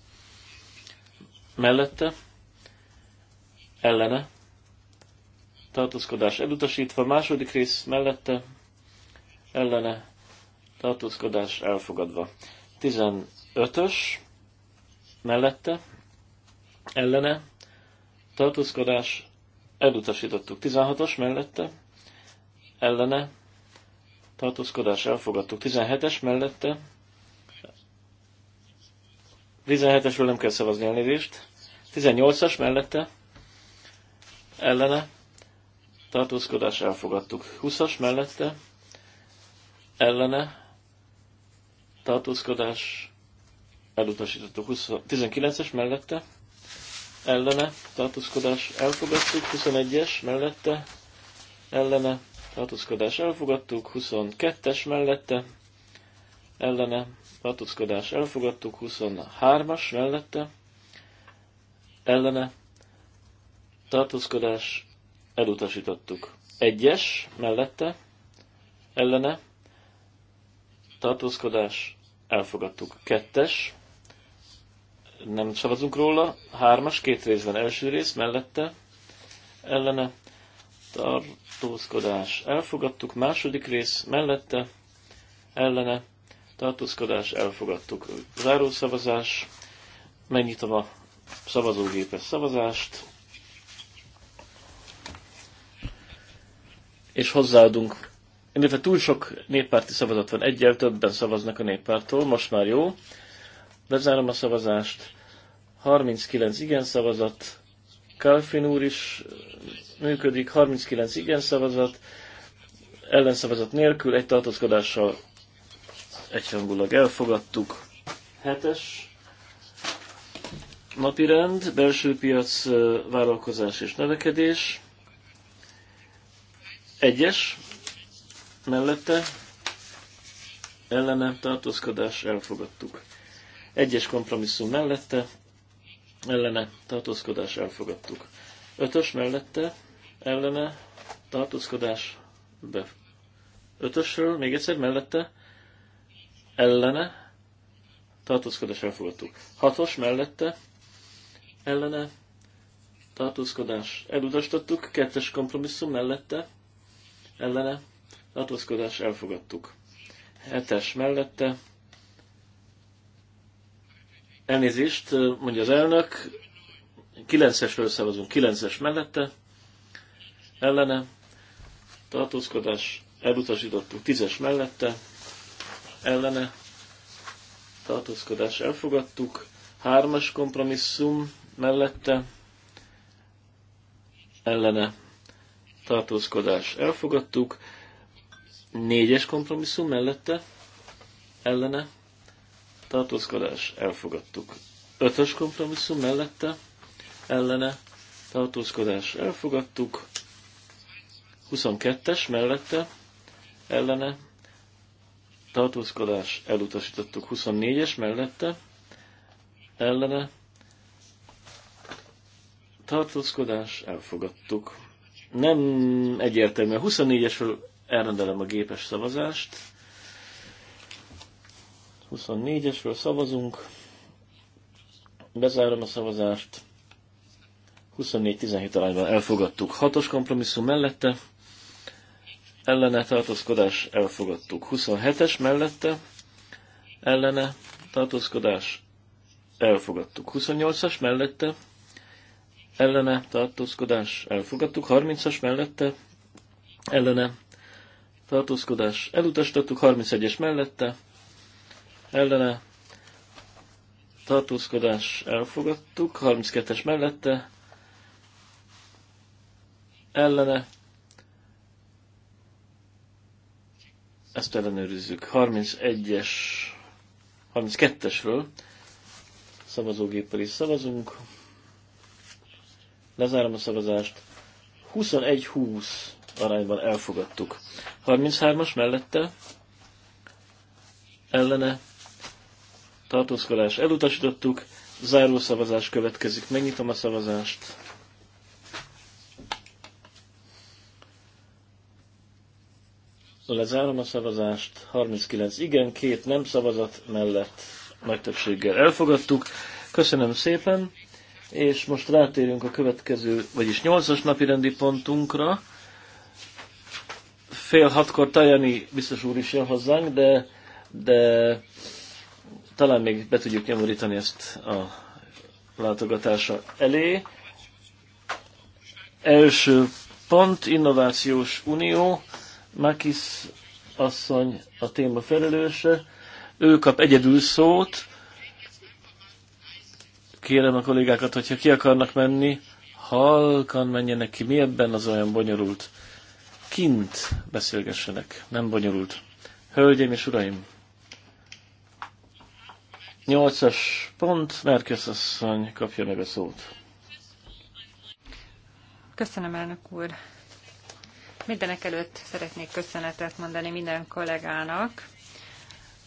mellette ellene tartózkodás elutasítva, második rész mellette ellene tartózkodás elfogadva. 15-ös mellette ellene tartózkodás elutasítottuk. 16-os mellette ellene tartózkodás elfogadtuk. 17-es mellette 17-esről nem kell szavazni elnézést. 18-as mellette ellene tartózkodás elfogadtuk. 20-as mellette ellene tartózkodás elutasítottuk. 19-es mellette ellene tartózkodás elfogadtuk. 21-es mellette ellene tartózkodás elfogadtuk. 22-es mellette ellene tartózkodás elfogadtuk. 23-as mellette ellene tartózkodás elutasítottuk. Egyes mellette, ellene, tartózkodás, elfogadtuk. Kettes, nem szavazunk róla. Hármas, két részben első rész, mellette, ellene, tartózkodás, elfogadtuk. Második rész, mellette, ellene, tartózkodás, elfogadtuk. Zárószavazás, megnyitom a szavazógépes szavazást, és hozzáadunk, illetve túl sok néppárti szavazat van, egyel többen szavaznak a néppártól, most már jó. Bezárom a szavazást. 39 igen szavazat, Kalfin úr is működik, 39 igen szavazat, ellenszavazat nélkül, egy tartózkodással egyhangulag elfogadtuk. Hetes napirend, belső piac, vállalkozás és növekedés. Egyes mellette ellene tartózkodás elfogadtuk. Egyes kompromisszum mellette ellene tartózkodás elfogadtuk. Ötös mellette ellene tartózkodás be. Ötösről még egyszer mellette ellene tartózkodás elfogadtuk. Hatos mellette ellene tartózkodás elutasítottuk, kettes kompromisszum mellette ellene tartózkodás elfogadtuk. hetes mellette elnézést, mondja az elnök, 9-esről szavazunk, 9-es mellette ellene tartózkodás elutasítottuk, 10-es mellette ellene tartózkodás elfogadtuk, 3-as kompromisszum mellette ellene tartózkodás elfogadtuk, négyes kompromisszum mellette, ellene, tartózkodás elfogadtuk. Ötös kompromisszum mellette, ellene, tartózkodás elfogadtuk. 22-es mellette, ellene, tartózkodás elutasítottuk. 24-es mellette, ellene, tartózkodás elfogadtuk nem egyértelmű. A 24-esről elrendelem a gépes szavazást. 24-esről szavazunk. Bezárom a szavazást. 24-17 arányban elfogadtuk. 6-os kompromisszum mellette. Ellene tartózkodás elfogadtuk. 27-es mellette. Ellene tartózkodás elfogadtuk. 28-as mellette ellene tartózkodás elfogadtuk, 30-as mellette ellene tartózkodás elutasítottuk, 31-es mellette ellene tartózkodás elfogadtuk, 32-es mellette ellene ezt ellenőrizzük 31-es 32-esről szavazógéppel is szavazunk Lezárom a szavazást. 21-20 arányban elfogadtuk. 33-as mellette ellene tartózkodás elutasítottuk. Záró szavazás következik. Megnyitom a szavazást. Lezárom a szavazást. 39 igen, két nem szavazat mellett nagy többséggel elfogadtuk. Köszönöm szépen és most rátérünk a következő, vagyis nyolcas napi rendi pontunkra. Fél hatkor Tajani biztos úr is jön hozzánk, de, de talán még be tudjuk nyomorítani ezt a látogatása elé. Első pont, Innovációs Unió, Makis asszony a téma felelőse. Ő kap egyedül szót, kérem a kollégákat, hogyha ki akarnak menni, halkan menjenek ki. Mi ebben az olyan bonyolult? Kint beszélgessenek, nem bonyolult. Hölgyeim és uraim! Nyolcas pont, Merkesz asszony kapja meg a szót. Köszönöm, elnök úr. Mindenek előtt szeretnék köszönetet mondani minden kollégának,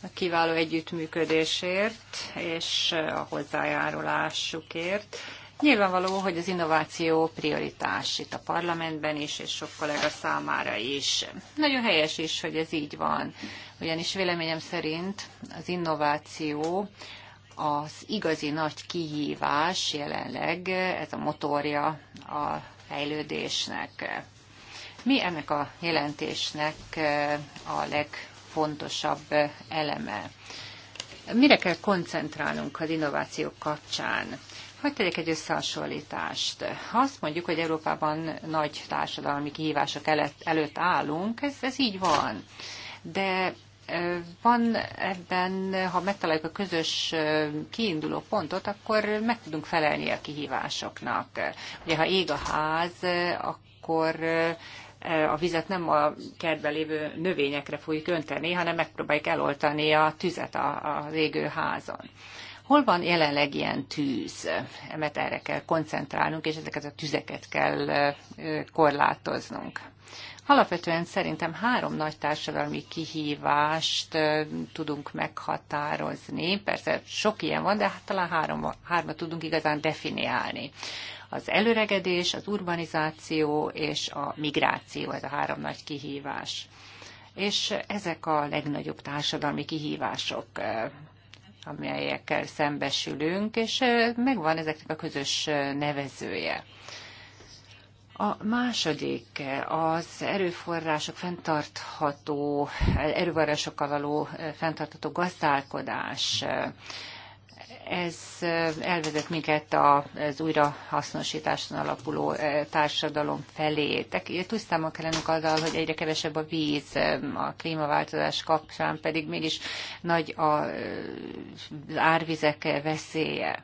a kiváló együttműködésért és a hozzájárulásukért. Nyilvánvaló, hogy az innováció prioritás itt a parlamentben is, és sok kollega számára is. Nagyon helyes is, hogy ez így van, ugyanis véleményem szerint az innováció az igazi nagy kihívás jelenleg, ez a motorja a fejlődésnek. Mi ennek a jelentésnek a leg legfontosabb eleme. Mire kell koncentrálnunk az innovációk kapcsán? Hogy tegyek egy összehasonlítást? Ha azt mondjuk, hogy Európában nagy társadalmi kihívások előtt állunk, ez, ez így van. De van ebben, ha megtaláljuk a közös kiinduló pontot, akkor meg tudunk felelni a kihívásoknak. Ugye, ha ég a ház, akkor E, a vizet nem a kertben lévő növényekre fogjuk önteni, hanem megpróbáljuk eloltani a tüzet az égő házon. Hol van jelenleg ilyen tűz? Mert erre kell koncentrálnunk, és ezeket a tüzeket kell e, e, korlátoznunk. Alapvetően szerintem három nagy társadalmi kihívást tudunk meghatározni. Persze sok ilyen van, de hát talán három, hármat tudunk igazán definiálni az előregedés, az urbanizáció és a migráció, ez a három nagy kihívás. És ezek a legnagyobb társadalmi kihívások, eh, amelyekkel szembesülünk, és eh, megvan ezeknek a közös eh, nevezője. A második az erőforrások fenntartható, erőforrásokkal való fenntartható gazdálkodás ez elvezet minket az újrahasznosításon alapuló társadalom felé. Tisztában kell lennünk azzal, hogy egyre kevesebb a víz, a klímaváltozás kapcsán pedig mégis nagy az árvizek veszélye.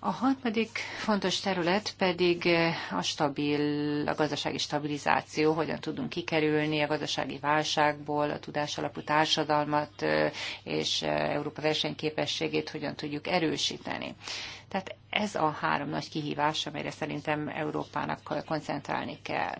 A harmadik fontos terület pedig eh, a stabil, a gazdasági stabilizáció, hogyan tudunk kikerülni a gazdasági válságból, a tudásalapú társadalmat eh, és eh, Európa versenyképességét hogyan tudjuk erősíteni. Tehát ez a három nagy kihívás, amelyre szerintem Európának koncentrálni kell.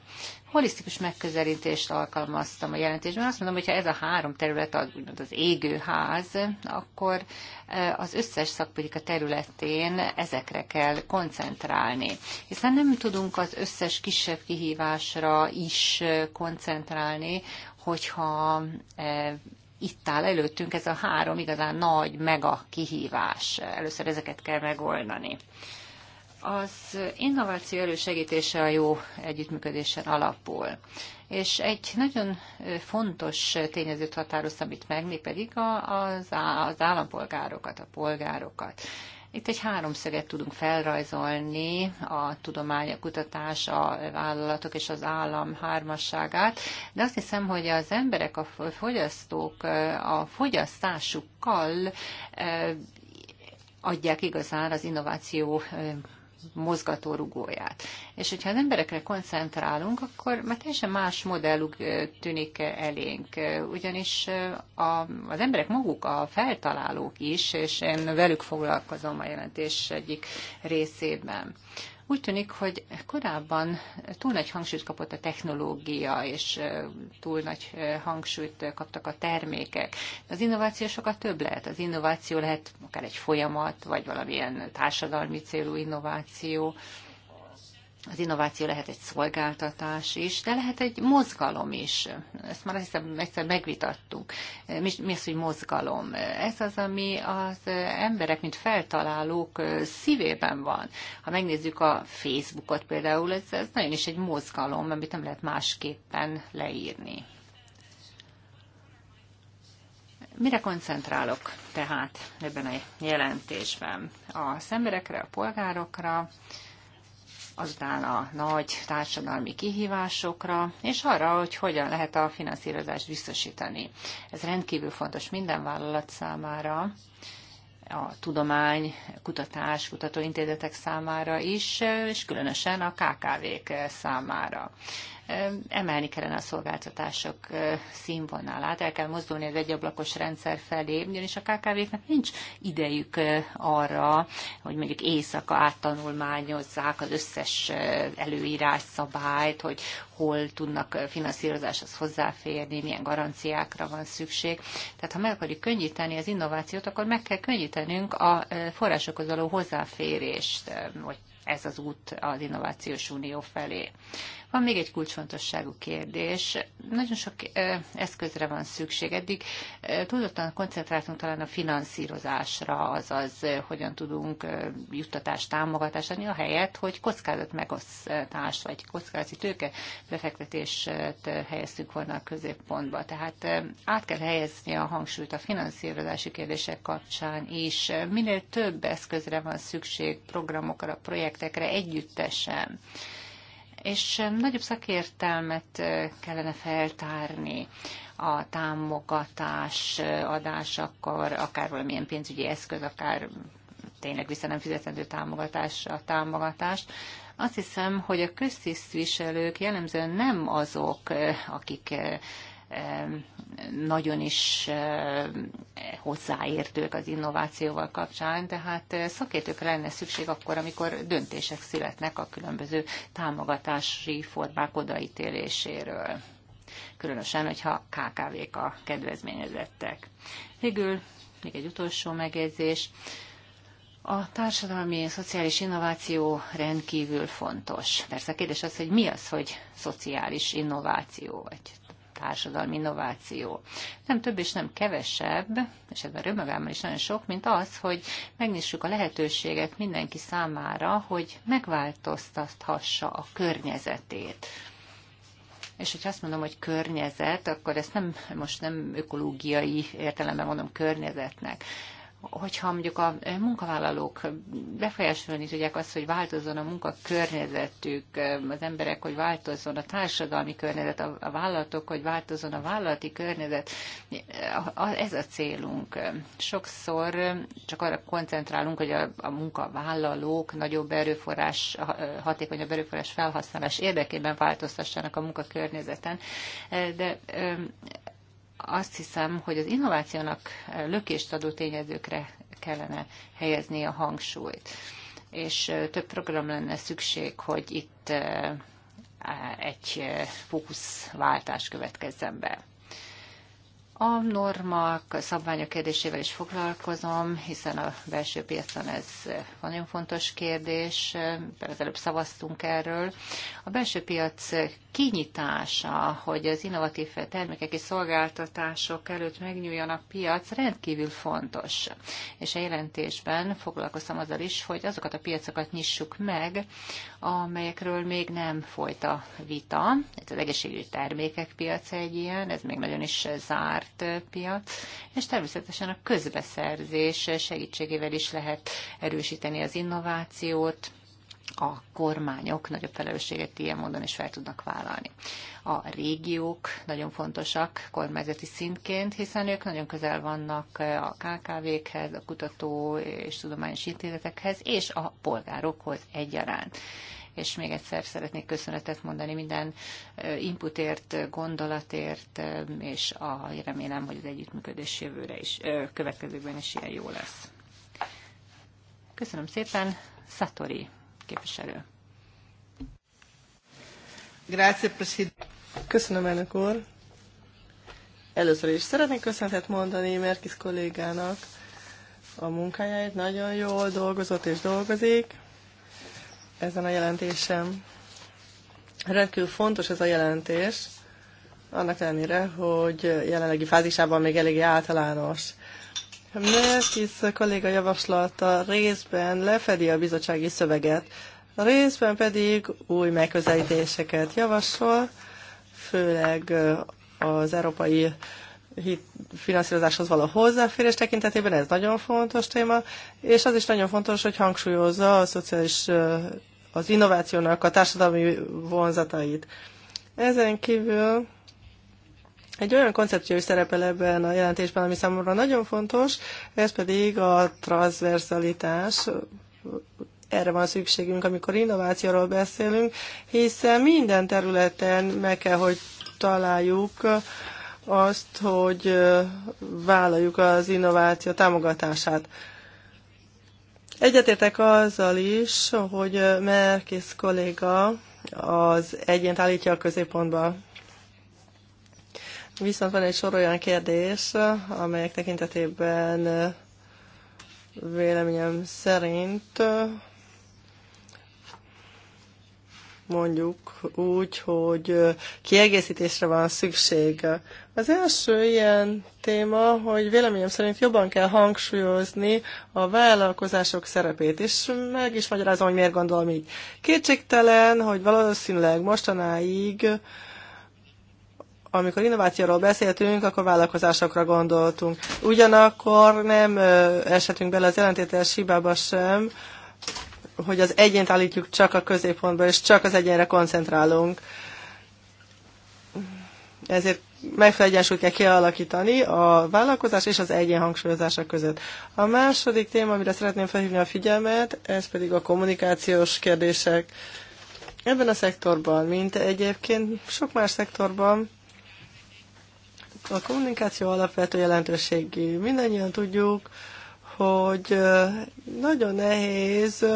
Holisztikus megközelítést alkalmaztam a jelentésben. Azt mondom, hogy ha ez a három terület az, az égő ház, akkor eh, az összes szakpolitika területén ezekre kell koncentrálni. Hiszen nem tudunk az összes kisebb kihívásra is eh, koncentrálni, hogyha eh, itt áll előttünk ez a három igazán nagy mega kihívás. Először ezeket kell megoldani. Az innováció elősegítése a jó együttműködésen alapul. És egy nagyon fontos tényezőt határoztam itt meg, mi pedig az, az állampolgárokat, a polgárokat. Itt egy háromszöget tudunk felrajzolni, a tudomány, a kutatás, a vállalatok és az állam hármasságát, de azt hiszem, hogy az emberek, a fogyasztók a fogyasztásukkal eh, adják igazán az innováció eh, mozgatórugóját. És hogyha az emberekre koncentrálunk, akkor már teljesen más modellük tűnik elénk. Ugyanis a, az emberek maguk a feltalálók is, és én velük foglalkozom a jelentés egyik részében. Úgy tűnik, hogy korábban túl nagy hangsúlyt kapott a technológia, és túl nagy hangsúlyt kaptak a termékek. Az innováció sokkal több lehet. Az innováció lehet akár egy folyamat, vagy valamilyen társadalmi célú innováció az innováció lehet egy szolgáltatás is, de lehet egy mozgalom is. Ezt már hiszem egyszer megvitattuk. Mi, mi az, hogy mozgalom? Ez az, ami az emberek, mint feltalálók szívében van. Ha megnézzük a Facebookot például, ez, ez nagyon is egy mozgalom, amit nem lehet másképpen leírni. Mire koncentrálok tehát ebben a jelentésben? a emberekre, a polgárokra, azután a nagy társadalmi kihívásokra, és arra, hogy hogyan lehet a finanszírozást biztosítani. Ez rendkívül fontos minden vállalat számára, a tudomány, kutatás, kutatóintézetek számára is, és különösen a KKV-k számára emelni kellene a szolgáltatások színvonalát, el kell mozdulni az egyablakos rendszer felé, ugyanis a KKV-knek nincs idejük arra, hogy mondjuk éjszaka áttanulmányozzák az összes előírás szabályt, hogy hol tudnak finanszírozáshoz hozzáférni, milyen garanciákra van szükség. Tehát ha meg akarjuk könnyíteni az innovációt, akkor meg kell könnyítenünk a forrásokhoz való hozzáférést, hogy ez az út az Innovációs Unió felé. Van még egy kulcsfontosságú kérdés. Nagyon sok eszközre van szükség. Eddig tudottan koncentráltunk talán a finanszírozásra, azaz hogyan tudunk juttatást, támogatást adni, a helyet, hogy kockázat megosztás vagy kockázati tőke befektetést helyeztünk volna a középpontba. Tehát át kell helyezni a hangsúlyt a finanszírozási kérdések kapcsán is. Minél több eszközre van szükség, programokra, projektekre együttesen és nagyobb szakértelmet kellene feltárni a támogatás adásakor, akár valamilyen pénzügyi eszköz, akár tényleg vissza nem fizetendő támogatás a támogatást. Azt hiszem, hogy a köztisztviselők jellemzően nem azok, akik nagyon is eh, hozzáértők az innovációval kapcsán, tehát eh, szakértőkre lenne szükség akkor, amikor döntések születnek a különböző támogatási formák odaítéléséről. Különösen, hogyha KKV-k a kedvezményezettek. Végül még egy utolsó megjegyzés. A társadalmi és szociális innováció rendkívül fontos. Persze a kérdés az, hogy mi az, hogy szociális innováció, vagy társadalmi innováció. Nem több és nem kevesebb, és ebben römögámmal is nagyon sok, mint az, hogy megnyissuk a lehetőséget mindenki számára, hogy megváltoztathassa a környezetét. És hogyha azt mondom, hogy környezet, akkor ezt nem, most nem ökológiai értelemben mondom környezetnek, hogyha mondjuk a munkavállalók befolyásolni tudják azt, hogy változzon a munkakörnyezetük, az emberek, hogy változzon a társadalmi környezet, a vállalatok, hogy változzon a vállalati környezet, ez a célunk. Sokszor csak arra koncentrálunk, hogy a, a munkavállalók nagyobb erőforrás, hatékonyabb erőforrás felhasználás érdekében változtassanak a munkakörnyezeten, de azt hiszem, hogy az innovációnak lökést adó tényezőkre kellene helyezni a hangsúlyt. És több program lenne szükség, hogy itt egy fókuszváltás következzen be. A normák, a szabványok kérdésével is foglalkozom, hiszen a belső piacon ez nagyon fontos kérdés, az előbb szavaztunk erről. A belső piac kinyitása, hogy az innovatív termékek és szolgáltatások előtt megnyúljon a piac, rendkívül fontos. És a jelentésben foglalkoztam azzal is, hogy azokat a piacokat nyissuk meg, amelyekről még nem folyt a vita. Ez az egészségügyi termékek piac egy ilyen, ez még nagyon is zárt piac, és természetesen a közbeszerzés segítségével is lehet erősíteni az innovációt, a kormányok nagyobb felelősséget ilyen módon is fel tudnak vállalni. A régiók nagyon fontosak kormányzati szintként, hiszen ők nagyon közel vannak a KKV-khez, a kutató és tudományos intézetekhez, és a polgárokhoz egyaránt és még egyszer szeretnék köszönetet mondani minden inputért, gondolatért, és a, remélem, hogy az együttműködés jövőre is, következőkben is ilyen jó lesz. Köszönöm szépen, Szatori képviselő. Köszönöm, elnök úr. Először is szeretnék köszönetet mondani Merkis kollégának a munkájáért. Nagyon jól dolgozott és dolgozik ezen a jelentésem. Rendkívül fontos ez a jelentés, annak ellenére, hogy jelenlegi fázisában még eléggé általános. Merkis kolléga javaslata részben lefedi a bizottsági szöveget, részben pedig új megközelítéseket javasol, főleg az európai finanszírozáshoz való hozzáférés tekintetében, ez nagyon fontos téma, és az is nagyon fontos, hogy hangsúlyozza a szociális, az innovációnak a társadalmi vonzatait. Ezen kívül egy olyan koncepció is szerepel ebben a jelentésben, ami számomra nagyon fontos, ez pedig a transversalitás, erre van szükségünk, amikor innovációról beszélünk, hiszen minden területen meg kell, hogy találjuk azt, hogy vállaljuk az innováció támogatását. Egyetértek azzal is, hogy Merkész kolléga az egyént állítja a középpontba. Viszont van egy sor olyan kérdés, amelyek tekintetében véleményem szerint mondjuk úgy, hogy kiegészítésre van szükség. Az első ilyen téma, hogy véleményem szerint jobban kell hangsúlyozni a vállalkozások szerepét, és meg is magyarázom, hogy miért gondolom így. Kétségtelen, hogy valószínűleg mostanáig amikor innovációról beszéltünk, akkor vállalkozásokra gondoltunk. Ugyanakkor nem esetünk bele az ellentétes hibába sem, hogy az egyént állítjuk csak a középpontba, és csak az egyénre koncentrálunk. Ezért megfelelő egyensúlyt kell kialakítani a vállalkozás és az egyén hangsúlyozása között. A második téma, amire szeretném felhívni a figyelmet, ez pedig a kommunikációs kérdések. Ebben a szektorban, mint egyébként sok más szektorban, a kommunikáció alapvető jelentőségű. Mindennyian tudjuk, hogy nagyon nehéz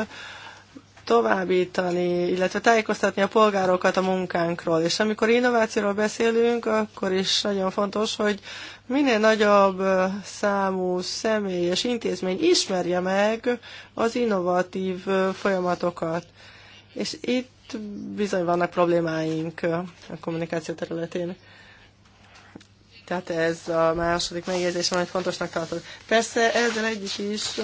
továbbítani, illetve tájékoztatni a polgárokat a munkánkról. És amikor innovációról beszélünk, akkor is nagyon fontos, hogy minél nagyobb számú személy és intézmény ismerje meg az innovatív folyamatokat. És itt bizony vannak problémáink a kommunikáció területén. Tehát ez a második megjegyzésem, amit fontosnak tartok. Persze ezzel együtt is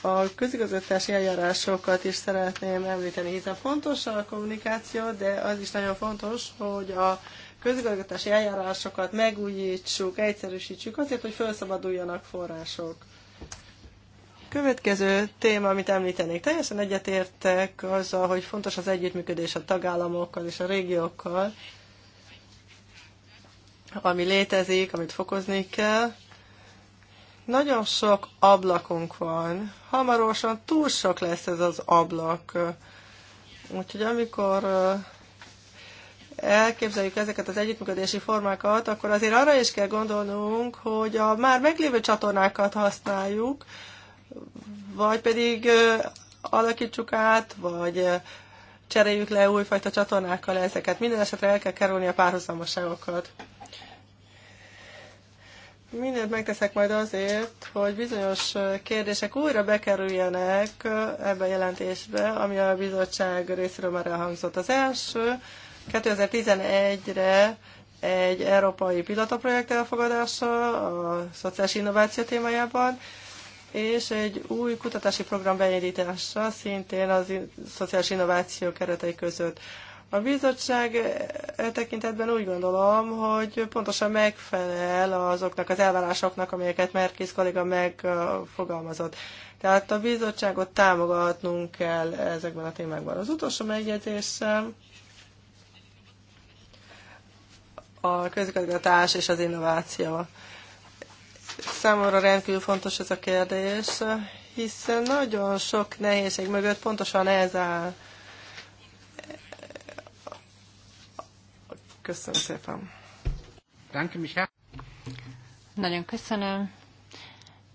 a közigazgatási eljárásokat is szeretném említeni, hiszen fontos a kommunikáció, de az is nagyon fontos, hogy a közigazgatási eljárásokat megújítsuk, egyszerűsítsük azért, hogy felszabaduljanak források. Következő téma, amit említenék, teljesen egyetértek azzal, hogy fontos az együttműködés a tagállamokkal és a régiókkal, ami létezik, amit fokozni kell. Nagyon sok ablakunk van. Hamarosan túl sok lesz ez az ablak. Úgyhogy amikor elképzeljük ezeket az együttműködési formákat, akkor azért arra is kell gondolnunk, hogy a már meglévő csatornákat használjuk, vagy pedig alakítsuk át, vagy cseréljük le újfajta csatornákkal ezeket. Minden esetre el kell kerülni a párhuzamoságokat mindent megteszek majd azért, hogy bizonyos kérdések újra bekerüljenek ebbe a jelentésbe, ami a bizottság részéről már elhangzott. Az első 2011-re egy európai pilotaprojekt elfogadása a szociális innováció témájában, és egy új kutatási program beindítása szintén az szociális innováció keretei között. A bizottság e, e, tekintetben úgy gondolom, hogy pontosan megfelel azoknak az elvárásoknak, amelyeket Merkész kolléga megfogalmazott. Tehát a bizottságot támogatnunk kell ezekben a témákban. Az utolsó megjegyzésem a közigazgatás és az innováció. Számomra rendkívül fontos ez a kérdés, hiszen nagyon sok nehézség mögött pontosan ez áll Köszönöm szépen. Nagyon köszönöm.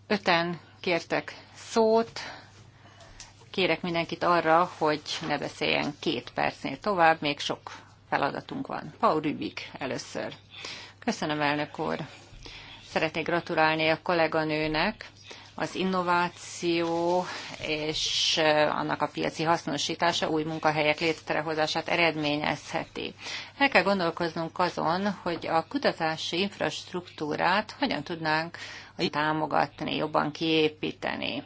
Öten kértek szót. Kérek mindenkit arra, hogy ne beszéljen két percnél tovább, még sok feladatunk van. Paul Rübik először. Köszönöm, elnök úr. Szeretnék gratulálni a kolléganőnek az innováció és annak a piaci hasznosítása új munkahelyek létrehozását eredményezheti. El kell gondolkoznunk azon, hogy a kutatási infrastruktúrát hogyan tudnánk támogatni, jobban kiépíteni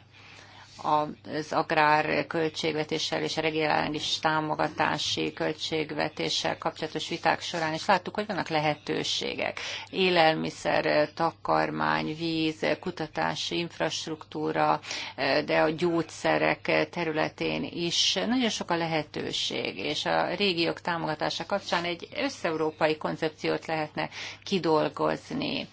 az agrár költségvetéssel és a regionális támogatási költségvetéssel kapcsolatos viták során, és láttuk, hogy vannak lehetőségek. Élelmiszer, takarmány, víz, kutatási infrastruktúra, de a gyógyszerek területén is nagyon sok a lehetőség, és a régiók támogatása kapcsán egy összeurópai koncepciót lehetne kidolgozni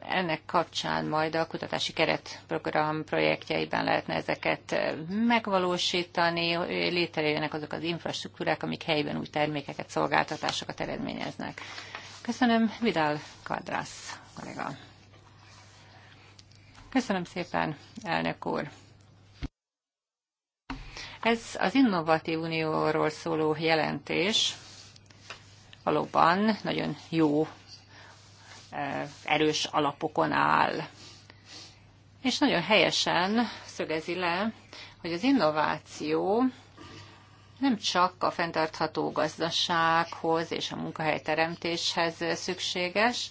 ennek kapcsán majd a kutatási keretprogram projektjeiben lehetne ezeket megvalósítani, létrejönnek azok az infrastruktúrák, amik helyben új termékeket, szolgáltatásokat eredményeznek. Köszönöm, Vidal Kadrász kollega. Köszönöm szépen, elnök úr. Ez az Innovatív Unióról szóló jelentés valóban nagyon jó erős alapokon áll. És nagyon helyesen szögezi le, hogy az innováció nem csak a fenntartható gazdasághoz és a munkahelyteremtéshez szükséges,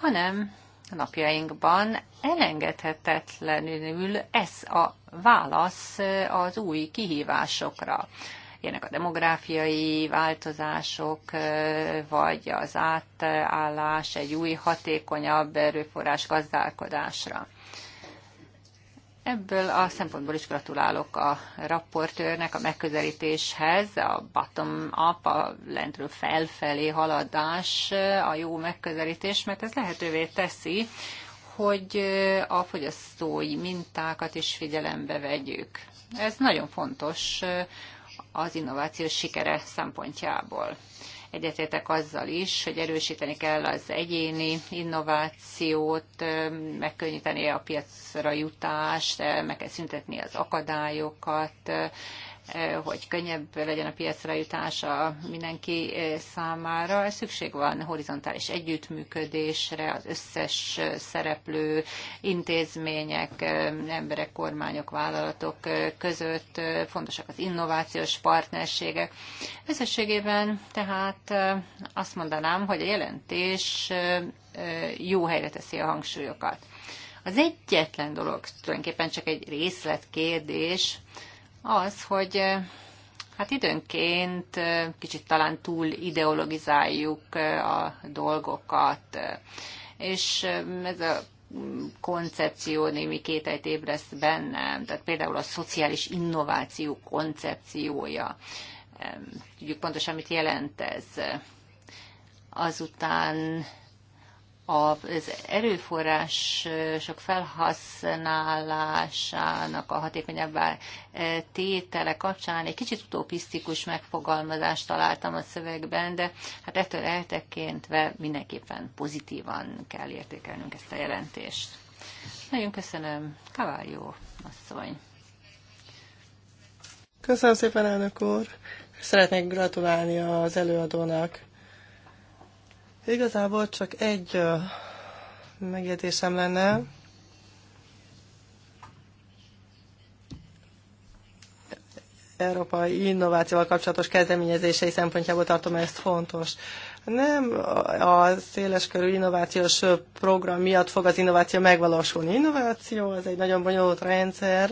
hanem a napjainkban elengedhetetlenül ez a válasz az új kihívásokra ilyenek a demográfiai változások, vagy az átállás egy új, hatékonyabb erőforrás gazdálkodásra. Ebből a szempontból is gratulálok a rapportőrnek a megközelítéshez, a bottom-up, a lentről felfelé haladás a jó megközelítés, mert ez lehetővé teszi, hogy a fogyasztói mintákat is figyelembe vegyük. Ez nagyon fontos az innovációs sikere szempontjából. Egyetértek azzal is, hogy erősíteni kell az egyéni innovációt, megkönnyíteni a piacra jutást, meg kell szüntetni az akadályokat, hogy könnyebb legyen a piacra jutása mindenki eh, számára. Szükség van horizontális együttműködésre, az összes eh, szereplő intézmények, eh, emberek, kormányok, vállalatok között, fontosak az innovációs partnerségek. Összességében tehát azt mondanám, hogy a jelentés jó helyre teszi a hangsúlyokat. Az egyetlen dolog tulajdonképpen csak egy részletkérdés, az, hogy hát időnként kicsit talán túl ideologizáljuk a dolgokat, és ez a koncepció némi kételyt ébreszt bennem, tehát például a szociális innováció koncepciója. Tudjuk pontosan, mit jelent ez. Azután az erőforrások felhasználásának a hatékonyabbá e, tétele kapcsán egy kicsit utopisztikus megfogalmazást találtam a szövegben, de hát ettől eltekintve mindenképpen pozitívan kell értékelnünk ezt a jelentést. Nagyon köszönöm, Kaváljó asszony. Köszönöm szépen, elnök úr. Szeretnék gratulálni az előadónak. Igazából csak egy megjegyzésem lenne. Európai innovációval kapcsolatos kezdeményezései szempontjából tartom ezt fontos. Nem a széleskörű innovációs program miatt fog az innováció megvalósulni. Innováció az egy nagyon bonyolult rendszer,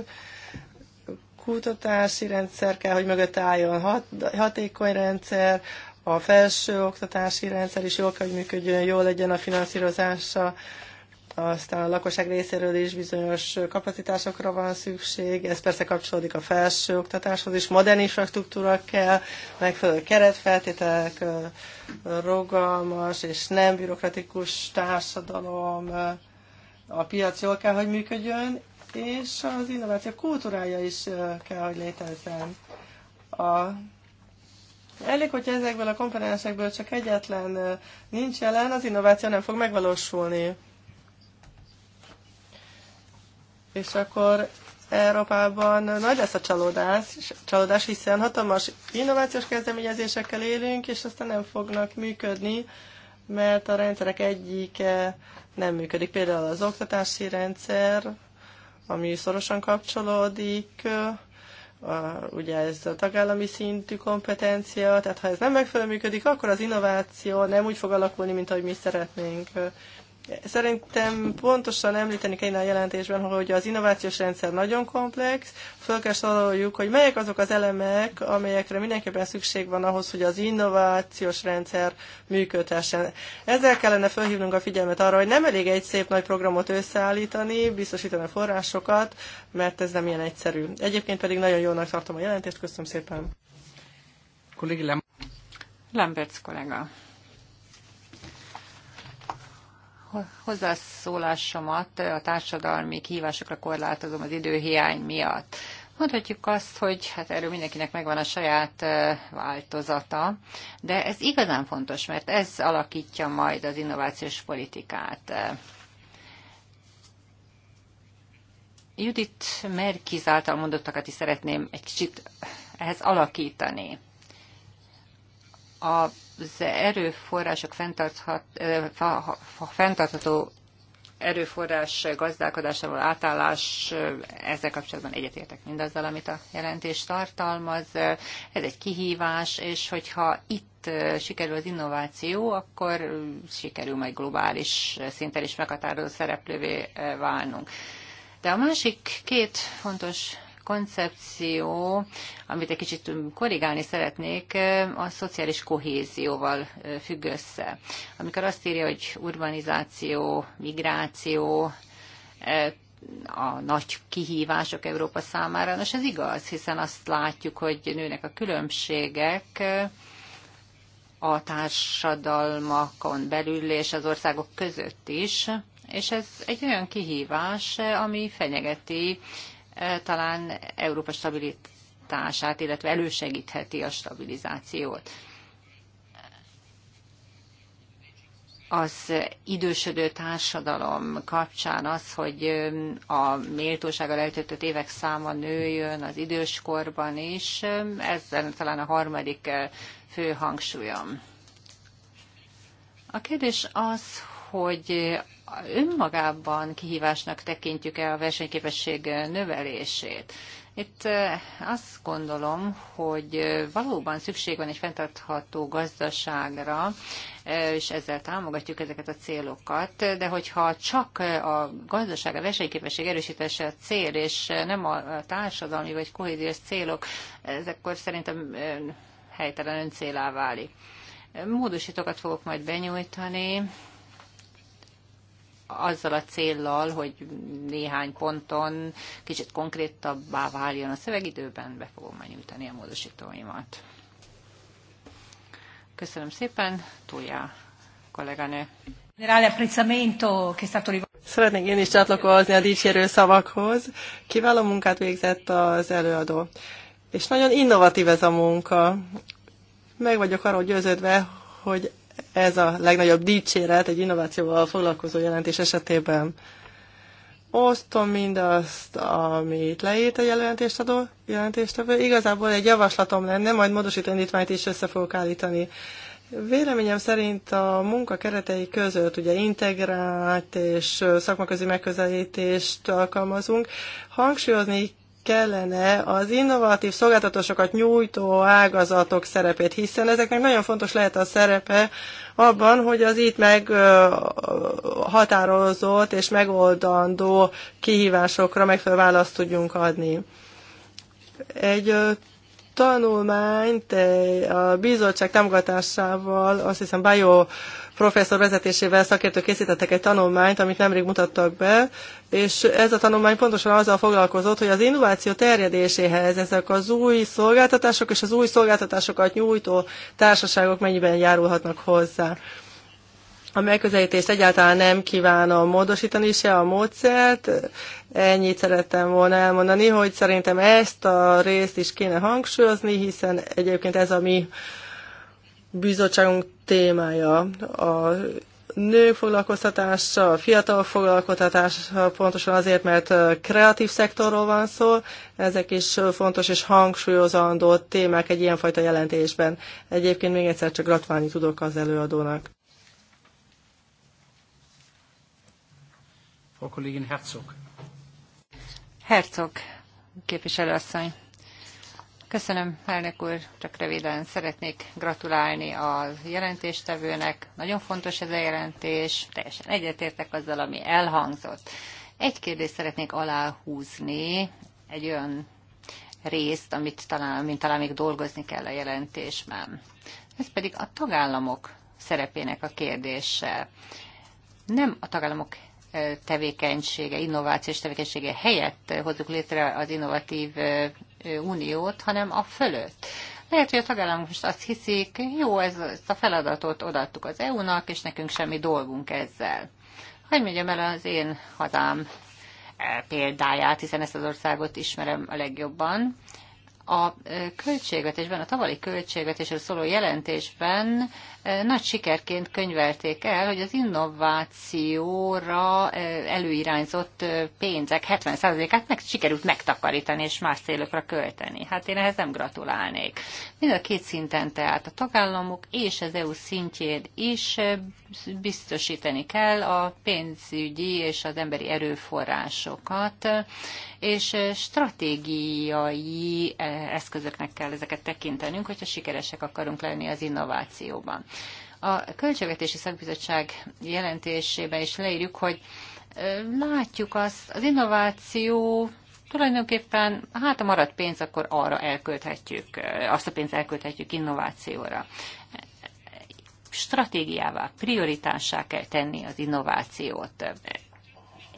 kutatási rendszer kell, hogy mögött álljon hat, hatékony rendszer, a felső oktatási rendszer is jól kell, hogy működjön, jól legyen a finanszírozása, aztán a lakosság részéről is bizonyos kapacitásokra van szükség, ez persze kapcsolódik a felső oktatáshoz is, modern infrastruktúra kell, megfelelő keretfeltételek, rogalmas és nem bürokratikus társadalom, a piac jól kell, hogy működjön, és az innováció kultúrája is kell, hogy létezzen. A Elég, hogyha ezekből a komponensekből csak egyetlen nincs jelen, az innováció nem fog megvalósulni. És akkor Európában nagy lesz a csalódás, csalódás hiszen hatalmas innovációs kezdeményezésekkel élünk, és aztán nem fognak működni, mert a rendszerek egyike nem működik. Például az oktatási rendszer, ami szorosan kapcsolódik a, ugye ez a tagállami szintű kompetencia, tehát ha ez nem megfelelő működik, akkor az innováció nem úgy fog alakulni, mint ahogy mi szeretnénk. Szerintem pontosan említeni kellene a jelentésben, hogy az innovációs rendszer nagyon komplex, föl kell soroljuk, hogy melyek azok az elemek, amelyekre mindenképpen szükség van ahhoz, hogy az innovációs rendszer működhessen. Ezzel kellene felhívnunk a figyelmet arra, hogy nem elég egy szép nagy programot összeállítani, biztosítani a forrásokat, mert ez nem ilyen egyszerű. Egyébként pedig nagyon jónak tartom a jelentést, köszönöm szépen. Kollégi Lem- Lamberts kollega hozzászólásomat a társadalmi kihívásokra korlátozom az időhiány miatt. Mondhatjuk azt, hogy hát erről mindenkinek megvan a saját változata, de ez igazán fontos, mert ez alakítja majd az innovációs politikát. Judit Merkiz által mondottakat is szeretném egy kicsit ehhez alakítani. A az erőforrások fenntarthat, fenntartható erőforrás gazdálkodásával átállás, ezzel kapcsolatban egyetértek mindazzal, amit a jelentés tartalmaz. Ez egy kihívás, és hogyha itt sikerül az innováció, akkor sikerül majd globális szinten is meghatározó szereplővé válnunk. De a másik két fontos koncepció, amit egy kicsit korrigálni szeretnék, a szociális kohézióval függ össze. Amikor azt írja, hogy urbanizáció, migráció, a nagy kihívások Európa számára. Nos, ez igaz, hiszen azt látjuk, hogy nőnek a különbségek a társadalmakon belül és az országok között is, és ez egy olyan kihívás, ami fenyegeti talán Európa stabilitását, illetve elősegítheti a stabilizációt. az idősödő társadalom kapcsán az, hogy a méltósággal eltöltött évek száma nőjön az időskorban is, ezzel talán a harmadik fő hangsúlyom. A kérdés az, hogy önmagában kihívásnak tekintjük-e a versenyképesség növelését. Itt eh, azt gondolom, hogy eh, valóban szükség van egy fenntartható gazdaságra, eh, és ezzel támogatjuk ezeket a célokat, de hogyha csak a gazdaság, a versenyképesség erősítése a cél, és nem a társadalmi vagy kohéziós célok, ez akkor szerintem helytelen öncélá válik. Módosítókat fogok majd benyújtani, azzal a céllal, hogy néhány ponton kicsit konkrétabbá váljon a szövegidőben, be fogom majd nyújtani a módosítóimat. Köszönöm szépen, Tója kolléganő. Szeretnék én is csatlakozni a dicsérő szavakhoz. Kiváló munkát végzett az előadó. És nagyon innovatív ez a munka. Meg vagyok arról győződve, hogy ez a legnagyobb dicséret egy innovációval foglalkozó jelentés esetében. Osztom mindazt, amit leírt a jelentéstadó, jelentéstevő. Igazából egy javaslatom lenne, majd módosító indítványt is össze fogok állítani. Véleményem szerint a munka keretei között ugye integrált és szakmaközi megközelítést alkalmazunk. Hangsúlyozni kellene az innovatív szolgáltatásokat nyújtó ágazatok szerepét, hiszen ezeknek nagyon fontos lehet a szerepe abban, hogy az itt meg határozott és megoldandó kihívásokra megfelelő választ tudjunk adni. Egy tanulmányt a bizottság támogatásával, azt hiszem Bajó professzor vezetésével szakértők készítettek egy tanulmányt, amit nemrég mutattak be, és ez a tanulmány pontosan azzal foglalkozott, hogy az innováció terjedéséhez ezek az új szolgáltatások és az új szolgáltatásokat nyújtó társaságok mennyiben járulhatnak hozzá. A megközelítést egyáltalán nem kívánom módosítani se a módszert, ennyit szerettem volna elmondani, hogy szerintem ezt a részt is kéne hangsúlyozni, hiszen egyébként ez a mi uh, bizottságunk témája a nők foglalkoztatása, a fiatal foglalkoztatása, pontosan azért, mert kreatív szektorról van szó, ezek is fontos és hangsúlyozandó témák egy ilyenfajta jelentésben. Egyébként még egyszer csak gratulálni tudok az előadónak. Frau Kollegin Herzog. Herzog, képviselőasszony. Köszönöm, elnök úr, csak röviden szeretnék gratulálni a jelentéstevőnek. Nagyon fontos ez a jelentés, teljesen egyetértek azzal, ami elhangzott. Egy kérdést szeretnék aláhúzni, egy olyan részt, amit talán, mint talán még dolgozni kell a jelentésben. Ez pedig a tagállamok szerepének a kérdése. Nem a tagállamok eh, tevékenysége, innovációs tevékenysége helyett eh, hozzuk létre az innovatív eh, uniót, hanem a fölött. Lehet, hogy a tagállamok most azt hiszik, jó, ez, ezt a feladatot odaadtuk az EU-nak, és nekünk semmi dolgunk ezzel. Hogy mondjam el az én hazám eh, példáját, hiszen ezt az országot ismerem a legjobban. A eh, költségvetésben, a tavalyi költségvetésről szóló jelentésben nagy sikerként könyvelték el, hogy az innovációra előirányzott pénzek 70%-át meg sikerült megtakarítani és más célokra költeni. Hát én ehhez nem gratulálnék. Mind a két szinten tehát a tagállamok és az EU szintjén is biztosítani kell a pénzügyi és az emberi erőforrásokat, és stratégiai eszközöknek kell ezeket tekintenünk, hogyha sikeresek akarunk lenni az innovációban. A Költségvetési Szakbizottság jelentésében is leírjuk, hogy látjuk azt, az innováció tulajdonképpen, hát a maradt pénz, akkor arra elkölthetjük, azt a pénzt elkölthetjük innovációra. Stratégiává, prioritássá kell tenni az innovációt.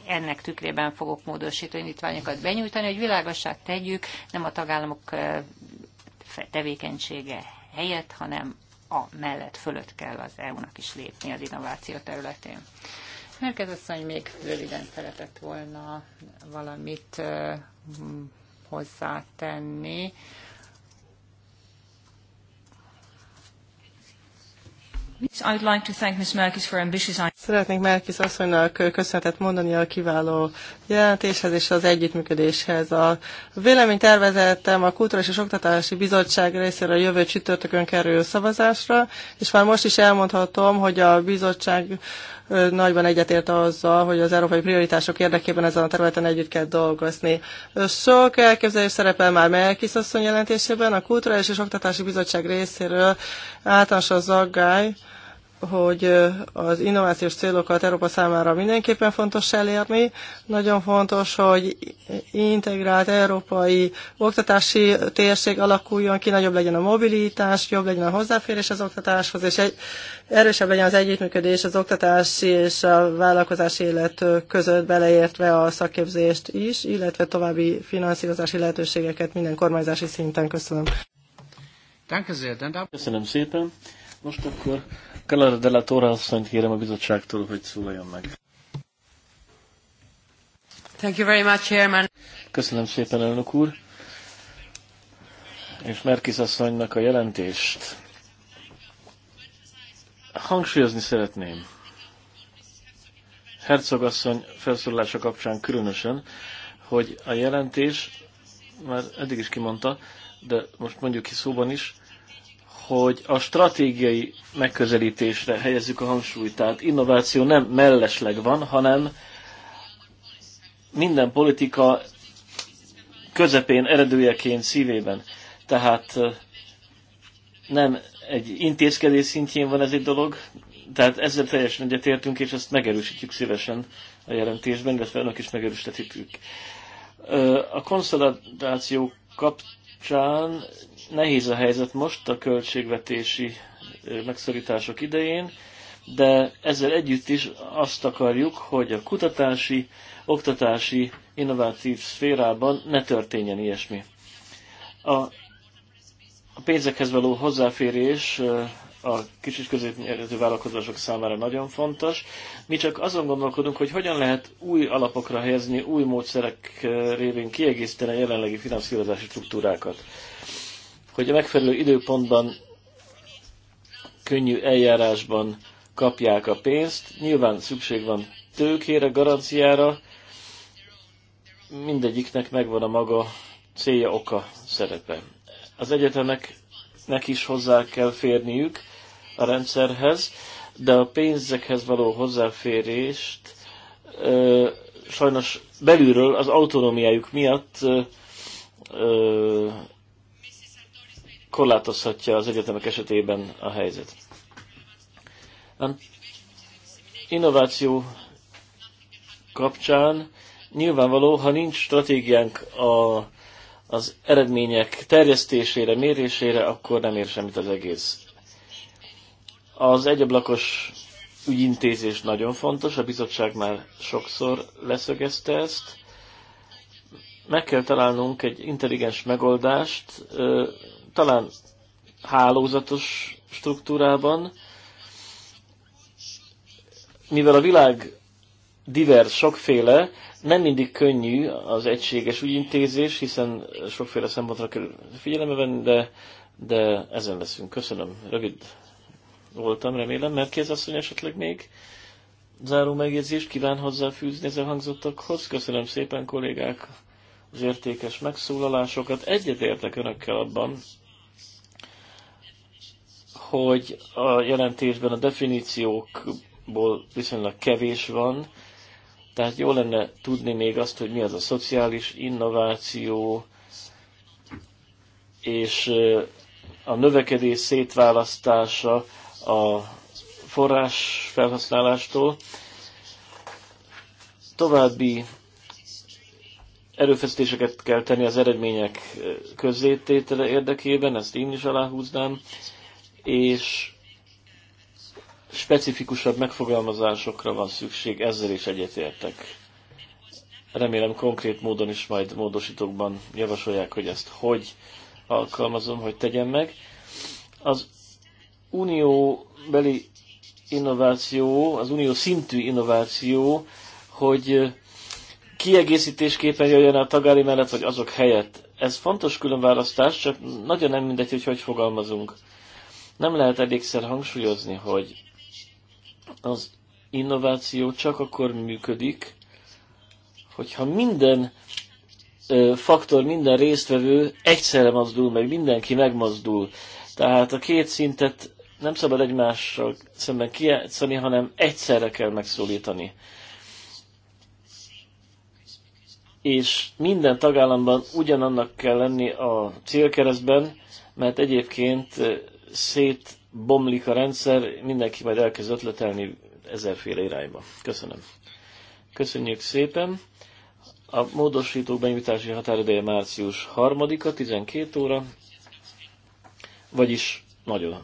Ennek tükrében fogok módosító indítványokat benyújtani, hogy világosát tegyük, nem a tagállamok tevékenysége helyett, hanem a mellett fölött kell az EU-nak is lépni az innováció területén. Merkez asszony még röviden szeretett volna valamit hozzátenni. Szeretnék Merkis asszonynak köszönetet mondani a kiváló jelentéshez és az együttműködéshez. A tervezettem a Kulturális és Oktatási Bizottság részéről a jövő csütörtökön kerül szavazásra, és már most is elmondhatom, hogy a bizottság nagyban egyetért azzal, hogy az európai prioritások érdekében ezen a területen együtt kell dolgozni. Sok elképzelés szerepel már Melkis asszony jelentésében, a Kulturális és Oktatási Bizottság részéről általános az aggály, hogy az innovációs célokat Európa számára mindenképpen fontos elérni. Nagyon fontos, hogy integrált európai oktatási térség alakuljon ki, nagyobb legyen a mobilitás, jobb legyen a hozzáférés az oktatáshoz, és egy, erősebb legyen az együttműködés az oktatási és a vállalkozási élet között, beleértve a szakképzést is, illetve további finanszírozási lehetőségeket minden kormányzási szinten. Köszönöm. Köszönöm szépen. Most akkor Keller de la Torre asszonyt kérem a bizottságtól, hogy szólaljon meg. Thank you very much, Chairman. Köszönöm szépen, elnök úr. És Merkis asszonynak a jelentést. Hangsúlyozni szeretném. Herzog asszony felszólalása kapcsán különösen, hogy a jelentés, már eddig is kimondta, de most mondjuk ki szóban is, hogy a stratégiai megközelítésre helyezzük a hangsúlyt. Tehát innováció nem mellesleg van, hanem minden politika közepén, eredőjeként, szívében. Tehát nem egy intézkedés szintjén van ez egy dolog, tehát ezzel teljesen egyetértünk, és ezt megerősítjük szívesen a jelentésben, illetve önök is megerősítetik. A konszolidáció kapcsán Nehéz a helyzet most a költségvetési megszorítások idején, de ezzel együtt is azt akarjuk, hogy a kutatási, oktatási, innovatív szférában ne történjen ilyesmi. A, a pénzekhez való hozzáférés a kis és középméretű vállalkozások számára nagyon fontos. Mi csak azon gondolkodunk, hogy hogyan lehet új alapokra helyezni, új módszerek révén kiegészíteni a jelenlegi finanszírozási struktúrákat hogy a megfelelő időpontban könnyű eljárásban kapják a pénzt. Nyilván szükség van tőkére, garanciára, mindegyiknek megvan a maga célja, oka, szerepe. Az egyetemeknek is hozzá kell férniük a rendszerhez, de a pénzekhez való hozzáférést ö, sajnos belülről az autonómiájuk miatt ö, ö, korlátozhatja az egyetemek esetében a helyzet. Innováció kapcsán nyilvánvaló, ha nincs stratégiánk a, az eredmények terjesztésére, mérésére, akkor nem ér semmit az egész. Az egyablakos ügyintézés nagyon fontos, a bizottság már sokszor leszögezte ezt. Meg kell találnunk egy intelligens megoldást, talán hálózatos struktúrában, mivel a világ divers, sokféle, nem mindig könnyű az egységes ügyintézés, hiszen sokféle szempontra kell figyelembe venni, de, de ezen leszünk. Köszönöm. Rövid voltam, remélem. Mert az asszony esetleg még záró megjegyzést kíván hozzáfűzni ezen hangzottakhoz. Köszönöm szépen, kollégák, az értékes megszólalásokat. Egyet értek önökkel abban, hogy a jelentésben a definíciókból viszonylag kevés van, tehát jó lenne tudni még azt, hogy mi az a szociális innováció, és a növekedés szétválasztása a forrás felhasználástól. További erőfeszítéseket kell tenni az eredmények közzététele érdekében, ezt én is aláhúznám, és specifikusabb megfogalmazásokra van szükség, ezzel is egyetértek. Remélem konkrét módon is majd módosítókban javasolják, hogy ezt hogy alkalmazom, hogy tegyem meg. Az unióbeli innováció, az unió szintű innováció, hogy kiegészítésképpen jöjjön a tagári mellett, vagy azok helyett. Ez fontos különválasztás, csak nagyon nem mindegy, hogy hogy fogalmazunk. Nem lehet elégszer hangsúlyozni, hogy az innováció csak akkor működik, hogyha minden faktor, minden résztvevő egyszerre mozdul meg, mindenki megmozdul. Tehát a két szintet nem szabad egymással szemben kijátszani, hanem egyszerre kell megszólítani. És minden tagállamban ugyanannak kell lenni a célkeresztben, mert egyébként szétbomlik a rendszer, mindenki majd elkezd ötletelni ezerféle irányba. Köszönöm. Köszönjük szépen. A módosítók benyújtási határideje március 3-a, 12 óra, vagyis nagyon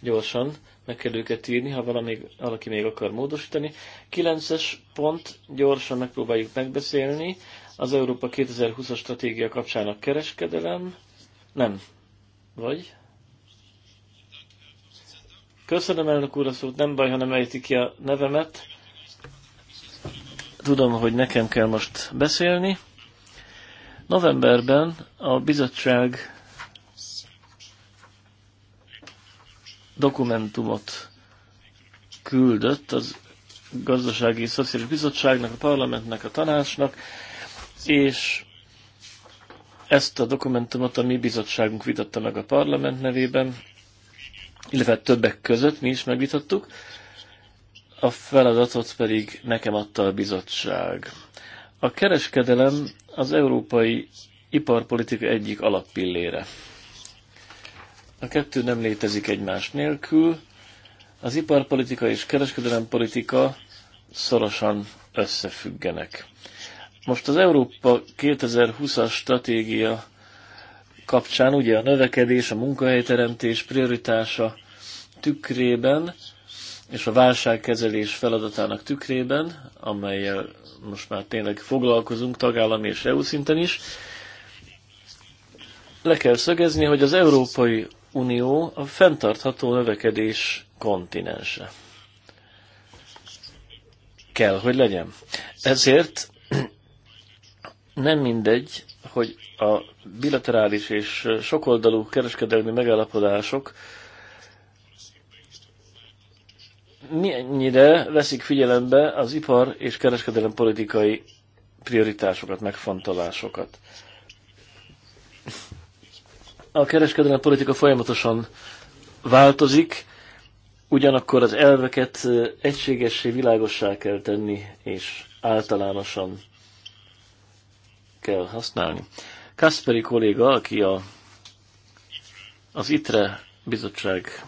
gyorsan meg kell őket írni, ha valami, valaki még akar módosítani. 9-es pont, gyorsan megpróbáljuk megbeszélni, az Európa 2020-as stratégia kapcsának kereskedelem, nem, vagy? Köszönöm, elnök úr, a szót. Nem baj, ha nem ejti ki a nevemet. Tudom, hogy nekem kell most beszélni. Novemberben a bizottság dokumentumot küldött az Gazdasági Szociális Bizottságnak, a parlamentnek, a tanácsnak, és ezt a dokumentumot a mi bizottságunk vitatta meg a parlament nevében, illetve többek között mi is megvitattuk, a feladatot pedig nekem adta a bizottság. A kereskedelem az európai iparpolitika egyik alappillére. A kettő nem létezik egymás nélkül. Az iparpolitika és kereskedelempolitika szorosan összefüggenek. Most az Európa 2020-as stratégia kapcsán, ugye a növekedés, a munkahelyteremtés prioritása tükrében, és a válságkezelés feladatának tükrében, amelyel most már tényleg foglalkozunk tagállami és EU szinten is, le kell szögezni, hogy az Európai Unió a fenntartható növekedés kontinense. Kell, hogy legyen. Ezért nem mindegy, hogy a bilaterális és sokoldalú kereskedelmi megállapodások mennyire veszik figyelembe az ipar és kereskedelem politikai prioritásokat, megfontolásokat. A kereskedelem politika folyamatosan változik, ugyanakkor az elveket egységessé, világossá kell tenni, és általánosan kell használni. Kasperi kolléga, aki a, az ITRE bizottság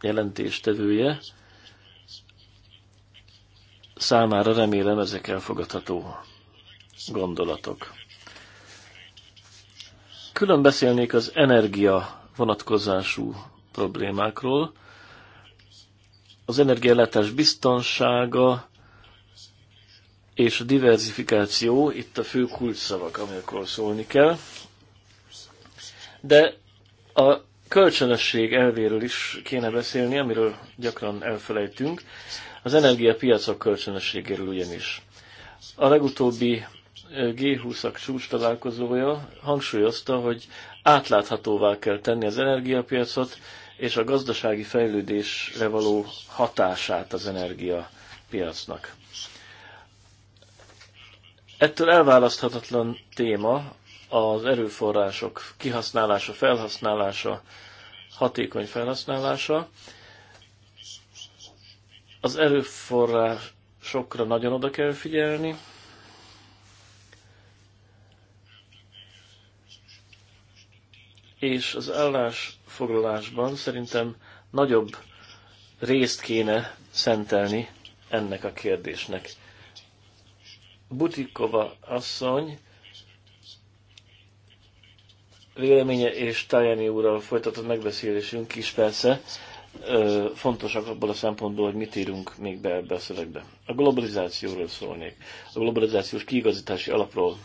jelentéstevője, számára remélem ezek elfogadható gondolatok. Külön beszélnék az energia vonatkozású problémákról. Az energiállátás biztonsága, és a diversifikáció itt a fő kulcsszavak, amikről szólni kell. De a kölcsönösség elvéről is kéne beszélni, amiről gyakran elfelejtünk, az energiapiacok kölcsönösségéről ugyanis. A legutóbbi eh, G20-ak csúcs találkozója hangsúlyozta, hogy átláthatóvá kell tenni az energiapiacot, és a gazdasági fejlődésre való hatását az energiapiacnak. Ettől elválaszthatatlan téma az erőforrások kihasználása, felhasználása, hatékony felhasználása. Az erőforrásokra nagyon oda kell figyelni. És az állásfoglalásban szerintem nagyobb részt kéne szentelni ennek a kérdésnek. Butikova asszony véleménye és Tajani úrral folytatott megbeszélésünk is persze fontosak abból a szempontból, hogy mit írunk még be ebbe a szövegbe. A globalizációról szólnék, a globalizációs kiigazítási alapról.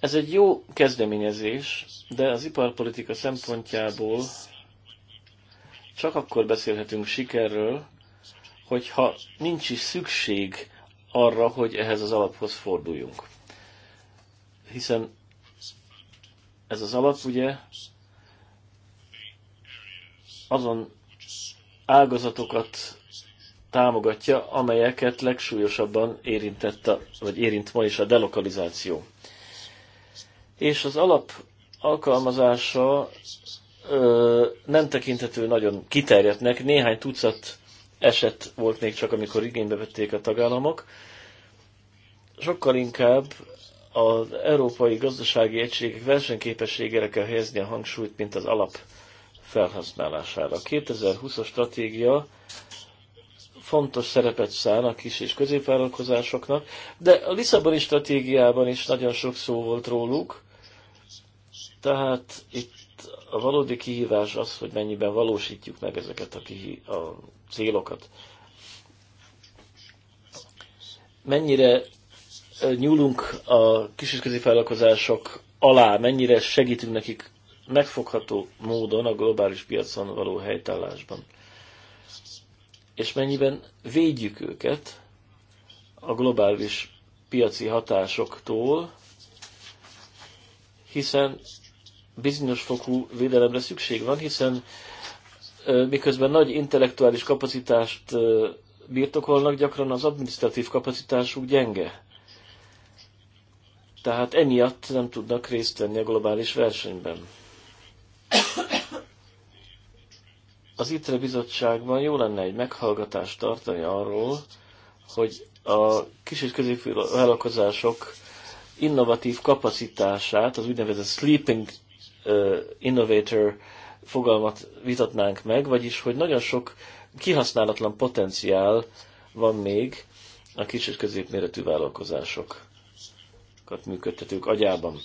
Ez egy jó kezdeményezés, de az iparpolitika szempontjából csak akkor beszélhetünk sikerről, hogyha nincs is szükség arra, hogy ehhez az alaphoz forduljunk. Hiszen ez az alap ugye azon ágazatokat támogatja, amelyeket legsúlyosabban érintette, vagy érint ma is a delokalizáció. És az alap alkalmazása ö, nem tekinthető nagyon kiterjedtnek, néhány tucat eset volt még csak, amikor igénybe vették a tagállamok. Sokkal inkább az európai gazdasági egységek versenyképességére kell helyezni a hangsúlyt, mint az alap felhasználására. A 2020-as stratégia fontos szerepet szán a kis és középvállalkozásoknak, de a Lisszaboni stratégiában is nagyon sok szó volt róluk, tehát itt a valódi kihívás az, hogy mennyiben valósítjuk meg ezeket a, kihí- a célokat. Mennyire nyúlunk a kis és középvállalkozások alá, mennyire segítünk nekik megfogható módon a globális piacon való helytállásban. És mennyiben védjük őket a globális piaci hatásoktól, hiszen bizonyos fokú védelemre szükség van, hiszen miközben nagy intellektuális kapacitást birtokolnak, gyakran az administratív kapacitásuk gyenge. Tehát emiatt nem tudnak részt venni a globális versenyben. Az ITRE bizottságban jó lenne egy meghallgatást tartani arról, hogy a kis és középvállalkozások innovatív kapacitását, az úgynevezett sleeping innovator fogalmat vitatnánk meg, vagyis hogy nagyon sok kihasználatlan potenciál van még a kis és középméretű vállalkozásokat működtetők agyában.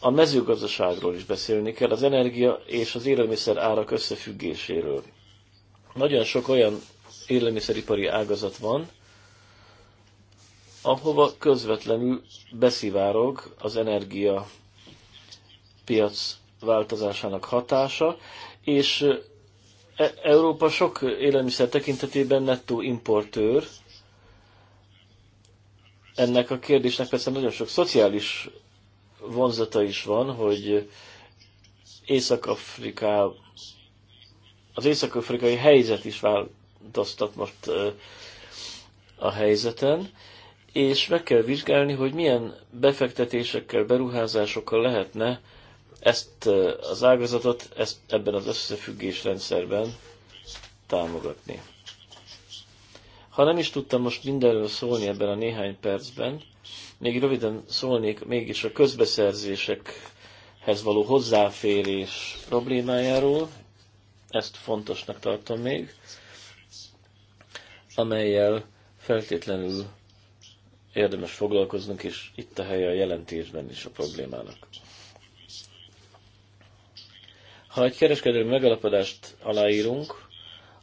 A mezőgazdaságról is beszélni kell, az energia és az élelmiszer árak összefüggéséről. Nagyon sok olyan élelmiszeripari ágazat van, ahova közvetlenül beszivárog az energia piac változásának hatása, és e, Európa sok élelmiszer tekintetében nettó importőr. Ennek a kérdésnek persze nagyon sok szociális vonzata is van, hogy Észak-Afriká, az észak-afrikai helyzet is változtat most a helyzeten, és meg kell vizsgálni, hogy milyen befektetésekkel, beruházásokkal lehetne ezt az ágazatot ezt ebben az összefüggés rendszerben támogatni. Ha nem is tudtam most mindenről szólni ebben a néhány percben, még röviden szólnék mégis a közbeszerzésekhez való hozzáférés problémájáról, ezt fontosnak tartom még, amelyel feltétlenül érdemes foglalkoznunk, és itt a helye a jelentésben is a problémának. Ha egy kereskedelmi megalapodást aláírunk,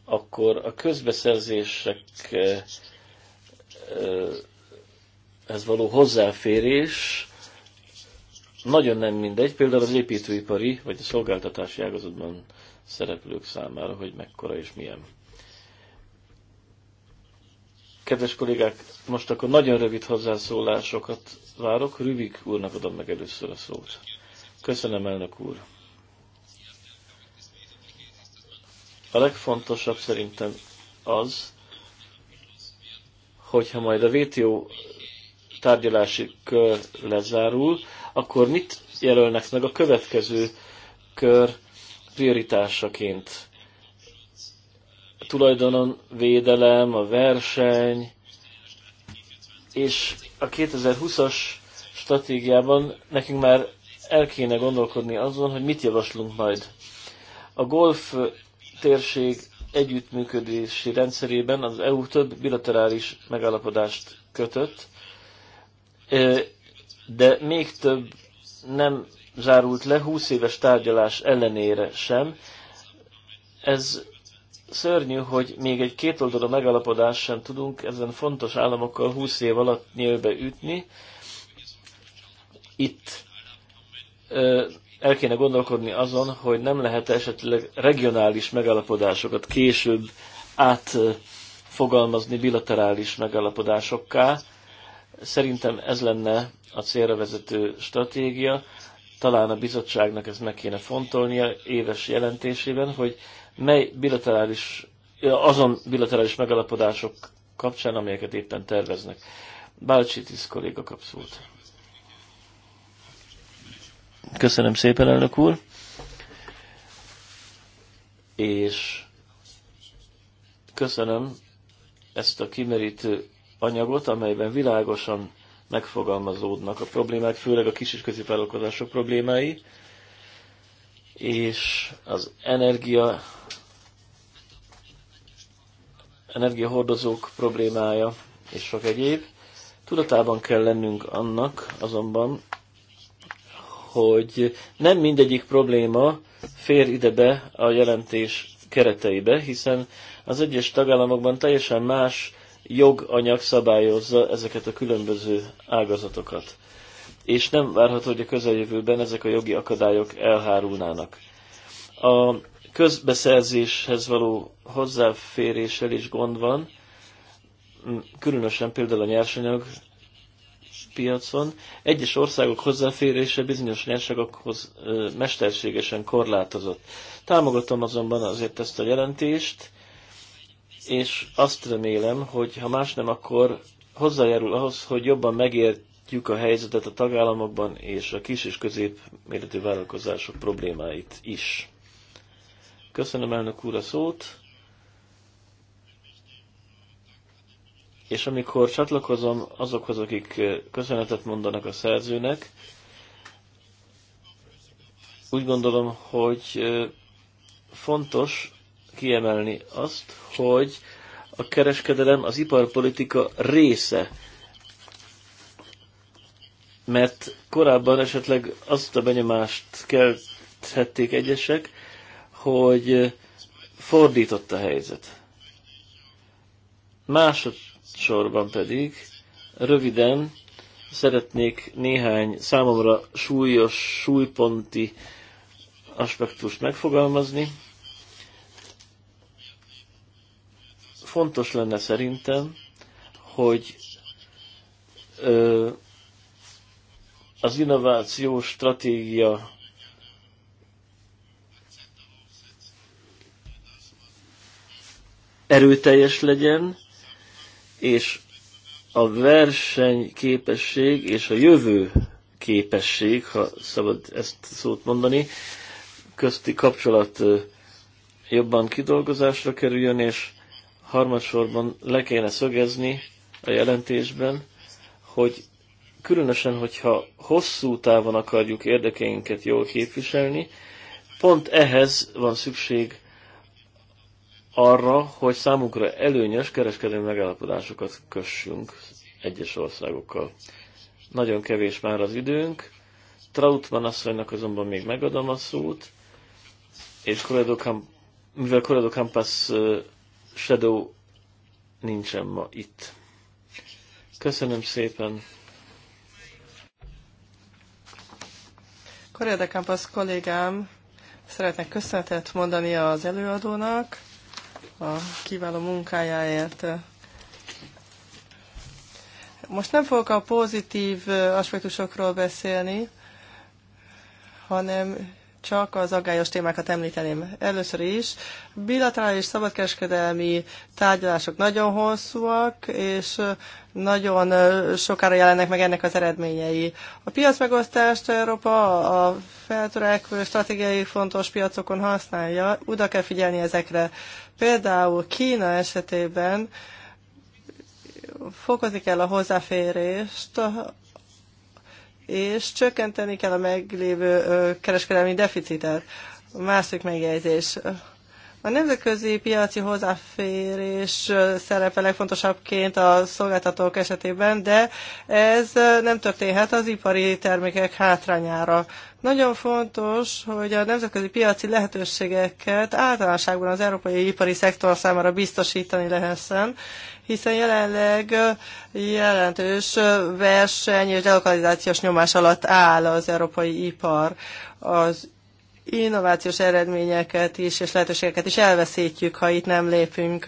akkor a közbeszerzésekhez eh, eh, való hozzáférés nagyon nem mindegy, például az építőipari vagy a szolgáltatási ágazatban szereplők számára, hogy mekkora és milyen. Kedves kollégák, most akkor nagyon rövid hozzászólásokat várok. Rüvik úrnak adom meg először a szót. Köszönöm, elnök úr! A legfontosabb szerintem az, hogyha majd a VTO tárgyalási kör lezárul, akkor mit jelölnek meg a következő kör prioritásaként? A tulajdonon védelem, a verseny, és a 2020-as stratégiában nekünk már el kéne gondolkodni azon, hogy mit javaslunk majd. A golf térség együttműködési rendszerében az EU több bilaterális megállapodást kötött, de még több nem zárult le 20 éves tárgyalás ellenére sem. Ez szörnyű, hogy még egy kétoldalú megállapodást sem tudunk ezen fontos államokkal 20 év alatt nyílbe ütni. Itt el kéne gondolkodni azon, hogy nem lehet esetleg regionális megállapodásokat később átfogalmazni bilaterális megállapodásokká. Szerintem ez lenne a célra vezető stratégia. Talán a bizottságnak ez meg kéne fontolnia éves jelentésében, hogy mely bilaterális, azon bilaterális megalapodások kapcsán, amelyeket éppen terveznek. Bálcsitis kolléga kapszult. Köszönöm szépen, elnök úr. És köszönöm ezt a kimerítő anyagot, amelyben világosan megfogalmazódnak a problémák, főleg a kis és középvállalkozások problémái, és az energia energiahordozók problémája és sok egyéb. Tudatában kell lennünk annak azonban, hogy nem mindegyik probléma fér ide be a jelentés kereteibe, hiszen az egyes tagállamokban teljesen más joganyag szabályozza ezeket a különböző ágazatokat. És nem várható, hogy a közeljövőben ezek a jogi akadályok elhárulnának. A közbeszerzéshez való hozzáféréssel is gond van, különösen például a nyersanyag piacon. Egyes országok hozzáférése bizonyos nyersanyagokhoz mesterségesen korlátozott. Támogatom azonban azért ezt a jelentést, és azt remélem, hogy ha más nem, akkor hozzájárul ahhoz, hogy jobban megértjük a helyzetet a tagállamokban és a kis és közép méretű vállalkozások problémáit is. Köszönöm elnök úr a szót. és amikor csatlakozom azokhoz, akik köszönetet mondanak a szerzőnek, úgy gondolom, hogy fontos kiemelni azt, hogy a kereskedelem az iparpolitika része. Mert korábban esetleg azt a benyomást kelthették egyesek, hogy fordított a helyzet. Másod, sorban pedig röviden szeretnék néhány számomra súlyos, súlyponti aspektust megfogalmazni. Fontos lenne szerintem, hogy ö, az innovációs stratégia erőteljes legyen, és a versenyképesség és a jövő képesség, ha szabad ezt szót mondani, közti kapcsolat jobban kidolgozásra kerüljön, és harmadsorban le kéne szögezni a jelentésben, hogy különösen, hogyha hosszú távon akarjuk érdekeinket jól képviselni, pont ehhez van szükség arra, hogy számunkra előnyös kereskedelmi megállapodásokat kössünk egyes országokkal. Nagyon kevés már az időnk. Trautmann asszonynak azonban még megadom a szót, és Corrado Camp- mivel Corrado Campas Shadow nincsen ma itt. Köszönöm szépen! Corrado Campas kollégám szeretne köszönetet mondani az előadónak, a kiváló munkájáért. Most nem fogok a pozitív aspektusokról beszélni, hanem csak az aggályos témákat említeném. Először is, bilaterális szabadkereskedelmi tárgyalások nagyon hosszúak, és nagyon sokára jelennek meg ennek az eredményei. A piacmegosztást Európa a feltörekvő stratégiai fontos piacokon használja, oda kell figyelni ezekre. Például Kína esetében fokozni kell a hozzáférést, és csökkenteni kell a meglévő kereskedelmi deficitet. Másik megjegyzés. A nemzetközi piaci hozzáférés szerepe legfontosabbként a szolgáltatók esetében, de ez nem történhet az ipari termékek hátrányára. Nagyon fontos, hogy a nemzetközi piaci lehetőségeket általánoságban az európai ipari szektor számára biztosítani lehessen, hiszen jelenleg jelentős verseny és delokalizációs nyomás alatt áll az európai ipar. Az innovációs eredményeket is és lehetőségeket is elveszítjük, ha itt nem lépünk.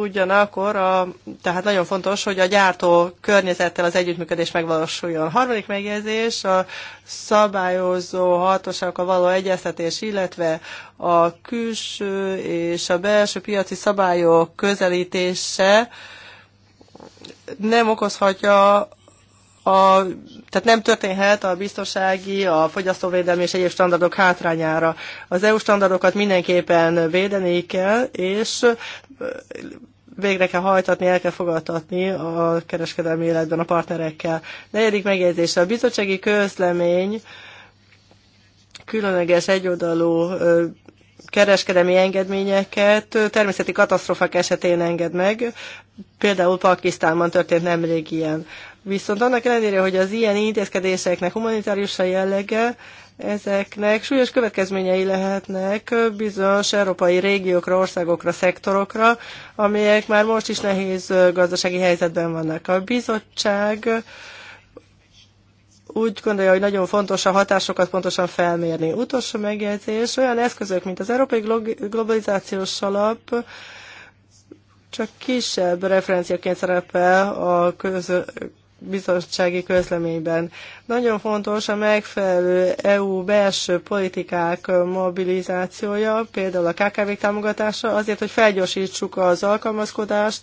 Ugyanakkor, a, tehát nagyon fontos, hogy a gyártó környezettel az együttműködés megvalósuljon. Harmadik megjegyzés a szabályozó hatóságokkal való egyeztetés, illetve a külső és a belső piaci szabályok közelítése nem okozhatja a tehát nem történhet a biztonsági, a fogyasztóvédelmi és egyéb standardok hátrányára. Az EU standardokat mindenképpen védeni kell, és végre kell hajtatni, el kell fogadtatni a kereskedelmi életben a partnerekkel. Negyedik megjegyzése. A bizottsági közlemény különleges egyoldalú kereskedelmi engedményeket természeti katasztrofák esetén enged meg. Például Pakisztánban történt nemrég ilyen. Viszont annak ellenére, hogy az ilyen intézkedéseknek humanitárius a jellege, ezeknek súlyos következményei lehetnek bizonyos európai régiókra, országokra, szektorokra, amelyek már most is nehéz gazdasági helyzetben vannak. A bizottság úgy gondolja, hogy nagyon fontos a hatásokat pontosan felmérni. Utolsó megjegyzés, olyan eszközök, mint az Európai Globalizációs Alap, csak kisebb referenciaként szerepel a köz, bizottsági közleményben. Nagyon fontos a megfelelő EU belső politikák mobilizációja, például a KKV támogatása, azért, hogy felgyorsítsuk az alkalmazkodást,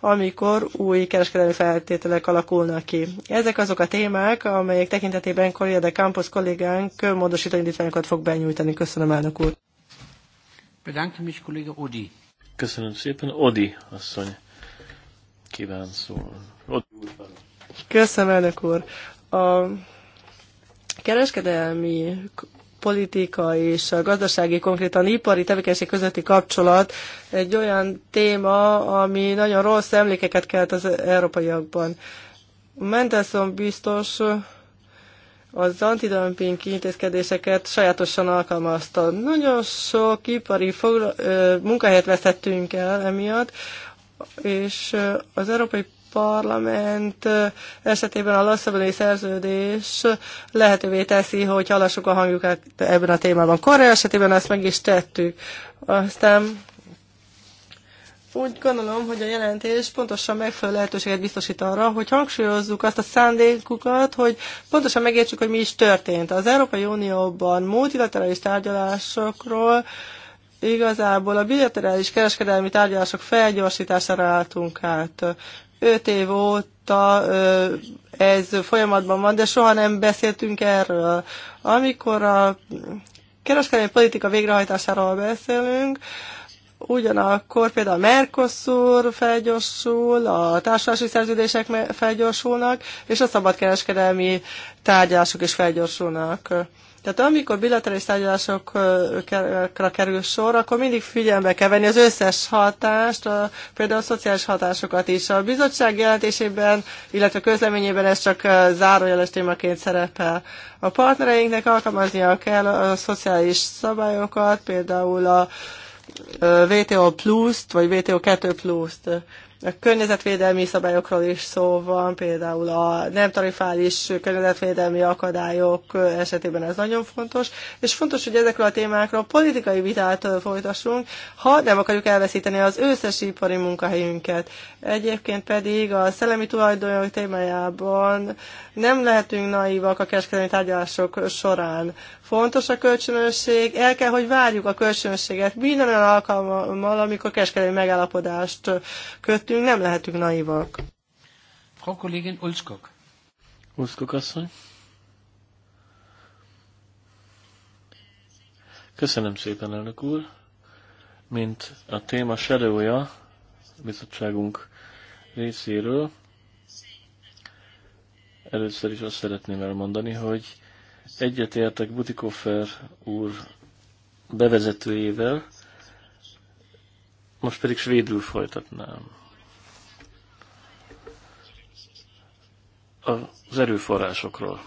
amikor új kereskedelmi feltételek alakulnak ki. Ezek azok a témák, amelyek tekintetében Korea de Campos kollégánk módosító indítványokat fog benyújtani. Köszönöm, elnök úr. Köszönöm szépen. Odi asszony kíván szólni. Odi úr, Köszönöm, elnök úr. A kereskedelmi politika és a gazdasági, konkrétan ipari tevékenység közötti kapcsolat egy olyan téma, ami nagyon rossz emlékeket kelt az európaiakban. Mendelssohn biztos az antidumping intézkedéseket sajátosan alkalmazta. Nagyon sok ipari fogla- munkahelyet veszettünk el emiatt, és az európai parlament esetében a lasszabeli szerződés lehetővé teszi, hogy hallassuk a hangjukat ebben a témában. Korea esetében ezt meg is tettük. Aztán úgy gondolom, hogy a jelentés pontosan megfelelő lehetőséget biztosít arra, hogy hangsúlyozzuk azt a szándékukat, hogy pontosan megértsük, hogy mi is történt. Az Európai Unióban multilaterális tárgyalásokról igazából a bilaterális kereskedelmi tárgyalások felgyorsítására álltunk át. Öt év óta ez folyamatban van, de soha nem beszéltünk erről. Amikor a kereskedelmi politika végrehajtásáról beszélünk, ugyanakkor például a Mercosur felgyorsul, a társadalmi szerződések felgyorsulnak, és a szabadkereskedelmi tárgyalások is felgyorsulnak. Tehát amikor bilaterális tárgyalásokra kerül sor, akkor mindig figyelembe kell venni az összes hatást, a, például a szociális hatásokat is. A bizottság jelentésében, illetve a közleményében ez csak zárójeles témaként szerepel. A partnereinknek alkalmaznia kell a szociális szabályokat, például a VTO plus-t, vagy VTO 2 plus-t a környezetvédelmi szabályokról is szó van, például a nem tarifális környezetvédelmi akadályok esetében ez nagyon fontos, és fontos, hogy ezekről a témákról politikai vitát folytassunk, ha nem akarjuk elveszíteni az összes ipari munkahelyünket. Egyébként pedig a szellemi tulajdonjog témájában nem lehetünk naívak a kereskedelmi tárgyalások során. Fontos a kölcsönösség, el kell, hogy várjuk a kölcsönösséget. Minden olyan alkalommal, amikor kereskedelmi megállapodást kötünk, nem lehetünk naivak. Frau Kollegin Ulskok. Ulskok asszony. Köszönöm szépen, elnök úr. Mint a téma serője bizottságunk részéről, először is azt szeretném elmondani, hogy Egyetértek Butikoffer úr bevezetőjével, most pedig svédül folytatnám. Az erőforrásokról.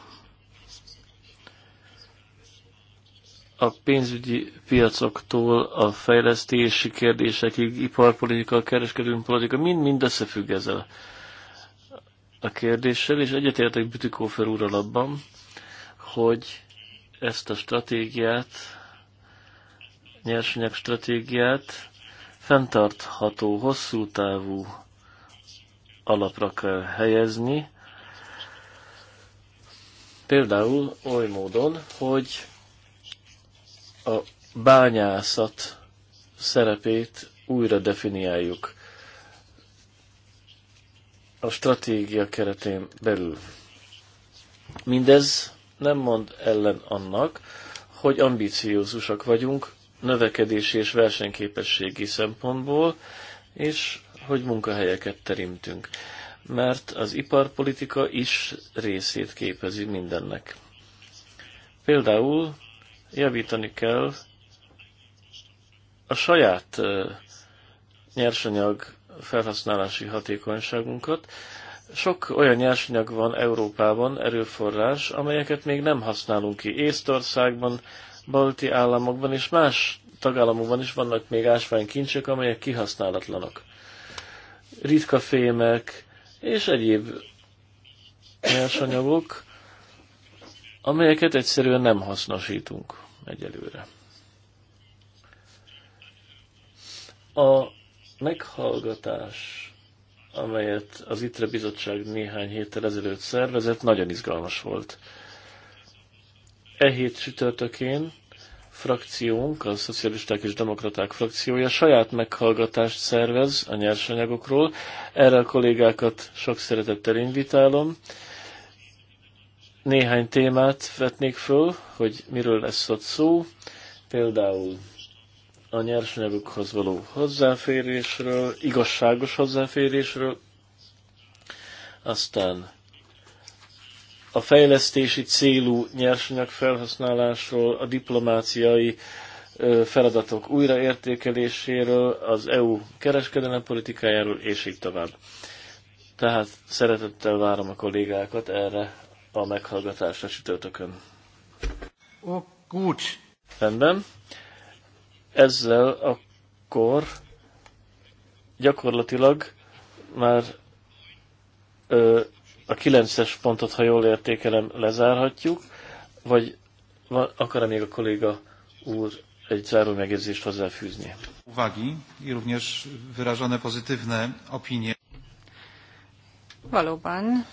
A pénzügyi piacoktól a fejlesztési kérdésekig, iparpolitika, kereskedelmi politika, mind-mind összefügg ezzel a kérdéssel, és egyetértek Bütikófer úrral abban, hogy ezt a stratégiát, nyersanyag stratégiát fenntartható, hosszú távú alapra kell helyezni, például oly módon, hogy a bányászat szerepét újra definiáljuk a stratégia keretén belül. Mindez nem mond ellen annak, hogy ambiciózusak vagyunk növekedési és versenyképességi szempontból, és hogy munkahelyeket teremtünk. Mert az iparpolitika is részét képezi mindennek. Például javítani kell a saját nyersanyag felhasználási hatékonyságunkat, sok olyan nyersanyag van Európában, erőforrás, amelyeket még nem használunk ki. Észtországban, balti államokban és más tagállamokban is vannak még ásványkincsek, amelyek kihasználatlanok. Ritka fémek és egyéb nyersanyagok, amelyeket egyszerűen nem hasznosítunk egyelőre. A meghallgatás amelyet az ITRE bizottság néhány héttel ezelőtt szervezett, nagyon izgalmas volt. E hét sütörtökén frakciónk, a Szocialisták és Demokraták frakciója saját meghallgatást szervez a nyersanyagokról. Erre a kollégákat sok szeretettel invitálom. Néhány témát vetnék föl, hogy miről lesz ott szó. Például a nyersanyagokhoz való hozzáférésről, igazságos hozzáférésről, aztán a fejlesztési célú nyersanyag felhasználásról, a diplomáciai feladatok újraértékeléséről, az EU kereskedelem politikájáról, és így tovább. Tehát szeretettel várom a kollégákat erre a meghallgatásra csütörtökön. Oh, gut. Rendben. Ezzel akkor gyakorlatilag már ö, a 9-es pontot, ha jól értékelem, lezárhatjuk, vagy van, akar-e még a kolléga úr egy záró megjegyzést hozzáfűzni? Uwagi i również wyrażone pozytywne opinie. Valóban.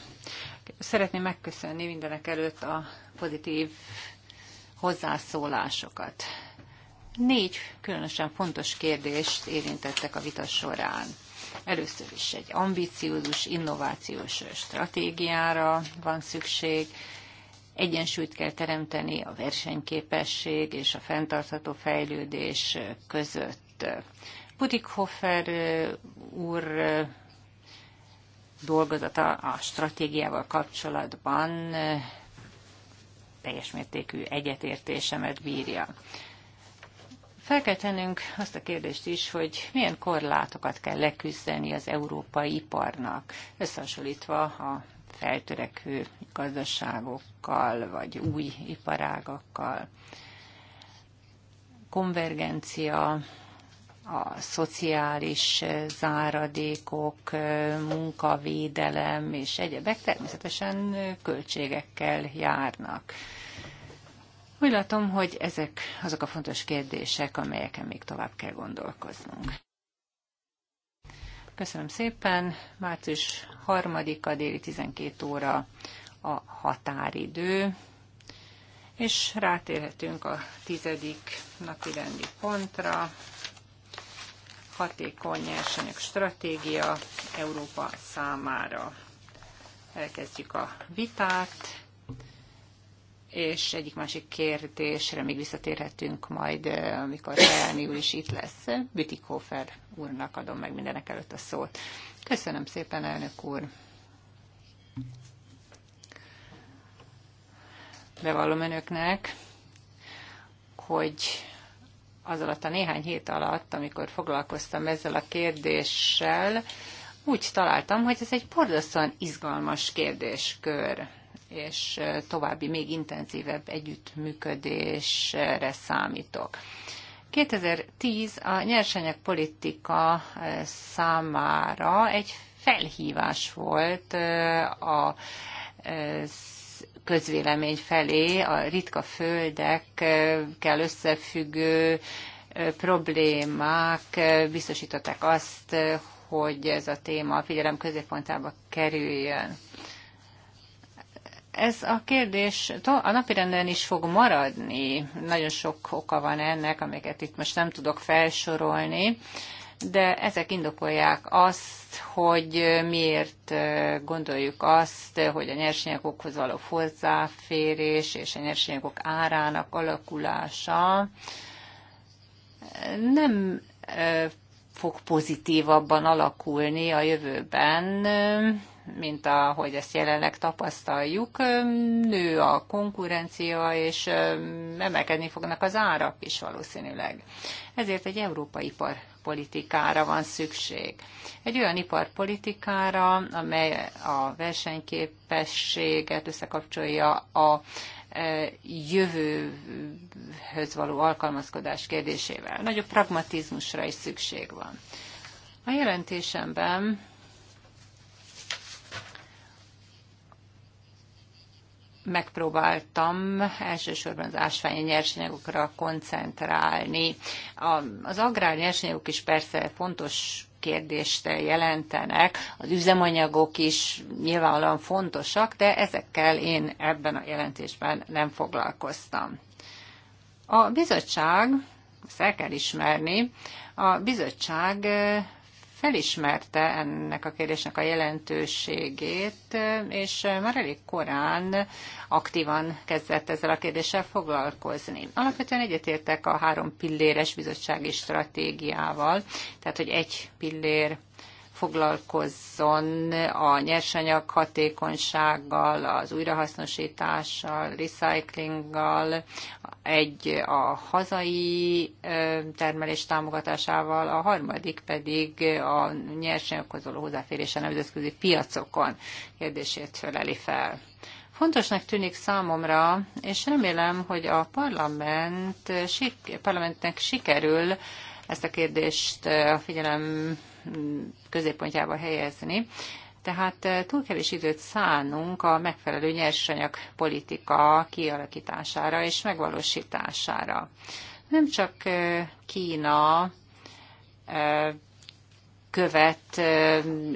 Szeretném megköszönni mindenek előtt a pozitív hozzászólásokat. Négy különösen fontos kérdést érintettek a vita során. Először is egy ambiciózus, innovációs stratégiára van szükség, egyensúlyt kell teremteni a versenyképesség és a fenntartható fejlődés között. Putikhofer uh, úr uh, dolgozata a stratégiával kapcsolatban uh, teljes mértékű egyetértésemet bírja. Fel kell tennünk azt a kérdést is, hogy milyen korlátokat kell leküzdeni az európai iparnak, összehasonlítva a feltörekvő gazdaságokkal, vagy új iparágakkal. Konvergencia, a szociális záradékok, munkavédelem és egyebek természetesen költségekkel járnak. Úgy látom, hogy ezek azok a fontos kérdések, amelyeken még tovább kell gondolkoznunk. Köszönöm szépen. Március 3-a déli 12 óra a határidő. És rátérhetünk a tizedik napi rendi pontra. Hatékony nyersanyag stratégia Európa számára. Elkezdjük a vitát és egyik másik kérdésre még visszatérhetünk majd, eh, amikor Tajani úr is itt lesz. Bütikófer úrnak adom meg mindenek előtt a szót. Köszönöm szépen, elnök úr! Bevallom önöknek, hogy az alatt a néhány hét alatt, amikor foglalkoztam ezzel a kérdéssel, úgy találtam, hogy ez egy borzasztóan izgalmas kérdéskör és további, még intenzívebb együttműködésre számítok. 2010 a nyersanyagpolitika számára egy felhívás volt a közvélemény felé a ritka földekkel összefüggő problémák biztosították azt, hogy ez a téma a figyelem középpontába kerüljön ez a kérdés a napirenden is fog maradni. Nagyon sok oka van ennek, amiket itt most nem tudok felsorolni, de ezek indokolják azt, hogy miért gondoljuk azt, hogy a nyersanyagokhoz való hozzáférés és a nyersanyagok árának alakulása nem fog pozitívabban alakulni a jövőben, mint ahogy ezt jelenleg tapasztaljuk, nő a konkurencia, és emelkedni fognak az árak is valószínűleg. Ezért egy európai ipar politikára van szükség. Egy olyan iparpolitikára, amely a versenyképességet összekapcsolja a e, jövőhöz való alkalmazkodás kérdésével. Nagyobb pragmatizmusra is szükség van. A jelentésemben megpróbáltam elsősorban az ásványi nyersanyagokra koncentrálni. Az agrár nyersanyagok is persze fontos kérdést jelentenek, az üzemanyagok is nyilvánvalóan fontosak, de ezekkel én ebben a jelentésben nem foglalkoztam. A bizottság, ezt el kell ismerni, a bizottság felismerte ennek a kérdésnek a jelentőségét, és már elég korán aktívan kezdett ezzel a kérdéssel foglalkozni. Alapvetően egyetértek a három pilléres bizottsági stratégiával, tehát hogy egy pillér foglalkozzon a nyersanyag hatékonysággal, az újrahasznosítással, recyclinggal, egy a hazai termelés támogatásával, a harmadik pedig a nyersanyaghoz való hozzáférése nemzetközi piacokon kérdését föleli fel. Fontosnak tűnik számomra, és remélem, hogy a parlament, parlamentnek sikerül ezt a kérdést a figyelem középpontjába helyezni. Tehát eh, túl kevés időt szánunk a megfelelő nyersanyag politika kialakítására és megvalósítására. Nem csak eh, Kína eh, követ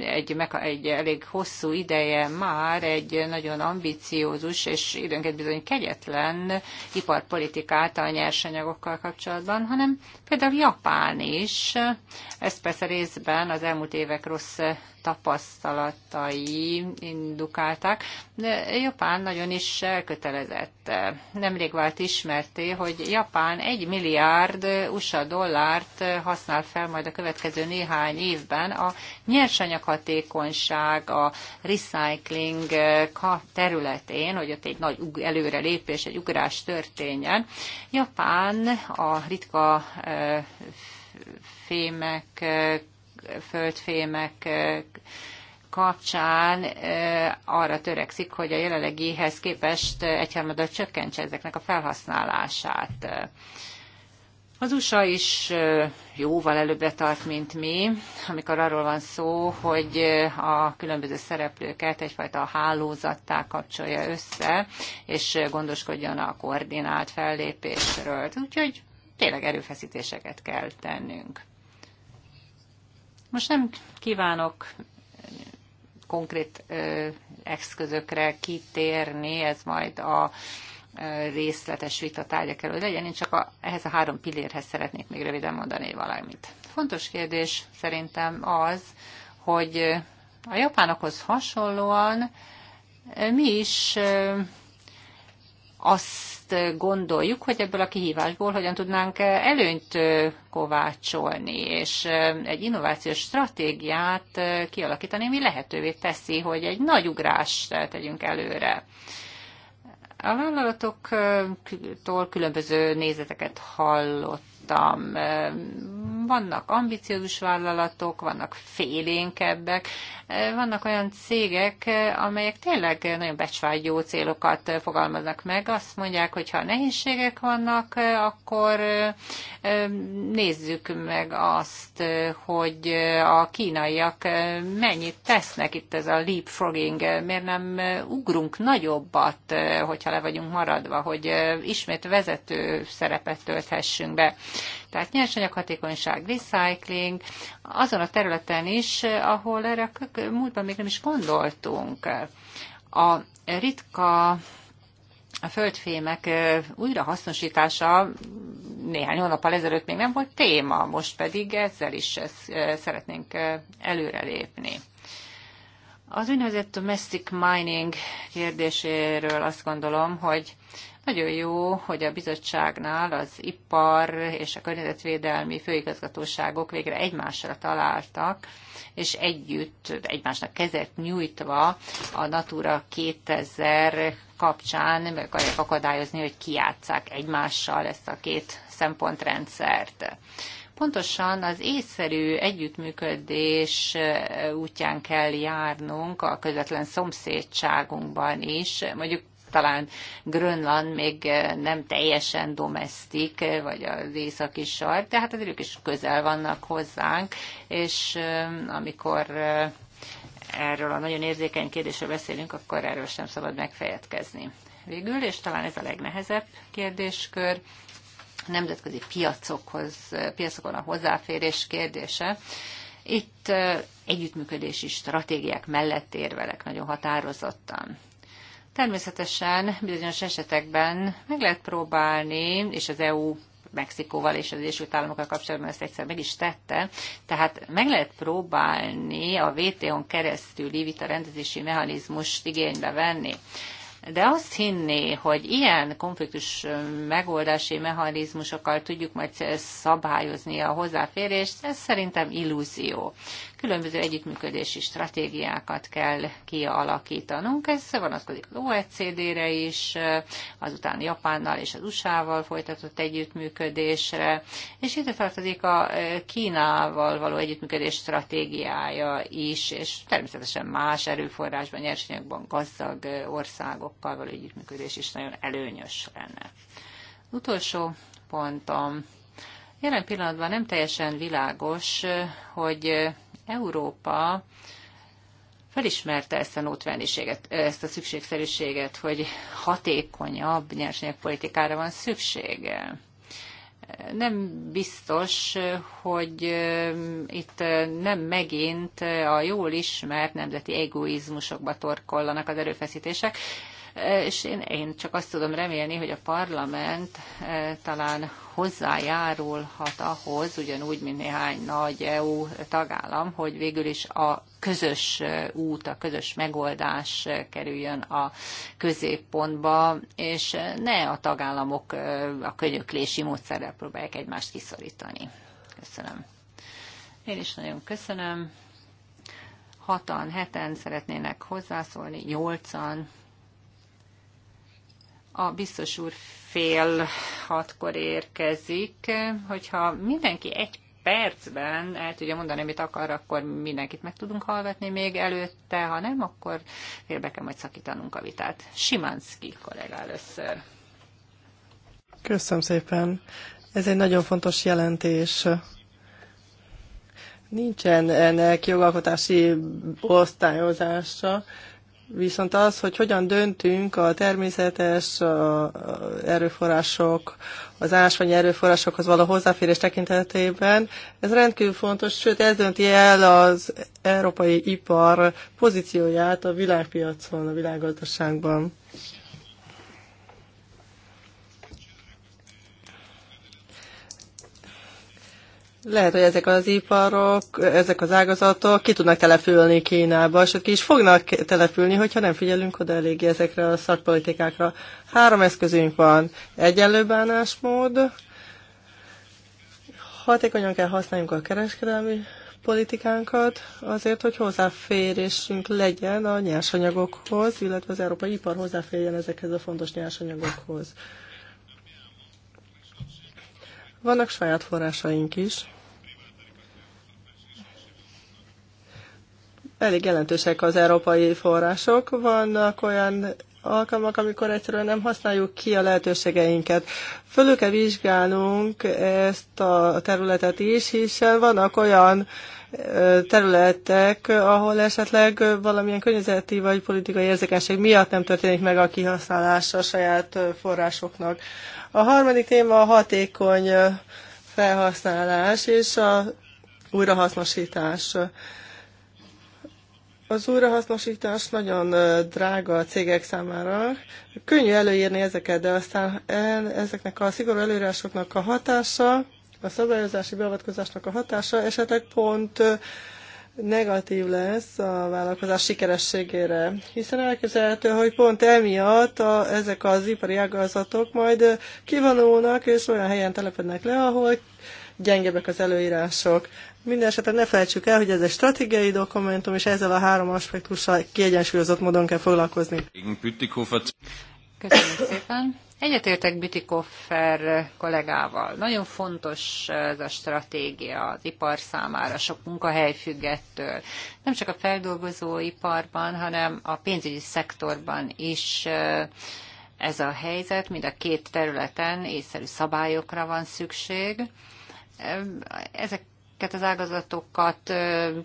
egy, egy elég hosszú ideje már egy nagyon ambiciózus és időnként bizony kegyetlen iparpolitikát a nyersanyagokkal kapcsolatban, hanem például Japán is. Ez persze részben az elmúlt évek rossz tapasztalatai indukálták, de Japán nagyon is elkötelezett. Nemrég vált ismerté, hogy Japán egy milliárd USA dollárt használ fel majd a következő néhány évben a nyersanyaghatékonyság, a recycling területén, hogy ott egy nagy előrelépés, egy ugrás történjen. Japán a ritka fémek, földfémek kapcsán eh, arra törekszik, hogy a jelenlegihez képest egyharmadat csökkentse ezeknek a felhasználását. Az USA is eh, jóval előbbre tart, mint mi, amikor arról van szó, hogy eh, a különböző szereplőket egyfajta hálózattá kapcsolja össze, és gondoskodjon a koordinált fellépésről. Úgyhogy tényleg erőfeszítéseket kell tennünk. Most nem kívánok konkrét ö, eszközökre kitérni, ez majd a ö, részletes vita tárgya kell, hogy legyen. Én csak a, ehhez a három pillérhez szeretnék még röviden mondani valamit. Fontos kérdés szerintem az, hogy a japánokhoz hasonlóan mi is azt gondoljuk, hogy ebből a kihívásból hogyan tudnánk előnyt kovácsolni, és egy innovációs stratégiát kialakítani, ami lehetővé teszi, hogy egy nagy ugrást tegyünk előre. A vállalatoktól különböző nézeteket hallott mondtam, vannak ambiciózus vállalatok, vannak félénkebbek, vannak olyan cégek, amelyek tényleg nagyon becsvágyó célokat fogalmaznak meg. Azt mondják, hogy ha nehézségek vannak, akkor nézzük meg azt, hogy a kínaiak mennyit tesznek itt ez a leapfrogging, miért nem ugrunk nagyobbat, hogyha le vagyunk maradva, hogy ismét vezető szerepet tölthessünk be. Tehát nyersanyaghatékonyság, recycling, azon a területen is, ahol erre a múltban még nem is gondoltunk. A ritka a földfémek újrahasznosítása néhány hónappal ezelőtt még nem volt téma, most pedig ezzel is szeretnénk előrelépni. Az úgynevezett domestic mining kérdéséről azt gondolom, hogy nagyon jó, hogy a bizottságnál az ipar és a környezetvédelmi főigazgatóságok végre egymásra találtak, és együtt, egymásnak kezet nyújtva a Natura 2000 kapcsán meg akarják akadályozni, hogy kiátszák egymással ezt a két szempontrendszert pontosan az észszerű együttműködés útján kell járnunk a közvetlen szomszédságunkban is. Mondjuk talán Grönland még eh, nem teljesen domestik, eh, vagy az északi sark, de hát azért ők is közel vannak hozzánk, és eh, amikor erről a nagyon érzékeny kérdésről beszélünk, akkor erről sem szabad megfejetkezni. Végül, és talán ez a legnehezebb kérdéskör, nemzetközi piacokhoz, piacokon a hozzáférés kérdése. Itt együttműködési stratégiák mellett érvelek nagyon határozottan. Természetesen bizonyos esetekben meg lehet próbálni, és az EU Mexikóval és az Egyesült Államokkal kapcsolatban ezt egyszer meg is tette. Tehát meg lehet próbálni a WTO-n keresztüli vita rendezési mechanizmust igénybe venni. De azt hinni, hogy ilyen konfliktus megoldási mechanizmusokkal tudjuk majd szabályozni a hozzáférést, ez szerintem illúzió különböző együttműködési stratégiákat kell kialakítanunk. Ez vonatkozik az OECD-re is, azután Japánnal és az USA-val folytatott együttműködésre, és itt tartozik a e, Kínával való együttműködés stratégiája is, és természetesen más erőforrásban, nyersanyagban gazdag e, országokkal való együttműködés is nagyon előnyös lenne. utolsó pontom. Jelen pillanatban nem teljesen világos, e, hogy Európa felismerte ezt a notvendiséget, ezt a szükségszerűséget, hogy hatékonyabb nyersanyagpolitikára van szüksége. Nem biztos, hogy itt nem megint a jól ismert nemzeti egoizmusokba torkollanak az erőfeszítések, és én, én csak azt tudom remélni, hogy a parlament eh, talán hozzájárulhat ahhoz, ugyanúgy, mint néhány nagy EU tagállam, hogy végül is a közös eh, út, a közös megoldás eh, kerüljön a középpontba, és ne a tagállamok a könyöklési módszerrel próbálják egymást kiszorítani. Köszönöm. Én is nagyon köszönöm. Hatan, heten szeretnének hozzászólni, nyolcan, a biztos úr fél hatkor érkezik, hogyha mindenki egy percben el tudja mondani, amit akar, akkor mindenkit meg tudunk hallgatni még előtte, ha nem, akkor félbe kell majd szakítanunk a vitát. Simanski kollega először. Köszönöm szépen. Ez egy nagyon fontos jelentés. Nincsen ennek jogalkotási osztályozása. Viszont az, hogy hogyan döntünk a természetes erőforrások, az ásvány erőforrásokhoz való hozzáférés tekintetében, ez rendkívül fontos, sőt ez dönti el az európai ipar pozícióját a világpiacon, a világgazdaságban. Lehet, hogy ezek az iparok, ezek az ágazatok ki tudnak települni Kínába, sőt ki is fognak települni, hogyha nem figyelünk oda eléggé ezekre a szakpolitikákra. Három eszközünk van. Egyenlő bánásmód, hatékonyan kell használnunk a kereskedelmi politikánkat azért, hogy hozzáférésünk legyen a nyersanyagokhoz, illetve az európai ipar hozzáférjen ezekhez a fontos nyersanyagokhoz. Vannak saját forrásaink is. Elég jelentősek az európai források. Vannak olyan alkalmak, amikor egyszerűen nem használjuk ki a lehetőségeinket. Fölül kell vizsgálnunk ezt a területet is, hiszen vannak olyan területek, ahol esetleg valamilyen környezeti vagy politikai érzékenység miatt nem történik meg a kihasználása a saját forrásoknak. A harmadik téma a hatékony felhasználás és a újrahasznosítás. Az újrahasznosítás nagyon drága a cégek számára. Könnyű előírni ezeket, de aztán ezeknek a szigorú előírásoknak a hatása, a szabályozási beavatkozásnak a hatása esetleg pont negatív lesz a vállalkozás sikerességére, hiszen elképzelhető, hogy pont emiatt a, ezek az ipari ágazatok majd kivonulnak, és olyan helyen telepednek le, ahol gyengebbek az előírások. Mindenesetre ne felejtsük el, hogy ez egy stratégiai dokumentum, és ezzel a három aspektussal kiegyensúlyozott módon kell foglalkozni. Köszönöm szépen. Egyetértek Bütikoffer kollégával. Nagyon fontos ez a stratégia az ipar számára, sok munkahely függettől. Nem csak a feldolgozó iparban, hanem a pénzügyi szektorban is ez a helyzet. Mind a két területen észszerű szabályokra van szükség. Ezek ezeket az ágazatokat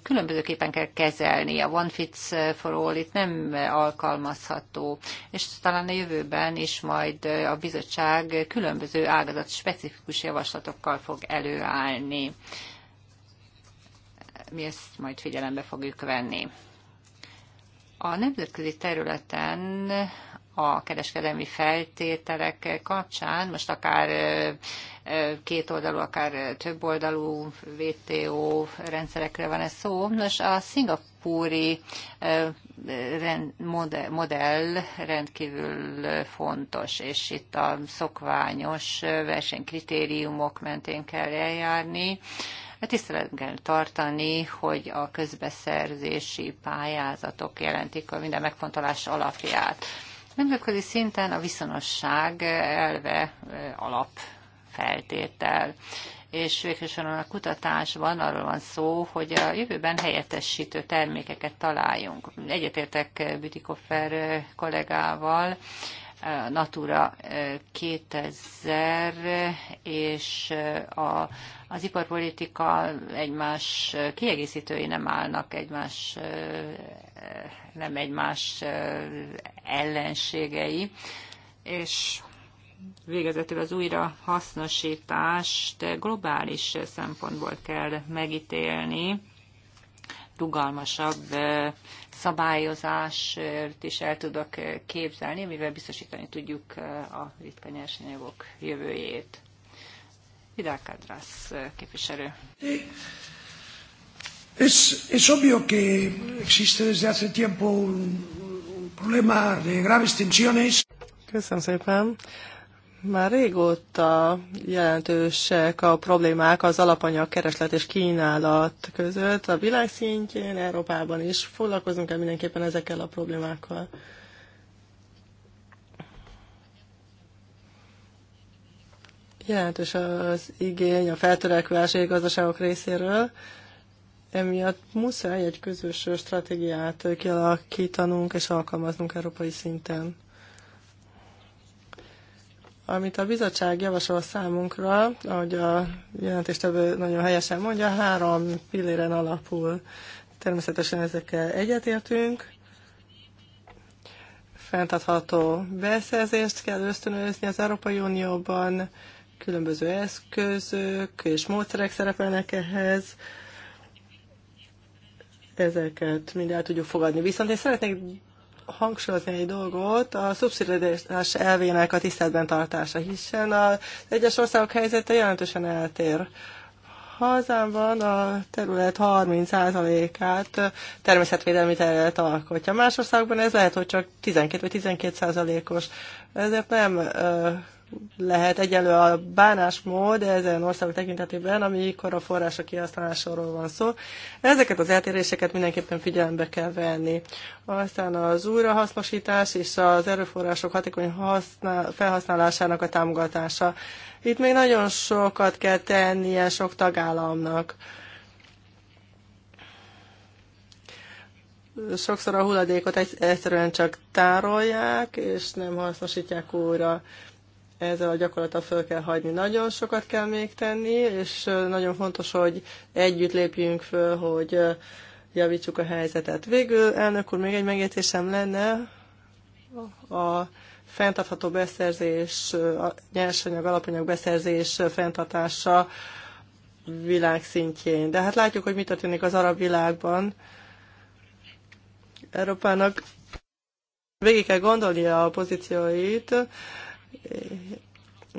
különbözőképpen kell kezelni. A one fits for all itt nem alkalmazható, és talán a jövőben is majd a bizottság különböző ágazat specifikus javaslatokkal fog előállni. Mi ezt majd figyelembe fogjuk venni. A nemzetközi területen a kereskedelmi feltételek kapcsán, most akár két oldalú, akár több oldalú WTO rendszerekre van ez szó. Nos, a szingapúri modell rendkívül fontos, és itt a szokványos versenykritériumok mentén kell eljárni tiszteletben kell tartani, hogy a közbeszerzési pályázatok jelentik a minden megfontolás alapját. Nemzetközi szinten a viszonosság elve alapfeltétel és végsősorban a kutatásban arról van szó, hogy a jövőben helyettesítő termékeket találjunk. Egyetértek Bütikoffer kollégával, Natura 2000 és a, az iparpolitika egymás kiegészítői nem állnak egymás nem egymás ellenségei, és végezetül az újra hasznosítást globális szempontból kell megítélni, rugalmasabb szabályozást is el tudok képzelni, mivel biztosítani tudjuk a ritka nyersanyagok jövőjét. Vidal Kadrász képviselő. Es, es obvio que existe desde hace tiempo un, un problema de graves tensiones. Köszönöm szépen. Már régóta jelentősek a problémák az alapanyag kereslet és kínálat között. A világ szintjén, Európában is foglalkozunk el mindenképpen ezekkel a problémákkal. Jelentős az igény a feltörekvő gazdaságok részéről, Emiatt muszáj egy közös stratégiát kialakítanunk és alkalmaznunk európai szinten. Amit a bizottság javasol számunkra, ahogy a jelentéstevő nagyon helyesen mondja, három pilléren alapul. Természetesen ezekkel egyetértünk. Fentadható beszerzést kell ösztönözni az Európai Unióban, különböző eszközök és módszerek szerepelnek ehhez ezeket mind el tudjuk fogadni. Viszont én szeretnék hangsúlyozni egy dolgot, a szubszidiaritás elvének a tiszteletben tartása, hiszen az egyes országok helyzete jelentősen eltér. Hazámban a terület 30%-át természetvédelmi terület alkotja. Más országban ez lehet, hogy csak 12 vagy 12%-os. Ezért nem lehet egyelő a bánásmód ezen országok tekintetében, amikor a források kihasználásáról van szó. Ezeket az eltéréseket mindenképpen figyelembe kell venni. Aztán az újrahasznosítás és az erőforrások hatékony használ, felhasználásának a támogatása. Itt még nagyon sokat kell tennie sok tagállamnak. Sokszor a hulladékot egyszerűen csak tárolják, és nem hasznosítják újra ezzel a gyakorlattal föl kell hagyni. Nagyon sokat kell még tenni, és nagyon fontos, hogy együtt lépjünk föl, hogy javítsuk a helyzetet. Végül, elnök úr, még egy megjegyzésem lenne a fenntartható beszerzés, a nyersanyag, alapanyag beszerzés fenntartása világszintjén. De hát látjuk, hogy mi történik az arab világban. Európának végig kell gondolnia a pozícióit,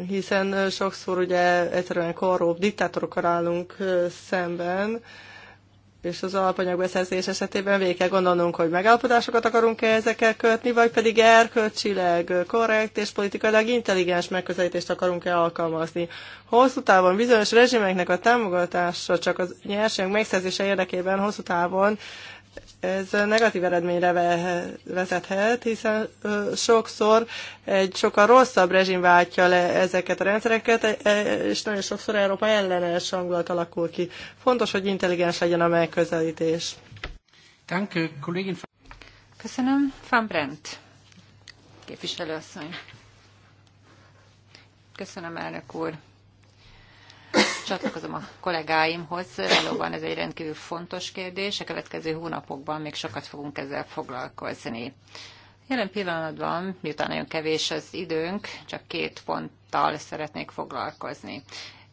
hiszen sokszor ugye egyszerűen korrupt diktátorokkal állunk szemben, és az alapanyag beszerzés esetében végig kell gondolnunk, hogy megállapodásokat akarunk-e ezekkel kötni, vagy pedig erkölcsileg korrekt és politikailag intelligens megközelítést akarunk-e alkalmazni. Hosszú távon bizonyos rezsimeknek a támogatása csak a nyersanyag megszerzése érdekében hosszú távon ez negatív eredményre vezethet, hiszen sokszor egy sokkal rosszabb rezsim váltja le ezeket a rendszereket, e, e, és nagyon sokszor Európa ellenes hangulat alakul ki. Fontos, hogy intelligens legyen a megközelítés. Köszönöm. Van Brent, képviselőasszony. Köszönöm, elnök úr csatlakozom a kollégáimhoz, valóban ez egy rendkívül fontos kérdés, a következő hónapokban még sokat fogunk ezzel foglalkozni. Jelen pillanatban, miután nagyon kevés az időnk, csak két ponttal szeretnék foglalkozni.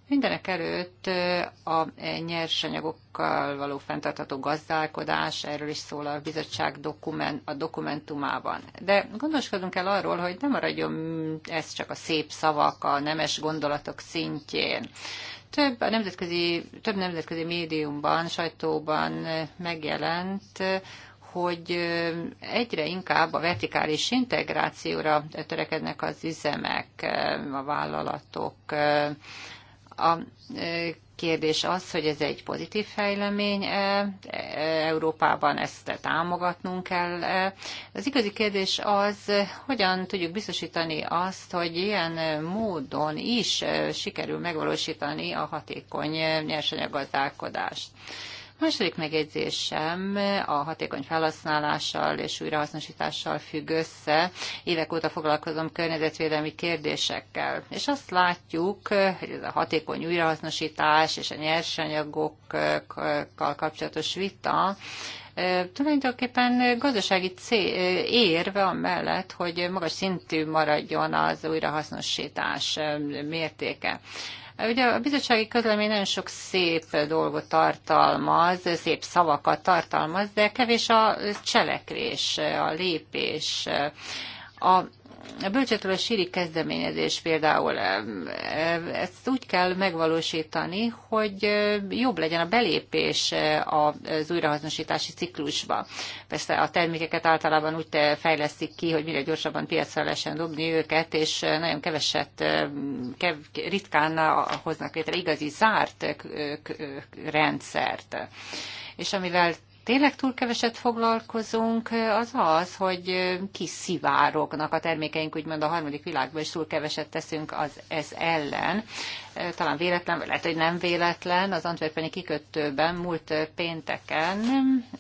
Mindenek előtt eh, a nyersanyagokkal való fenntartható gazdálkodás, erről is szól a bizottság dokument, a dokumentumában. De gondoskodunk el arról, hogy nem maradjon ez csak a szép szavak, a nemes gondolatok szintjén. Több, a nemzetközi, több nemzetközi médiumban, sajtóban megjelent, hogy egyre inkább a vertikális integrációra törekednek az üzemek, a vállalatok. A Kérdés az, hogy ez egy pozitív fejlemény, e, e, Európában ezt támogatnunk kell. E. Az igazi kérdés az, hogyan tudjuk biztosítani azt, hogy ilyen módon is sikerül megvalósítani a hatékony nyersanyaggazdálkodást. gazdálkodást. Második megjegyzésem a hatékony felhasználással és újrahasznosítással függ össze. Évek óta foglalkozom környezetvédelmi kérdésekkel, és azt látjuk, hogy ez a hatékony újrahasznosítás és a nyersanyagokkal kapcsolatos vita, tulajdonképpen gazdasági érve mellett, hogy magas szintű maradjon az újrahasznosítás mértéke. Ugye a bizottsági közlemény nagyon sok szép dolgot tartalmaz, szép szavakat tartalmaz, de kevés a cselekvés, a lépés. A a bölcsetről a síri kezdeményezés például ezt úgy kell megvalósítani, hogy jobb legyen a belépés az újrahasznosítási ciklusba. Persze a termékeket általában úgy fejlesztik ki, hogy mire gyorsabban piacra lehessen dobni őket, és nagyon keveset, kev, ritkán hoznak létre igazi zárt rendszert és amivel tényleg túl keveset foglalkozunk, az az, hogy kiszivárognak a termékeink, úgymond a harmadik világból is túl keveset teszünk az, ez ellen talán véletlen, vagy lehet, hogy nem véletlen, az Antwerpeni kikötőben múlt pénteken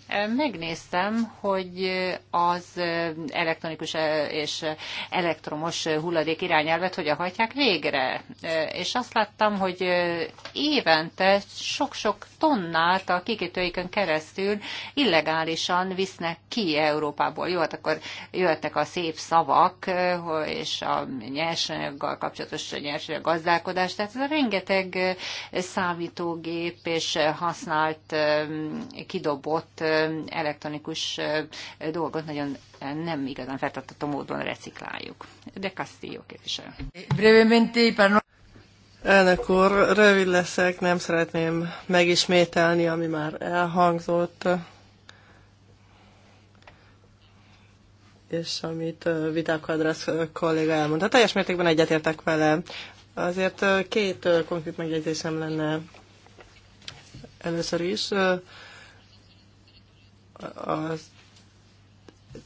eh, megnéztem, hogy az elektronikus eh, és elektromos hulladék irányelvet hogyan hajtják végre. Eh, és azt láttam, hogy évente sok-sok tonnát a kikötőikön keresztül illegálisan visznek ki Európából. Jó, hát akkor jöttek a szép szavak és a nyersanyaggal kapcsolatos nyersanyag gazdálkodás, tehát ez rengeteg eh, számítógép és eh, használt, eh, kidobott elektronikus dolgot nagyon nem igazán feltartató módon recikláljuk. De Castillo képviselő. Brevemente, Elnök úr, rövid leszek, nem szeretném megismételni, ami már elhangzott, és amit Vidal Kadrasz kolléga elmondta. Teljes mértékben egyetértek vele. Azért két konkrét megjegyzésem lenne. Először is az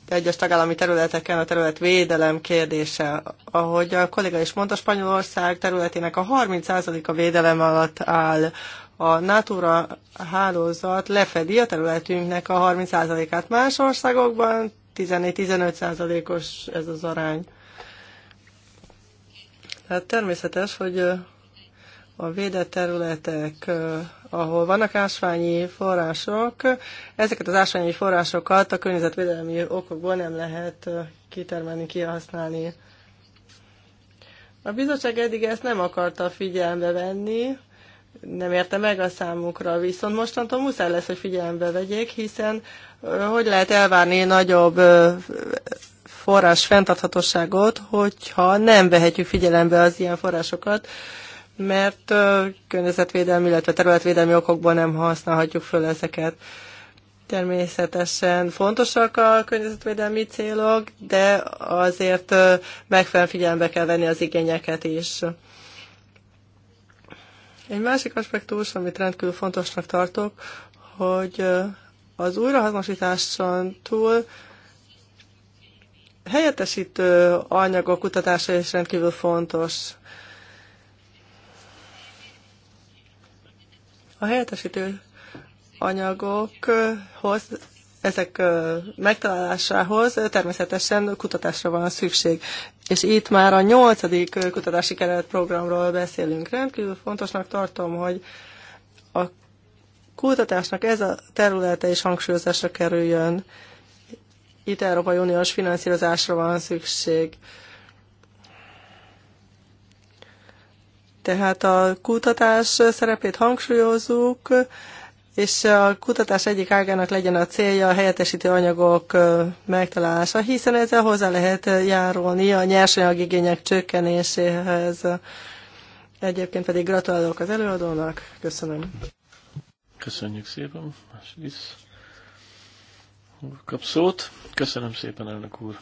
egyes tagállami területeken a terület védelem kérdése. Ahogy a kolléga is mondta, Spanyolország területének a 30%-a védelem alatt áll. A Natura hálózat lefedi a területünknek a 30%-át. Más országokban 14-15%-os ez az arány. Hát természetes, hogy a védett területek, ahol vannak ásványi források, ezeket az ásványi forrásokat a környezetvédelmi okokból nem lehet kitermelni, kihasználni. A bizottság eddig ezt nem akarta figyelembe venni, nem érte meg a számukra, viszont mostantól muszáj lesz, hogy figyelembe vegyék, hiszen hogy lehet elvárni nagyobb forrás fenntarthatóságot, hogyha nem vehetjük figyelembe az ilyen forrásokat, mert környezetvédelmi, illetve területvédelmi okokból nem használhatjuk föl ezeket. Természetesen fontosak a környezetvédelmi célok, de azért megfelelően figyelembe kell venni az igényeket is. Egy másik aspektus, amit rendkívül fontosnak tartok, hogy az újrahasznosításon túl helyettesítő anyagok kutatása is rendkívül fontos. A helyettesítő anyagokhoz, ezek megtalálásához természetesen kutatásra van szükség. És itt már a nyolcadik kutatási keretprogramról beszélünk. Rendkívül fontosnak tartom, hogy a kutatásnak ez a területe is hangsúlyozásra kerüljön itt Európai Uniós finanszírozásra van szükség. Tehát a kutatás szerepét hangsúlyozzuk, és a kutatás egyik ágának legyen a célja a helyettesítő anyagok megtalálása, hiszen ezzel hozzá lehet járulni a nyersanyagigények csökkenéséhez. Egyébként pedig gratulálok az előadónak, köszönöm. Köszönjük szépen, Másisz kap szót. Köszönöm szépen, elnök úr.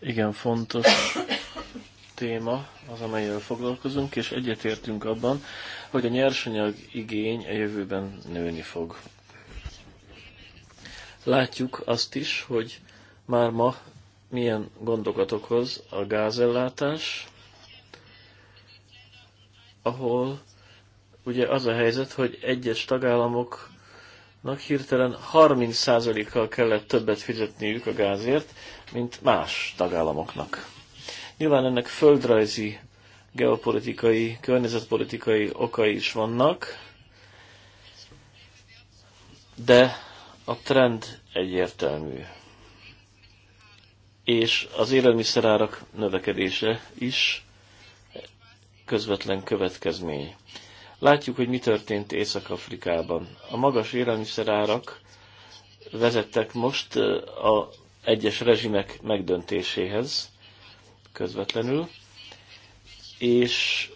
Igen, fontos téma az, amelyel foglalkozunk, és egyetértünk abban, hogy a nyersanyag igény a jövőben nőni fog. Látjuk azt is, hogy már ma milyen gondokat okoz a gázellátás, ahol ugye az a helyzet, hogy egyes tagállamok hirtelen 30%-kal kellett többet fizetniük a gázért, mint más tagállamoknak. Nyilván ennek földrajzi, geopolitikai, környezetpolitikai okai is vannak, de a trend egyértelmű. És az élelmiszerárak növekedése is közvetlen következmény. Látjuk, hogy mi történt Észak-Afrikában. A magas élelmiszerárak vezettek most a egyes rezsimek megdöntéséhez közvetlenül, és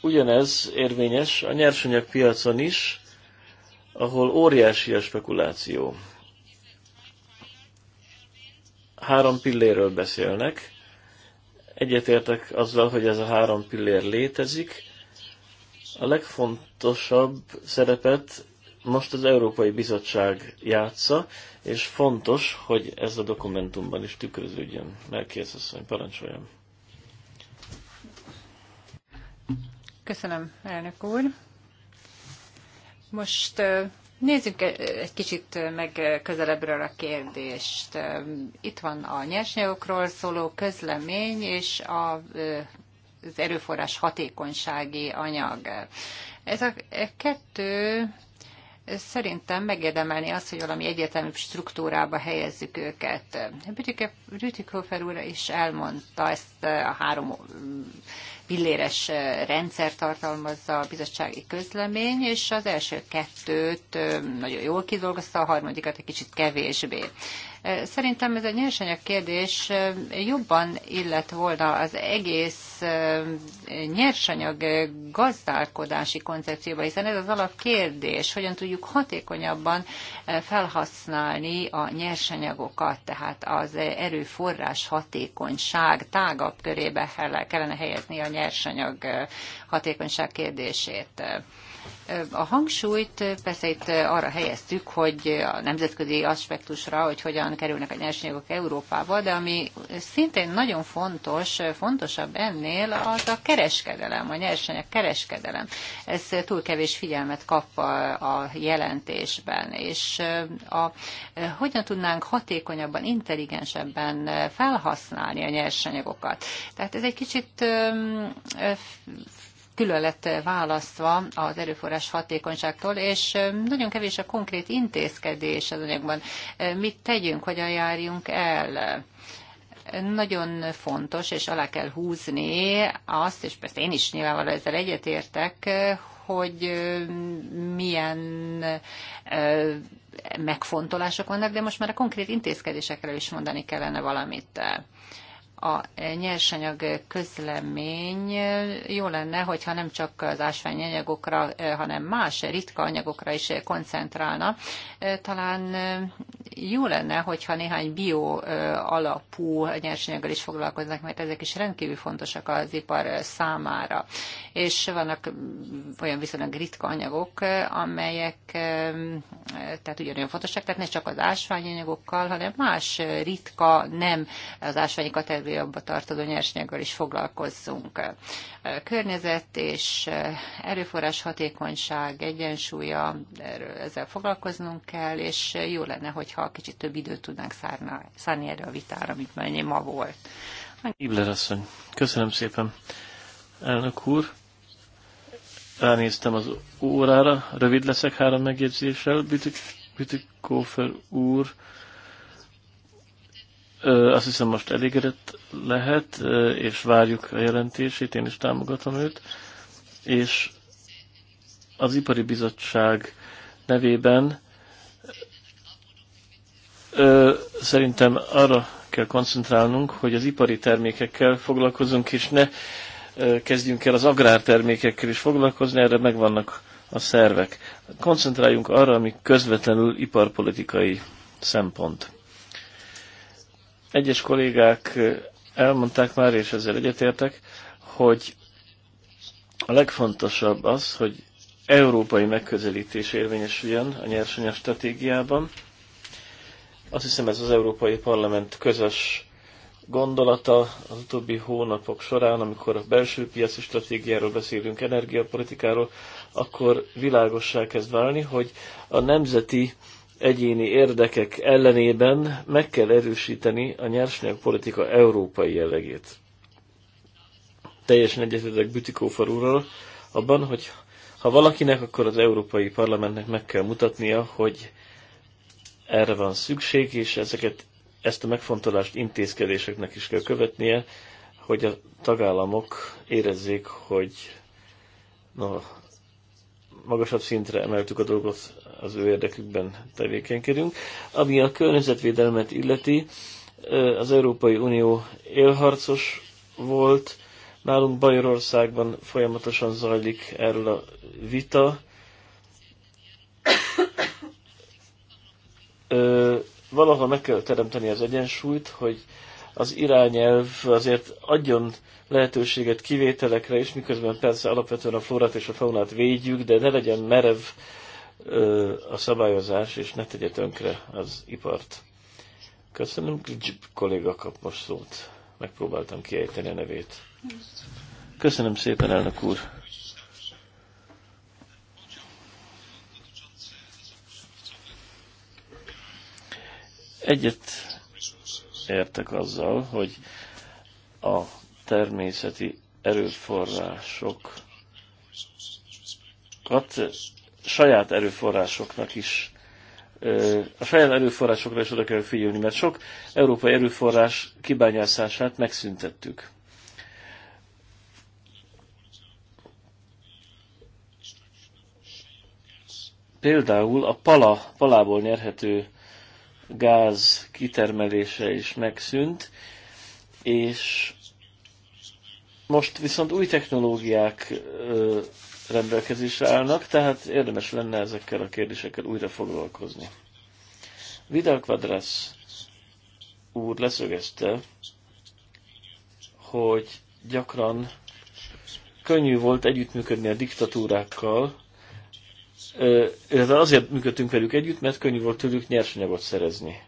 ugyanez érvényes a nyersanyagpiacon is, ahol óriási a spekuláció. Három pilléről beszélnek. Egyetértek azzal, hogy ez a három pillér létezik, a legfontosabb szerepet most az Európai Bizottság játsza, és fontos, hogy ez a dokumentumban is tükröződjön. Melkész asszony, parancsoljam. Köszönöm, elnök úr. Most nézzük e- egy kicsit meg közelebbről a kérdést. Itt van a nyersanyagokról szóló közlemény és a az erőforrás hatékonysági anyag. Ez a kettő szerintem megérdemelni azt, hogy valami egyértelmű struktúrába helyezzük őket. Bütikofer úr is elmondta ezt a három pilléres rendszer tartalmazza a bizottsági közlemény, és az első kettőt nagyon jól kidolgozta, a harmadikat egy kicsit kevésbé. Szerintem ez a nyersanyag kérdés jobban illet volna az egész nyersanyag gazdálkodási koncepcióba, hiszen ez az alapkérdés, hogyan tudjuk hatékonyabban felhasználni a nyersanyagokat, tehát az erőforrás hatékonyság tágabb körébe kellene helyezni a nyersanyag hatékonyság kérdését. A hangsúlyt eh, persze itt eh, arra helyeztük, hogy a nemzetközi aspektusra, hogy hogyan kerülnek a nyersanyagok Európába, de ami szintén nagyon fontos, eh, fontosabb ennél, az a kereskedelem, a nyersanyag kereskedelem. Ez túl kevés figyelmet kap a, a jelentésben, és a, hogyan tudnánk hatékonyabban, intelligensebben felhasználni a nyersanyagokat. Tehát ez egy kicsit külön lett választva az erőforrás hatékonyságtól, és nagyon kevés a konkrét intézkedés az anyagban. Mit tegyünk, hogy járjunk el? nagyon fontos, és alá kell húzni azt, és persze én is nyilvánvalóan ezzel egyetértek, hogy milyen megfontolások vannak, de most már a konkrét intézkedésekről is mondani kellene valamit a nyersanyag közlemény jó lenne, hogyha nem csak az ásványi anyagokra, eh, hanem más ritka anyagokra is koncentrálna. Eh, talán eh, jó lenne, hogyha néhány bio alapú nyersanyaggal is foglalkoznak, mert ezek is rendkívül fontosak az ipar számára. És vannak olyan viszonylag ritka anyagok, amelyek tehát ugyanolyan fontosak, tehát ne csak az ásványanyagokkal, hanem más ritka, nem az ásványi kategóriába tartozó nyersanyaggal is foglalkozzunk. Környezet és erőforrás hatékonyság egyensúlya, erről ezzel foglalkoznunk kell, és jó lenne, hogyha hogyha kicsit több időt tudnánk szárna, szárni erre a vitára, mint mennyi ma volt. Ibler asszony, köszönöm szépen. Elnök úr, ránéztem az órára, rövid leszek három megjegyzéssel. Bütikófer úr, Ö, azt hiszem most elégedett lehet, és várjuk a jelentését, én is támogatom őt. És az Ipari Bizottság nevében ö, szerintem arra kell koncentrálnunk, hogy az ipari termékekkel foglalkozunk, és ne ö, kezdjünk el az agrártermékekkel is foglalkozni, erre megvannak a szervek. Koncentráljunk arra, ami közvetlenül iparpolitikai szempont. Egyes kollégák elmondták már, és ezzel egyetértek, hogy a legfontosabb az, hogy európai megközelítés érvényesüljön a nyersanyag stratégiában, azt hiszem ez az Európai Parlament közös gondolata az utóbbi hónapok során, amikor a belső piaci stratégiáról beszélünk, energiapolitikáról, akkor világossá kezd válni, hogy a nemzeti egyéni érdekek ellenében meg kell erősíteni a nyersanyagpolitika európai jellegét. Teljesen egyetetek Bütikófar úrral abban, hogy ha valakinek, akkor az Európai Parlamentnek meg kell mutatnia, hogy erre van szükség, és ezeket, ezt a megfontolást intézkedéseknek is kell követnie, hogy a tagállamok érezzék, hogy no, magasabb szintre emeltük a dolgot, az ő érdekükben tevékenykedünk. Ami a környezetvédelmet illeti, az Európai Unió élharcos volt, nálunk Bajorországban folyamatosan zajlik erről a vita, ö, valahol meg kell teremteni az egyensúlyt, hogy az irányelv azért adjon lehetőséget kivételekre is, miközben persze alapvetően a flórát és a faunát védjük, de ne legyen merev ö, a szabályozás, és ne tegye tönkre az ipart. Köszönöm, Grigib kolléga kap most szót. Megpróbáltam kiejteni a nevét. Köszönöm szépen, elnök úr! Egyet értek azzal, hogy a természeti erőforrásokat saját erőforrásoknak is a saját erőforrásokra is oda kell figyelni, mert sok európai erőforrás kibányászását megszüntettük. Például a pala, palából nyerhető gáz kitermelése is megszűnt, és most viszont új technológiák rendelkezésre állnak, tehát érdemes lenne ezekkel a kérdésekkel újra foglalkozni. Vidal Quadras úr leszögezte, hogy gyakran könnyű volt együttműködni a diktatúrákkal, illetve azért működtünk velük együtt, mert könnyű volt tőlük nyersanyagot szerezni.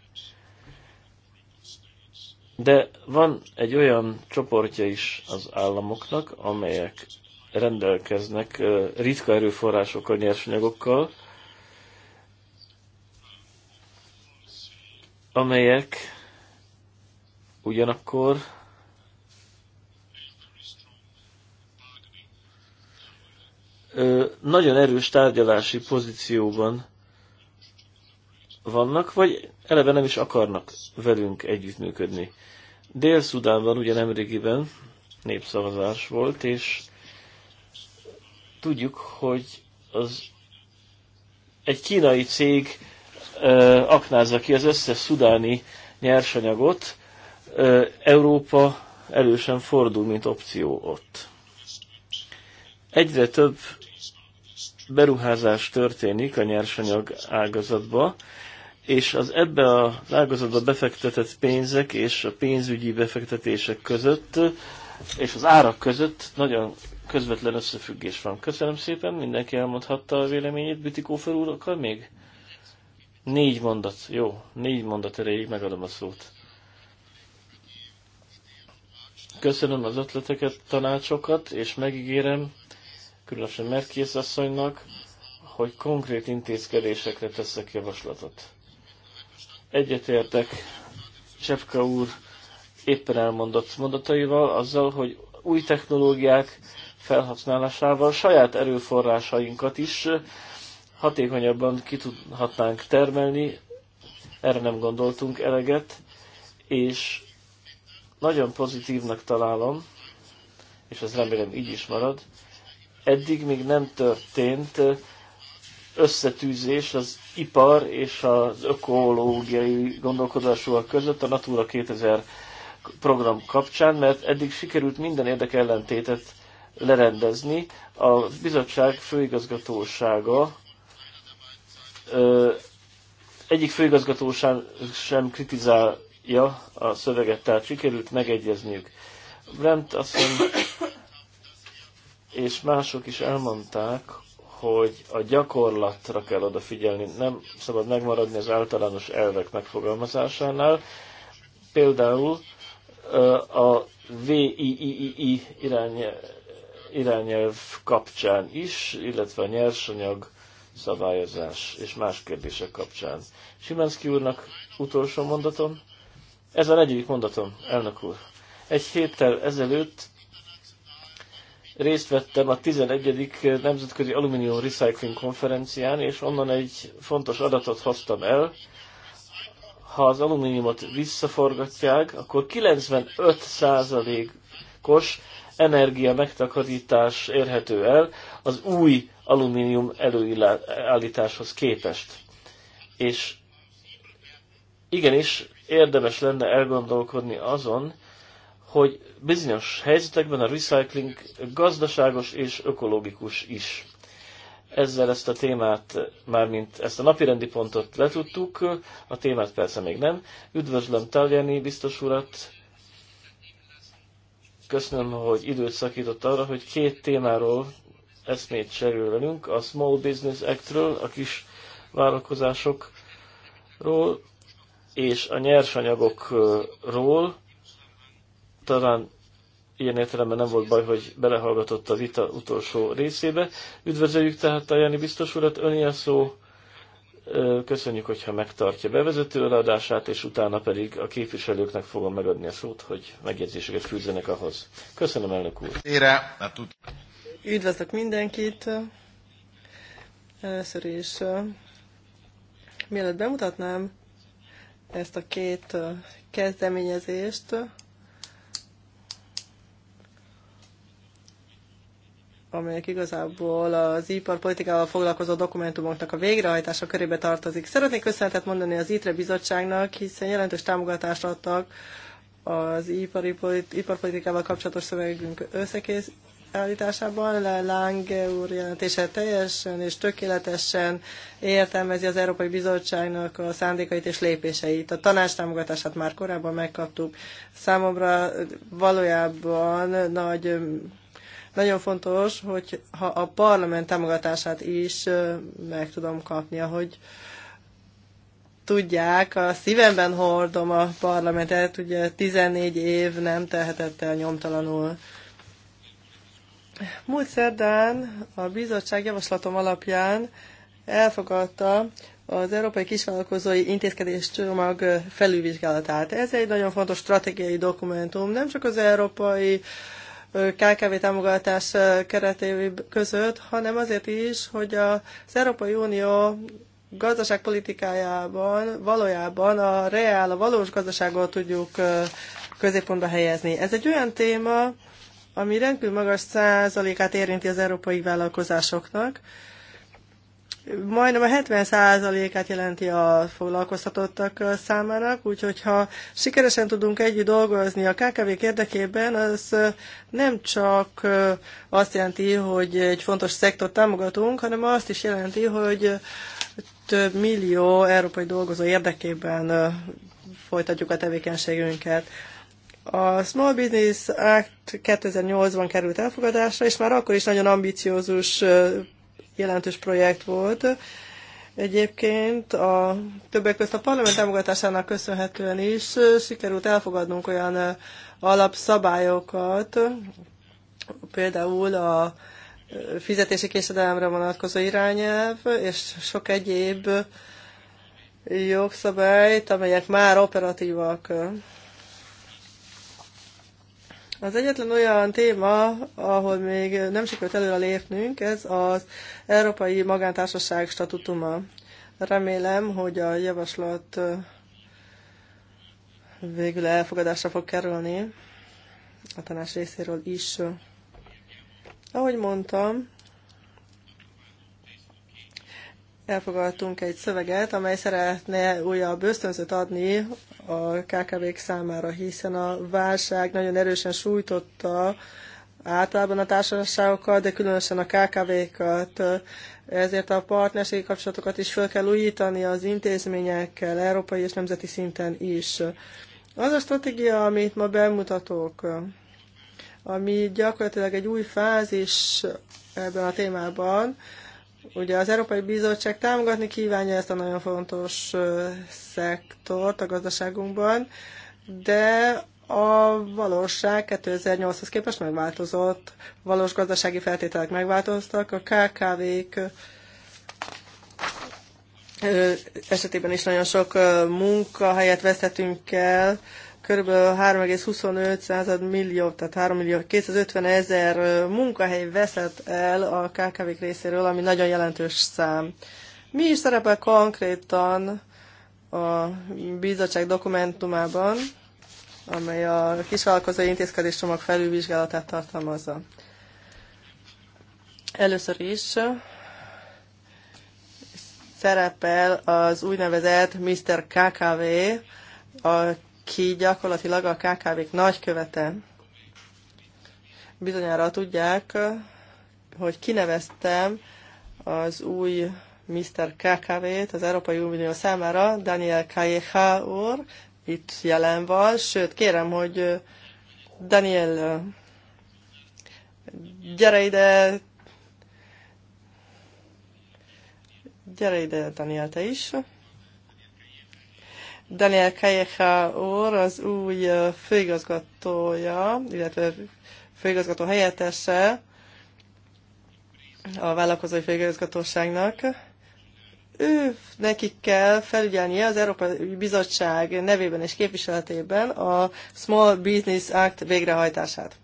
De van egy olyan csoportja is az államoknak, amelyek rendelkeznek ritka erőforrásokkal, nyersanyagokkal, amelyek ugyanakkor nagyon erős tárgyalási pozícióban vannak, vagy eleve nem is akarnak velünk együttműködni. Dél-Szudánban ugye nemrégiben népszavazás volt, és tudjuk, hogy az egy kínai cég ö, aknázza ki az összes szudáni nyersanyagot, ö, Európa elősen fordul, mint opció ott. Egyre több beruházás történik a nyersanyag ágazatba, és az ebbe az ágazatba befektetett pénzek és a pénzügyi befektetések között és az árak között nagyon közvetlen összefüggés van. Köszönöm szépen, mindenki elmondhatta a véleményét. Bütikó úr, akar még? Négy mondat, jó, négy mondat erejéig megadom a szót. Köszönöm az ötleteket, tanácsokat, és megígérem, különösen Merkész asszonynak, hogy konkrét intézkedésekre teszek javaslatot. Egyetértek Csepka úr éppen elmondott mondataival, azzal, hogy új technológiák felhasználásával saját erőforrásainkat is hatékonyabban ki tudhatnánk termelni, erre nem gondoltunk eleget, és nagyon pozitívnak találom, és ez remélem így is marad, eddig még nem történt összetűzés az ipar és az ökológiai gondolkodásúak között a Natura 2000 program kapcsán, mert eddig sikerült minden érdek ellentétet lerendezni. A bizottság főigazgatósága egyik főigazgatóság sem kritizálja a szöveget, tehát sikerült megegyezniük. Brent azt mondja, és mások is elmondták, hogy a gyakorlatra kell odafigyelni, nem szabad megmaradni az általános elvek megfogalmazásánál. Például a VIII irány, irányelv kapcsán is, illetve a nyersanyag szabályozás és más kérdések kapcsán. Simenszki úrnak utolsó mondatom, ez a negyedik mondatom, elnök úr. Egy héttel ezelőtt részt vettem a 11. Nemzetközi Alumínium Recycling konferencián, és onnan egy fontos adatot hoztam el. Ha az alumíniumot visszaforgatják, akkor 95%-os energia megtakarítás érhető el az új alumínium előállításhoz képest. És igenis érdemes lenne elgondolkodni azon, hogy bizonyos helyzetekben a recycling gazdaságos és ökológikus is. Ezzel ezt a témát, mármint ezt a napirendi pontot letudtuk, a témát persze még nem. Üdvözlöm Taljani biztos urat, köszönöm, hogy időt szakított arra, hogy két témáról eszmét cserél velünk, a Small Business Act-ről, a kis vállalkozásokról, és a nyersanyagokról, talán ilyen értelemben nem volt baj, hogy belehallgatott a vita utolsó részébe. Üdvözöljük tehát Jani biztos urat, öné a szó. Köszönjük, hogyha megtartja bevezető előadását, és utána pedig a képviselőknek fogom megadni a szót, hogy megjegyzéseket fűzzenek ahhoz. Köszönöm, elnök úr. Hát Üdvözlök mindenkit. Először is, mielőtt bemutatnám ezt a két kezdeményezést, amelyek igazából az iparpolitikával foglalkozó dokumentumoknak a végrehajtása körébe tartozik. Szeretnék köszönetet mondani az ITRE bizottságnak, hiszen jelentős támogatást adtak az ipari politi- iparpolitikával kapcsolatos szövegünk összekész állításában. Lange úr jelentése teljesen és tökéletesen értelmezi az Európai Bizottságnak a szándékait és lépéseit. A tanács támogatását már korábban megkaptuk. Számomra valójában nagy nagyon fontos, hogy ha a parlament támogatását is meg tudom kapni, ahogy tudják, a szívemben hordom a parlamentet, ugye 14 év nem tehetett el nyomtalanul. Múlt szerdán a bizottság javaslatom alapján elfogadta az Európai Kisvállalkozói Intézkedés Csomag felülvizsgálatát. Ez egy nagyon fontos stratégiai dokumentum, nem csak az európai KKV támogatás keretében között, hanem azért is, hogy az Európai Unió gazdaságpolitikájában valójában a reál, a valós gazdaságot tudjuk középpontba helyezni. Ez egy olyan téma, ami rendkívül magas százalékát érinti az európai vállalkozásoknak, majdnem a 70%-át jelenti a foglalkoztatottak számának, úgyhogy ha sikeresen tudunk együtt dolgozni a kkv érdekében, az nem csak azt jelenti, hogy egy fontos szektort támogatunk, hanem azt is jelenti, hogy több millió európai dolgozó érdekében folytatjuk a tevékenységünket. A Small Business Act 2008-ban került elfogadásra, és már akkor is nagyon ambiciózus jelentős projekt volt. Egyébként a többek között a parlament támogatásának köszönhetően is sikerült elfogadnunk olyan alapszabályokat, például a fizetési késedelemre vonatkozó irányelv, és sok egyéb jogszabályt, amelyek már operatívak. Az egyetlen olyan téma, ahol még nem sikerült előre lépnünk, ez az Európai Magántársaság statutuma. Remélem, hogy a javaslat végül elfogadásra fog kerülni a tanás részéről is. Ahogy mondtam, elfogadtunk egy szöveget, amely szeretne újabb ösztönzőt adni a KKV-k számára, hiszen a válság nagyon erősen sújtotta általában a társaságokat, de különösen a KKV-kat. Ezért a partnerségi kapcsolatokat is fel kell újítani az intézményekkel, európai és nemzeti szinten is. Az a stratégia, amit ma bemutatok, ami gyakorlatilag egy új fázis ebben a témában, Ugye az Európai Bizottság támogatni kívánja ezt a nagyon fontos szektort a gazdaságunkban, de a valóság 2008-hoz képest megváltozott, valós gazdasági feltételek megváltoztak, a KKV-k esetében is nagyon sok munkahelyet vesztettünk el, kb. 3,25 millió, tehát 3 millió 250 ezer munkahely veszett el a kkv részéről, ami nagyon jelentős szám. Mi is szerepel konkrétan a bizottság dokumentumában, amely a kisvállalkozói intézkedés csomag felülvizsgálatát tartalmazza. Először is szerepel az úgynevezett Mr. KKV, a aki gyakorlatilag a KKV-k nagykövete. Bizonyára tudják, hogy kineveztem az új Mr. KKV-t az Európai Unió számára, Daniel Calleja úr, itt jelen van, sőt kérem, hogy Daniel, gyere ide, gyere ide, Daniel, te is. Daniel Kajeha úr az új főigazgatója, illetve főigazgató helyettese a vállalkozói főigazgatóságnak. Ő nekik kell felügyelnie az Európai Bizottság nevében és képviseletében a Small Business Act végrehajtását.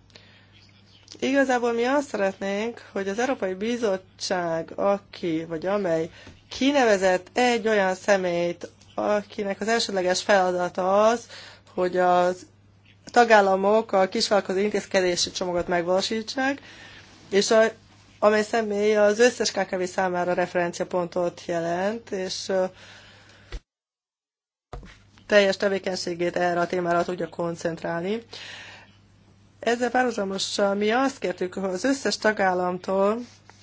Igazából mi azt szeretnénk, hogy az Európai Bizottság, aki vagy amely kinevezett egy olyan személyt, akinek az elsődleges feladata az, hogy a tagállamok a kisvállalkozó intézkedési csomagot megvalósítsák, és a, amely személy az összes KKV számára referenciapontot jelent, és teljes tevékenységét erre a témára tudja koncentrálni. Ezzel párhuzamosan mi azt kértük az összes tagállamtól,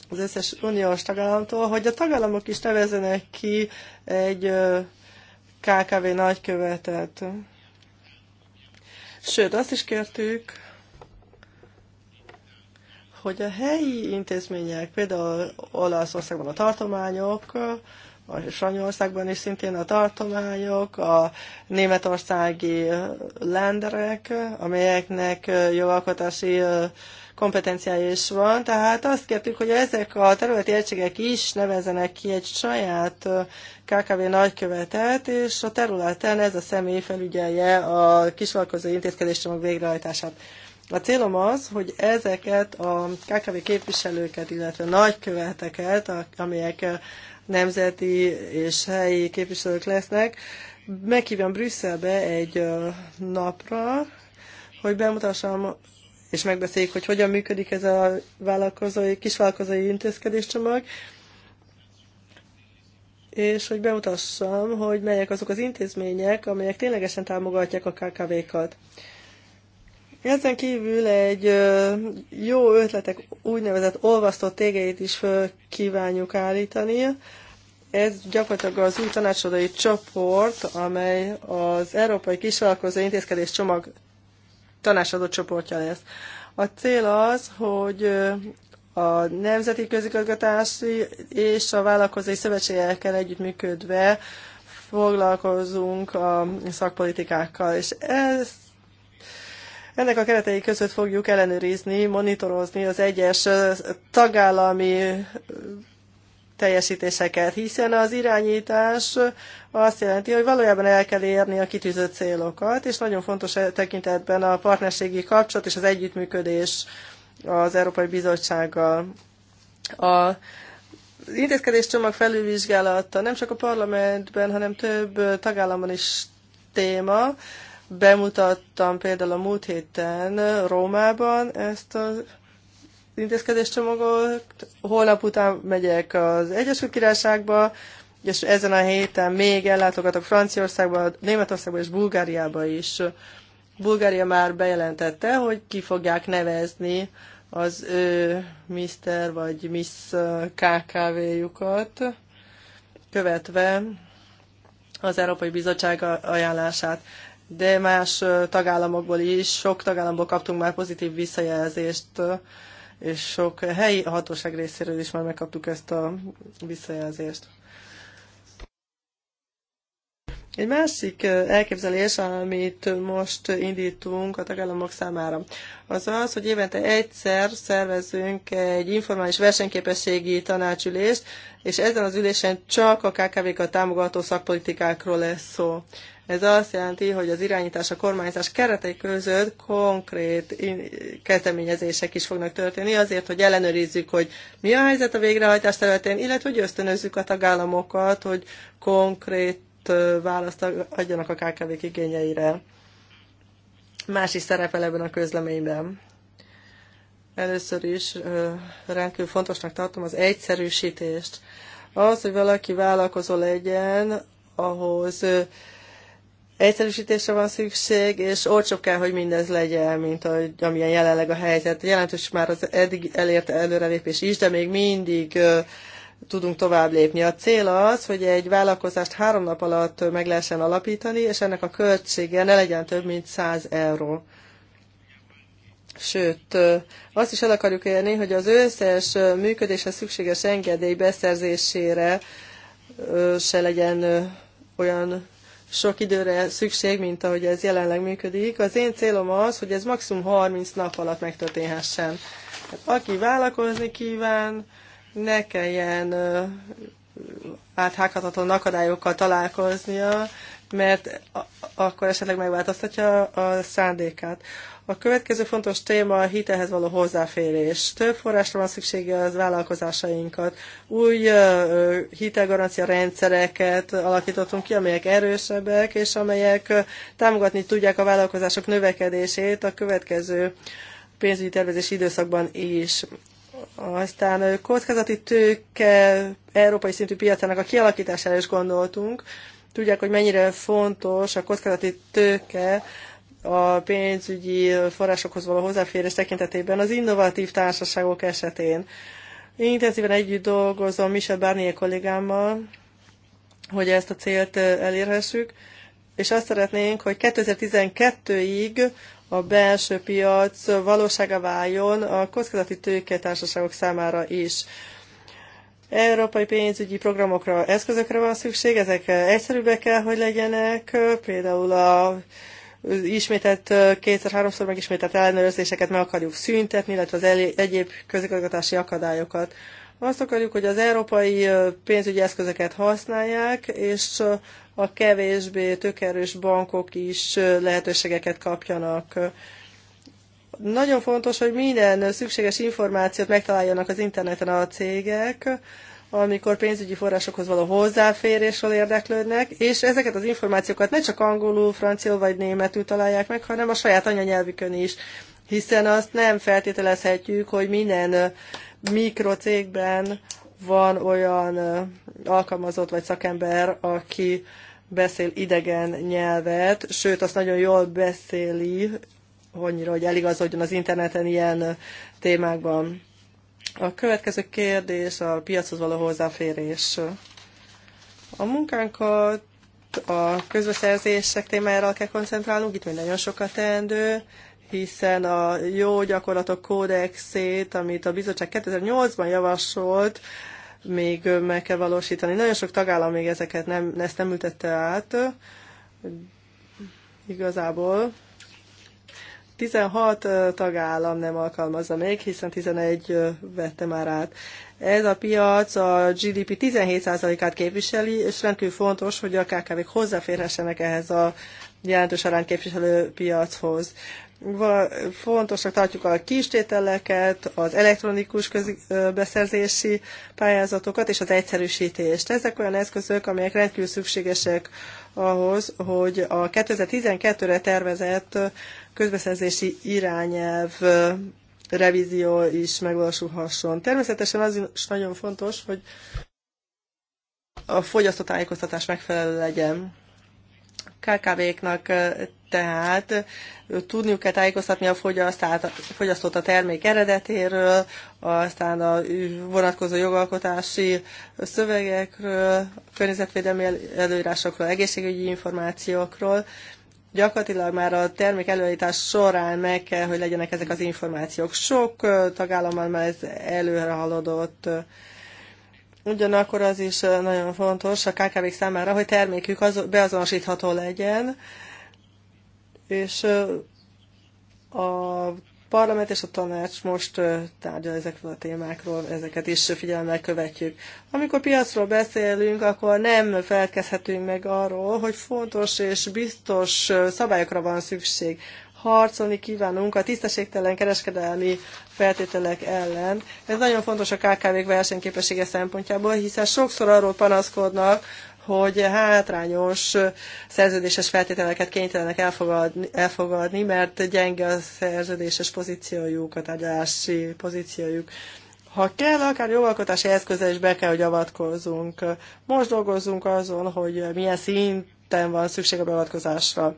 az összes uniós tagállamtól, hogy a tagállamok is nevezzenek ki egy KKV nagykövetet. Sőt, azt is kértük, hogy a helyi intézmények, például Olaszországban a tartományok, a Sanyországban is szintén a tartományok, a németországi lenderek, amelyeknek jogalkotási kompetenciája is van, tehát azt kértük, hogy ezek a területi egységek is nevezenek ki egy saját KKV nagykövetet, és a területen ez a személy felügyelje a kisvállalkozói intézkedéscsomag végrehajtását. A célom az, hogy ezeket a KKV képviselőket, illetve nagyköveteket, amelyek nemzeti és helyi képviselők lesznek, meghívjam Brüsszelbe egy napra, hogy bemutassam és megbeszéljük, hogy hogyan működik ez a vállalkozói, kisvállalkozói intézkedéscsomag, és hogy bemutassam, hogy melyek azok az intézmények, amelyek ténylegesen támogatják a KKV-kat. Ezen kívül egy jó ötletek úgynevezett olvasztott tégeit is föl kívánjuk állítani. Ez gyakorlatilag az új tanácsadói csoport, amely az Európai Kisvállalkozó Intézkedés Csomag tanácsadó csoportja lesz. A cél az, hogy a nemzeti közigazgatási és a vállalkozói szövetségekkel együttműködve foglalkozunk a szakpolitikákkal, és ez ennek a keretei között fogjuk ellenőrizni, monitorozni az egyes tagállami teljesítéseket, hiszen az irányítás azt jelenti, hogy valójában el kell érni a kitűzött célokat, és nagyon fontos e tekintetben a partnerségi kapcsolat és az együttműködés az Európai Bizottsággal. A az intézkedés csomag felülvizsgálata nem csak a parlamentben, hanem több tagállamban is téma. Bemutattam például a múlt héten Rómában ezt az csomagot, holnap után megyek az Egyesült Királyságba, és ezen a héten még ellátogatok Franciaországba, Németországba és Bulgáriába is. Bulgária már bejelentette, hogy ki fogják nevezni az ő Mr. vagy Miss KKV-jukat, követve az Európai Bizottság ajánlását. De más tagállamokból is, sok tagállamból kaptunk már pozitív visszajelzést és sok helyi hatóság részéről is már megkaptuk ezt a visszajelzést. Egy másik eh, elképzelés, amit most indítunk a tagállamok számára, az az, hogy évente egyszer szervezünk egy informális versenyképességi tanácsülést, és ezen az ülésen csak a KKV-kat támogató szakpolitikákról lesz szó. Ez azt jelenti, hogy az irányítás, a kormányzás keretei között konkrét kezdeményezések is fognak történni azért, hogy ellenőrizzük, hogy mi a helyzet a végrehajtás területén, illetve hogy ösztönözzük a tagállamokat, hogy konkrét választ adjanak a KKV-k igényeire. Más is szerepel ebben a közleményben. Először is rendkívül fontosnak tartom az egyszerűsítést. Az, hogy valaki vállalkozó legyen, ahhoz egyszerűsítésre van szükség, és olcsóbb kell, hogy mindez legyen, mint ahogy, amilyen jelenleg a helyzet. Jelentős már az eddig elért előrelépés is, de még mindig tudunk tovább lépni. A cél az, hogy egy vállalkozást három nap alatt meg lehessen alapítani, és ennek a költsége ne legyen több, mint 100 euró. Sőt, azt is el akarjuk érni, hogy az összes működéshez szükséges engedély beszerzésére se legyen olyan sok időre szükség, mint ahogy ez jelenleg működik. Az én célom az, hogy ez maximum 30 nap alatt megtörténhessen. Hát aki vállalkozni kíván, ne kelljen áthághatatlan akadályokkal találkoznia, mert akkor esetleg megváltoztatja a szándékát. A következő fontos téma a hitelhez való hozzáférés. Több forrásra van szüksége az vállalkozásainkat. Új hitelgarancia rendszereket alakítottunk ki, amelyek erősebbek, és amelyek támogatni tudják a vállalkozások növekedését a következő pénzügyi tervezési időszakban is. Aztán kockázati tőke európai szintű piacának a kialakítására is gondoltunk. Tudják, hogy mennyire fontos a kockázati tőke a pénzügyi forrásokhoz való hozzáférés tekintetében az innovatív társaságok esetén. Intenzíven együtt dolgozom Michel Barnier kollégámmal, hogy ezt a célt elérhessük, és azt szeretnénk, hogy 2012-ig a belső piac valósága váljon a kockázati társaságok számára is. Európai pénzügyi programokra, eszközökre van szükség, ezek egyszerűbbek kell, hogy legyenek, például a ismételt kétszer-háromszor megismételt ellenőrzéseket meg akarjuk szüntetni, illetve az egyéb közigazgatási akadályokat. Azt akarjuk, hogy az európai pénzügyi eszközöket használják, és a kevésbé tökerős bankok is lehetőségeket kapjanak. Nagyon fontos, hogy minden szükséges információt megtaláljanak az interneten a cégek, amikor pénzügyi forrásokhoz való hozzáférésről érdeklődnek, és ezeket az információkat ne csak angolul, franciául vagy németül találják meg, hanem a saját anyanyelvükön is, hiszen azt nem feltételezhetjük, hogy minden mikrocégben van olyan alkalmazott vagy szakember, aki beszél idegen nyelvet, sőt azt nagyon jól beszéli, annyira, hogy eligazodjon az interneten ilyen témákban. A következő kérdés a piachoz való hozzáférés. A munkánkat a közbeszerzések témájára kell koncentrálnunk, itt még nagyon sokat teendő, hiszen a jó gyakorlatok kódexét, amit a bizottság 2008-ban javasolt, még meg kell valósítani. Nagyon sok tagállam még ezeket nem, ezt nem ültette át igazából 16 tagállam nem alkalmazza még, hiszen 11 vette már át. Ez a piac a GDP 17%-át képviseli, és rendkívül fontos, hogy a KKV-k hozzáférhessenek ehhez a jelentős képviselő piachoz. Fontosnak tartjuk a kistételeket, az elektronikus beszerzési pályázatokat és az egyszerűsítést. Ezek olyan eszközök, amelyek rendkívül szükségesek ahhoz, hogy a 2012-re tervezett közbeszerzési irányelv revízió is megvalósulhasson. Természetesen az is nagyon fontos, hogy a fogyasztótájékoztatás megfelelő legyen. KKV-knak tehát tudniuk kell tájékoztatni a fogyasztót a termék eredetéről, aztán a vonatkozó jogalkotási szövegekről, környezetvédelmi előírásokról, egészségügyi információkról. Gyakorlatilag már a termék előállítás során meg kell, hogy legyenek ezek az információk. Sok tagállamban már ez előre haladott Ugyanakkor az is nagyon fontos a kkv számára, hogy termékük az, beazonosítható legyen, és a parlament és a tanács most tárgyal ezekről a témákról, ezeket is figyelemmel követjük. Amikor piacról beszélünk, akkor nem feledkezhetünk meg arról, hogy fontos és biztos szabályokra van szükség harcolni kívánunk a tisztességtelen kereskedelmi feltételek ellen. Ez nagyon fontos a KKV-k versenyképessége szempontjából, hiszen sokszor arról panaszkodnak, hogy hátrányos szerződéses feltételeket kénytelenek elfogadni, elfogadni, mert gyenge a szerződéses pozíciójuk, a tárgyalási pozíciójuk. Ha kell, akár jogalkotási eszközzel is be kell, hogy avatkozzunk. Most dolgozzunk azon, hogy milyen szinten van szükség a beavatkozásra.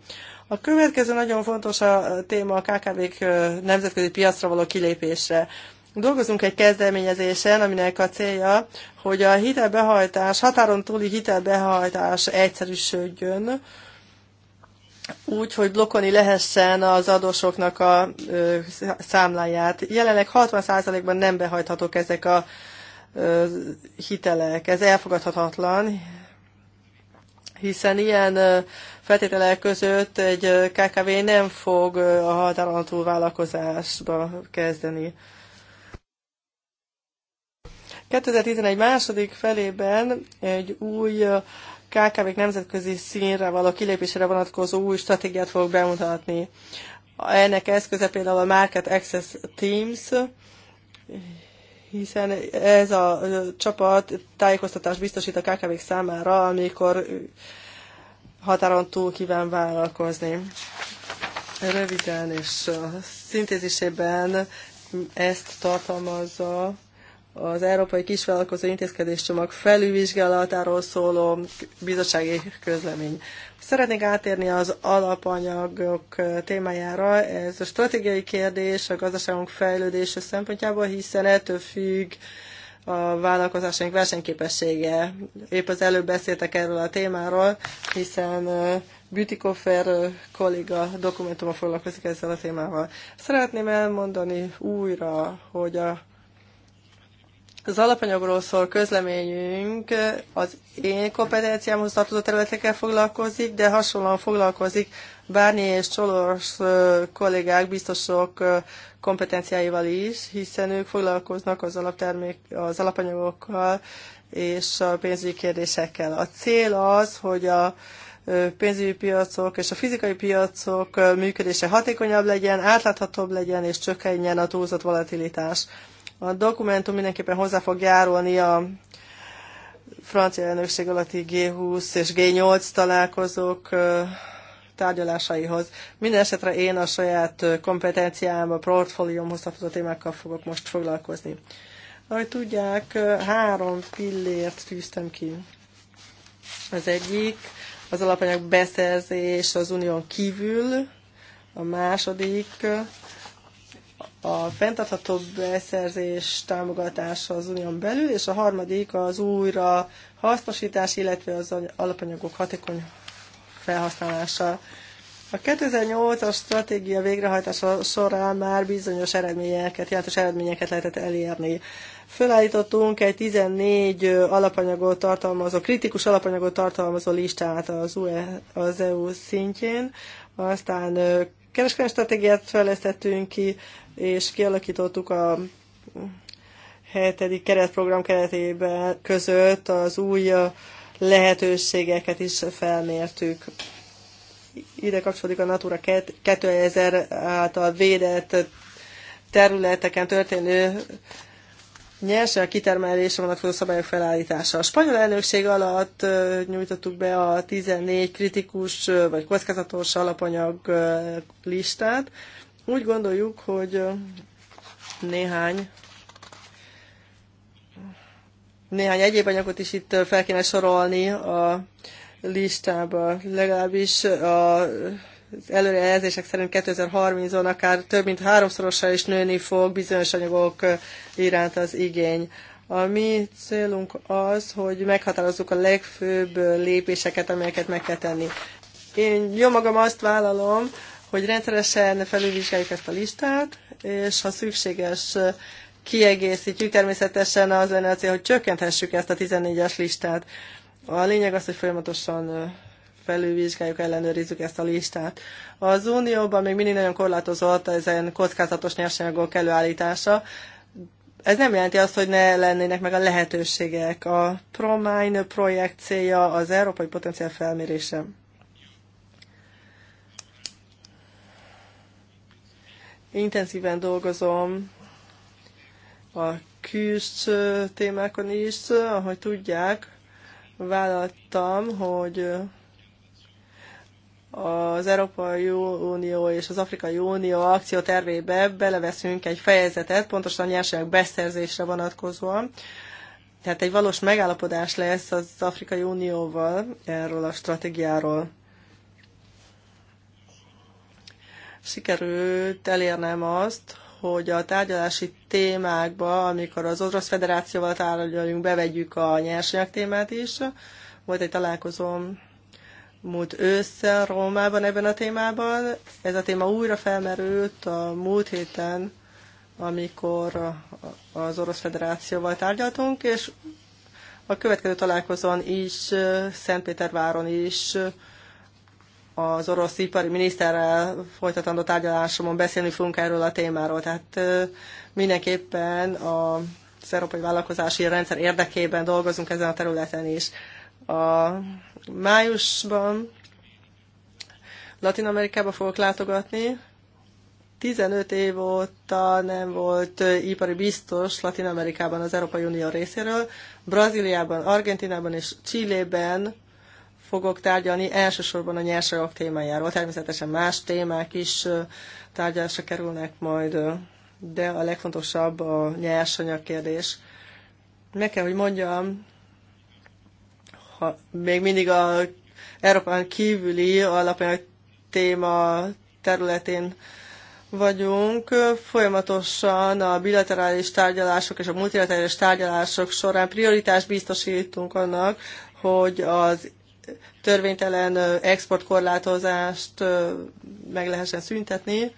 A következő nagyon fontos a téma a KKV-k nemzetközi piacra való kilépésre. Dolgozunk egy kezdeményezésen, aminek a célja, hogy a hitelbehajtás, határon túli hitelbehajtás egyszerűsödjön, úgy, hogy blokkolni lehessen az adósoknak a ö, számláját. Jelenleg 60%-ban nem behajthatók ezek a ö, hitelek. Ez elfogadhatatlan, hiszen ilyen feltételek között egy KKV nem fog a határon túl vállalkozásba kezdeni. 2011 második felében egy új kkv nemzetközi színre való kilépésre vonatkozó új stratégiát fog bemutatni. Ennek eszköze például a Market Access Teams, hiszen ez a csapat tájékoztatást biztosít a KKV-k számára, amikor határon túl kíván vállalkozni. Röviden és szintézisében ezt tartalmazza az Európai Kisvállalkozó Intézkedés Csomag felülvizsgálatáról szóló bizottsági közlemény. Szeretnék átérni az alapanyagok témájára. Ez a stratégiai kérdés a gazdaságunk fejlődése szempontjából, hiszen ettől függ a vállalkozásaink versenyképessége. Épp az előbb beszéltek erről a témáról, hiszen Coffer kolléga dokumentuma foglalkozik ezzel a témával. Szeretném elmondani újra, hogy a az alapanyagról szól közleményünk az én kompetenciámhoz tartozó területekkel foglalkozik, de hasonlóan foglalkozik Bárni és Csolors kollégák, biztosok kompetenciáival is, hiszen ők foglalkoznak az, alaptermék, az alapanyagokkal és a pénzügyi kérdésekkel. A cél az, hogy a pénzügyi piacok és a fizikai piacok működése hatékonyabb legyen, átláthatóbb legyen és csökkenjen a túlzott volatilitás. A dokumentum mindenképpen hozzá fog járulni a francia elnökség alatti G20 és G8 találkozók tárgyalásaihoz. Minden esetre én a saját kompetenciám, a portfóliómhoz tartozó témákkal fogok most foglalkozni. Ahogy tudják, három pillért tűztem ki. Az egyik az alapanyag beszerzés az unión kívül, a második a fenntartható beszerzés támogatása az unión belül, és a harmadik az újra hasznosítás, illetve az alapanyagok hatékony felhasználása. A 2008-as stratégia végrehajtása során már bizonyos eredményeket, jelentős eredményeket lehetett elérni. Fölállítottunk egy 14 alapanyagot tartalmazó, kritikus alapanyagot tartalmazó listát az, UE, az EU szintjén, aztán kereskedelmi stratégiát fejlesztettünk ki, és kialakítottuk a hetedik keretprogram keretében között az új lehetőségeket is felmértük. Ide kapcsolódik a Natura 2000 által védett területeken történő a kitermelésre vonatkozó szabályok felállítása. A spanyol elnökség alatt nyújtottuk be a 14 kritikus vagy kockázatos alapanyag listát, úgy gondoljuk, hogy néhány néhány egyéb anyagot is itt fel kéne sorolni a listába. Legalábbis a előrejelzések szerint 2030-on akár több mint háromszorosra is nőni fog bizonyos anyagok iránt az igény. A mi célunk az, hogy meghatározzuk a legfőbb lépéseket, amelyeket meg kell tenni. Én jó magam azt vállalom, hogy rendszeresen felülvizsgáljuk ezt a listát, és ha szükséges, kiegészítjük természetesen az lenne a cél, hogy csökkenthessük ezt a 14-es listát. A lényeg az, hogy folyamatosan felülvizsgáljuk, ellenőrizzük ezt a listát. Az Unióban még mindig nagyon korlátozott ezen kockázatos nyersanyagok előállítása. Ez nem jelenti azt, hogy ne lennének meg a lehetőségek. A ProMine projekt célja az európai potenciál felmérése. Intenzíven dolgozom a külső témákon is, ahogy tudják, vállaltam, hogy az Európai Unió és az Afrikai Unió akciótervébe beleveszünk egy fejezetet, pontosan nyersanyag beszerzésre vonatkozóan. Tehát egy valós megállapodás lesz az Afrikai Unióval erről a stratégiáról. sikerült elérnem azt, hogy a tárgyalási témákba, amikor az Orosz Federációval tárgyaljunk, bevegyük a nyersanyag témát is. Volt egy találkozom múlt ősszel Rómában ebben a témában. Ez a téma újra felmerült a múlt héten, amikor az Orosz Federációval tárgyaltunk, és a következő találkozón is, Szentpéterváron is az orosz ipari miniszterrel folytatandó tárgyalásomon beszélni fogunk erről a témáról. Tehát mindenképpen a az európai vállalkozási rendszer érdekében dolgozunk ezen a területen is. A májusban Latin Amerikába fogok látogatni. 15 év óta nem volt ipari biztos Latin Amerikában az Európai Unió részéről. Brazíliában, Argentinában és Csillében fogok tárgyalni, elsősorban a nyersanyag témájáról. Természetesen más témák is tárgyalásra kerülnek majd, de a legfontosabb a nyersanyag kérdés. Meg kell, hogy mondjam, ha még mindig a Európán kívüli alapanyag téma területén vagyunk. Folyamatosan a bilaterális tárgyalások és a multilaterális tárgyalások során prioritást biztosítunk annak, hogy az törvénytelen exportkorlátozást meg lehessen szüntetni,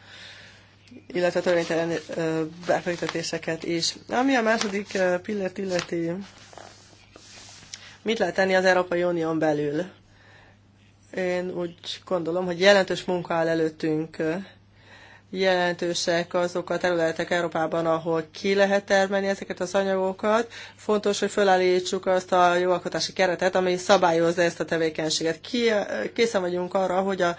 illetve törvénytelen befektetéseket is. Ami a második pillért illeti, mit lehet tenni az Európai Unión belül? Én úgy gondolom, hogy jelentős munka áll előttünk jelentősek azok a területek Európában, ahol ki lehet termelni ezeket az anyagokat. Fontos, hogy felállítsuk azt a jogalkotási keretet, ami szabályozza ezt a tevékenységet. Ki, készen vagyunk arra, hogy a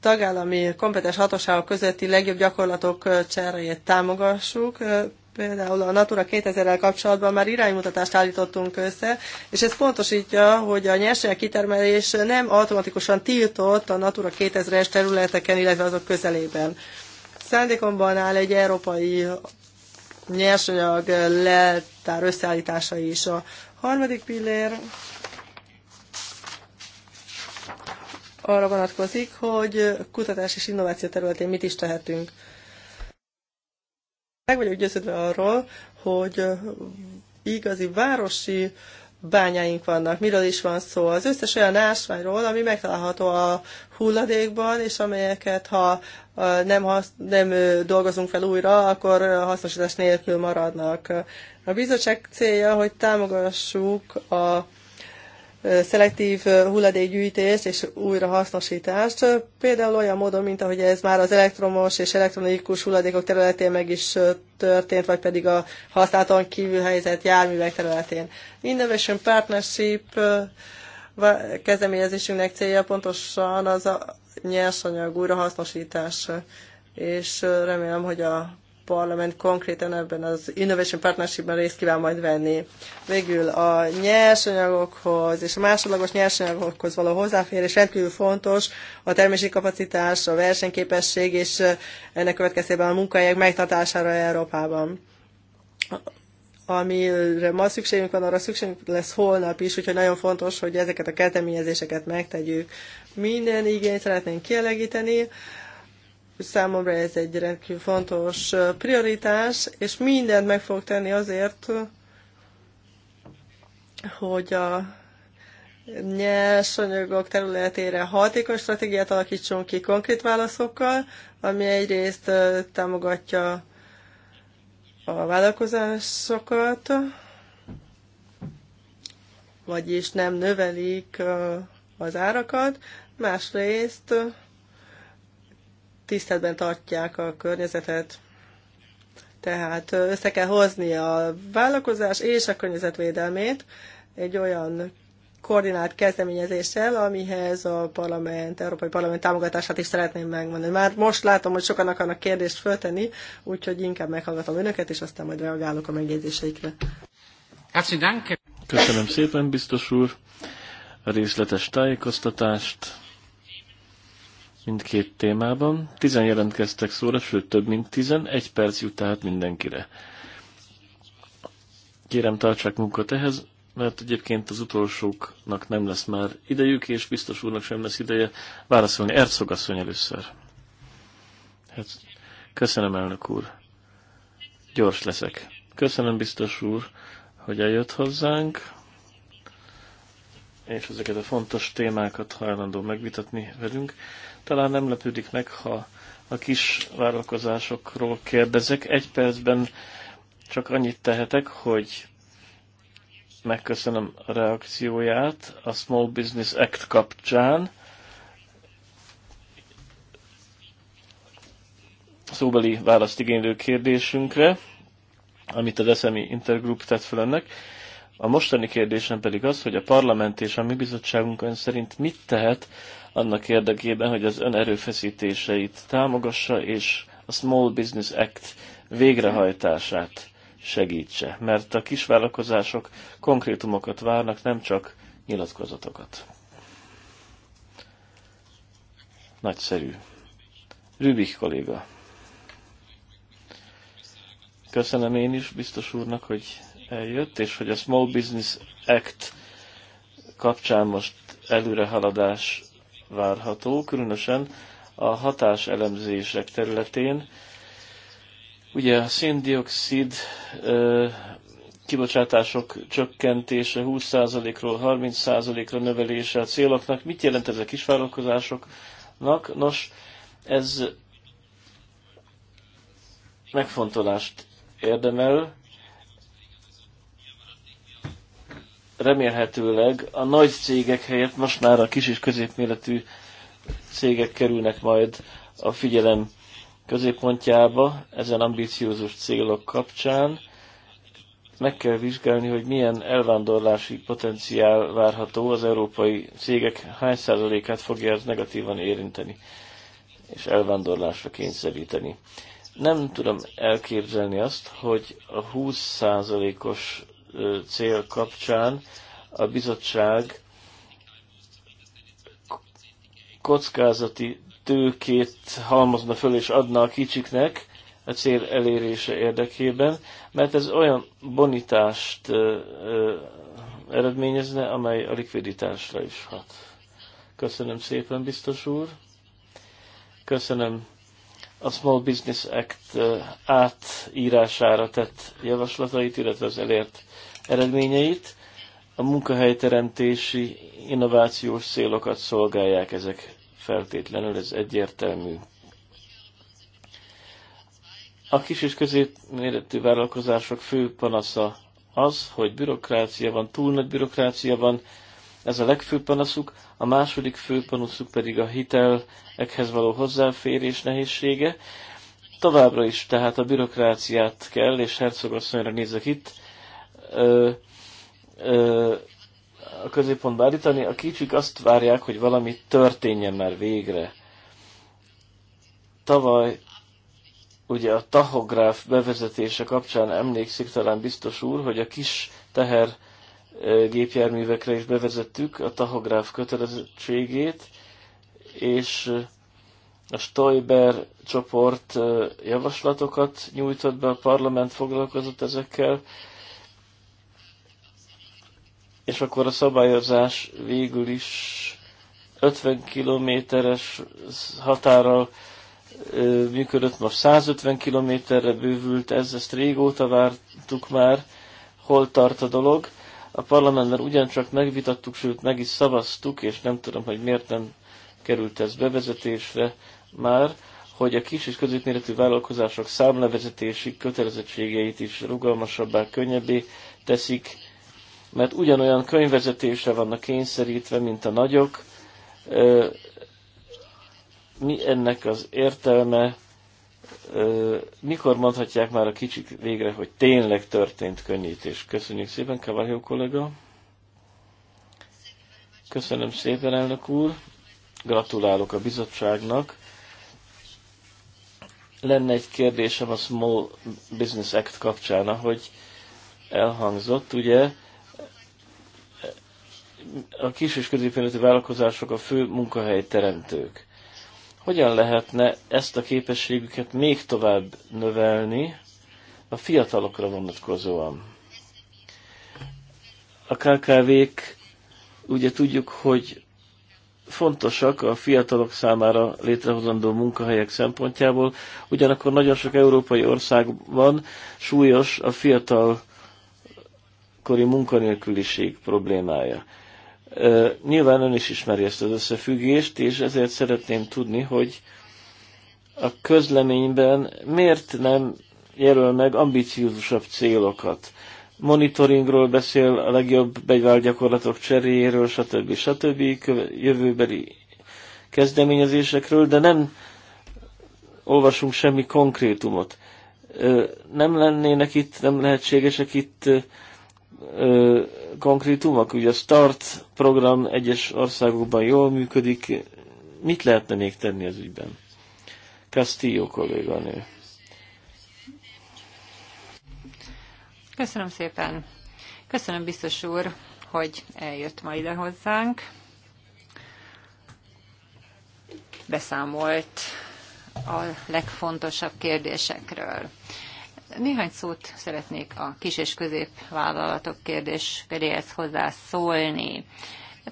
tagállami kompetens hatóságok közötti legjobb gyakorlatok cseréjét támogassuk, Például a Natura 2000-rel kapcsolatban már iránymutatást állítottunk össze, és ez pontosítja, hogy a nyersanyag kitermelés nem automatikusan tiltott a Natura 2000-es területeken, illetve azok közelében. Szándékomban áll egy európai nyersanyag leltár összeállítása is. A harmadik pillér arra vonatkozik, hogy kutatás és innováció területén mit is tehetünk. Meg vagyok győződve arról, hogy igazi városi bányáink vannak. Miről is van szó? Az összes olyan ásványról, ami megtalálható a hulladékban, és amelyeket ha nem, hasz, nem dolgozunk fel újra, akkor hasznosítás nélkül maradnak. A bizottság célja, hogy támogassuk a szelektív hulladékgyűjtést és újrahasznosítást, például olyan módon, mint ahogy ez már az elektromos és elektronikus hulladékok területén meg is történt, vagy pedig a használaton kívül helyzet járművek területén. Innovation Partnership kezdeményezésünknek célja pontosan az a nyersanyag újrahasznosítás, és remélem, hogy a parlament konkrétan ebben az Innovation Partnershipben részt kíván majd venni. Végül a nyersanyagokhoz és a másodlagos nyersanyagokhoz való hozzáférés rendkívül fontos, a termési kapacitás, a versenyképesség és ennek következtében a munkahelyek megtartására Európában amire ma szükségünk van, arra szükségünk lesz holnap is, úgyhogy nagyon fontos, hogy ezeket a kezdeményezéseket megtegyük. Minden igényt szeretnénk kielegíteni, Számomra ez egy rendkívül fontos prioritás, és mindent meg fog tenni azért, hogy a nyersanyagok területére hatékony stratégiát alakítsunk ki konkrét válaszokkal, ami egyrészt támogatja a vállalkozásokat, vagyis nem növelik az árakat, másrészt tiszteletben tartják a környezetet. Tehát össze kell hozni a vállalkozás és a környezetvédelmét egy olyan koordinált kezdeményezéssel, amihez a parlament, Európai Parlament támogatását is szeretném megmondani. Már most látom, hogy sokan akarnak kérdést föltenni, úgyhogy inkább meghallgatom önöket, és aztán majd reagálok a megjegyzéseikre. Köszönöm szépen, biztos úr, a részletes tájékoztatást mindkét témában. Tizen jelentkeztek szóra, sőt több mint tizen, egy perc jut tehát mindenkire. Kérem, tartsák munkat ehhez, mert egyébként az utolsóknak nem lesz már idejük, és biztos úrnak sem lesz ideje válaszolni. Erzog asszony először. Hát, köszönöm, elnök úr. Gyors leszek. Köszönöm, biztos úr, hogy eljött hozzánk, és ezeket a fontos témákat hajlandó megvitatni velünk. Talán nem lepődik meg, ha a kis vállalkozásokról kérdezek. Egy percben csak annyit tehetek, hogy megköszönöm a reakcióját a Small Business Act kapcsán. Szóbeli választ igénylő kérdésünkre, amit az SMI Intergroup tett fel önnek. A mostani kérdésem pedig az, hogy a parlament és a mi bizottságunk ön szerint mit tehet annak érdekében, hogy az ön erőfeszítéseit támogassa, és a Small Business Act végrehajtását segítse, mert a kisvállalkozások konkrétumokat várnak, nem csak nyilatkozatokat. Nagyszerű. Rübik kolléga. Köszönöm én is biztos úrnak, hogy eljött, és hogy a Small Business Act kapcsán most előrehaladás várható, különösen a hatáselemzések területén. Ugye a széndiokszid kibocsátások csökkentése 20%-ról 30%-ra növelése a céloknak. Mit jelent ez a kisvállalkozásoknak? Nos, ez megfontolást érdemel, remélhetőleg a nagy cégek helyett most már a kis és középméretű cégek kerülnek majd a figyelem középpontjába ezen ambíciózus célok kapcsán. Meg kell vizsgálni, hogy milyen elvándorlási potenciál várható az európai cégek, hány százalékát fogja ez negatívan érinteni és elvándorlásra kényszeríteni. Nem tudom elképzelni azt, hogy a 20 százalékos cél kapcsán a bizottság kockázati tőkét halmozna föl és adna a kicsiknek a cél elérése érdekében, mert ez olyan bonitást eredményezne, amely a likviditásra is hat. Köszönöm szépen, biztos úr! Köszönöm a Small Business Act átírására tett javaslatait, illetve az elért eredményeit. A munkahelyteremtési innovációs célokat szolgálják ezek feltétlenül, ez egyértelmű. A kis és középméretű vállalkozások fő panasza az, hogy bürokrácia van, túl nagy bürokrácia van, ez a legfőbb panaszuk, a második fő panaszuk pedig a hitelekhez való hozzáférés nehézsége. Továbbra is tehát a bürokráciát kell, és hercogasszonyra nézek itt, ö, ö, a középpontba állítani. A kicsik azt várják, hogy valami történjen már végre. Tavaly ugye a tahográf bevezetése kapcsán emlékszik talán biztos úr, hogy a kis teher gépjárművekre is bevezettük a tahográf kötelezettségét, és a Stoiber csoport javaslatokat nyújtott be, a parlament foglalkozott ezekkel, és akkor a szabályozás végül is 50 kilométeres határral működött, most 150 kilométerre bővült ez, ezt régóta vártuk már, hol tart a dolog a parlamentben ugyancsak megvitattuk, sőt meg is szavaztuk, és nem tudom, hogy miért nem került ez bevezetésre már, hogy a kis és középméretű vállalkozások számlevezetési kötelezettségeit is rugalmasabbá, könnyebbé teszik, mert ugyanolyan könyvezetésre vannak kényszerítve, mint a nagyok. Mi ennek az értelme? mikor mondhatják már a kicsik végre, hogy tényleg történt könnyítés? Köszönjük szépen, Kavahjó kollega. Köszönöm szépen, elnök úr. Gratulálok a bizottságnak. Lenne egy kérdésem a Small Business Act kapcsán, ahogy elhangzott, ugye a kis és középületi vállalkozások a fő munkahely teremtők hogyan lehetne ezt a képességüket még tovább növelni a fiatalokra vonatkozóan? A KKV-k ugye tudjuk, hogy fontosak a fiatalok számára létrehozandó munkahelyek szempontjából, ugyanakkor nagyon sok európai országban súlyos a fiatalkori munkanélküliség problémája. Nyilván ön is ismeri ezt az összefüggést, és ezért szeretném tudni, hogy a közleményben miért nem jelöl meg ambiciózusabb célokat. Monitoringról beszél, a legjobb begyvált gyakorlatok cseréjéről, stb. stb. jövőbeli kezdeményezésekről, de nem olvasunk semmi konkrétumot. Nem lennének itt, nem lehetségesek itt ö, konkrétumok? Ugye a START program egyes országokban jól működik. Mit lehetne még tenni az ügyben? Castillo kolléganő. Köszönöm szépen. Köszönöm biztos úr, hogy eljött ma ide hozzánk. Beszámolt a legfontosabb kérdésekről. Néhány szót szeretnék a kis és középvállalatok kérdésköréhez hozzászólni.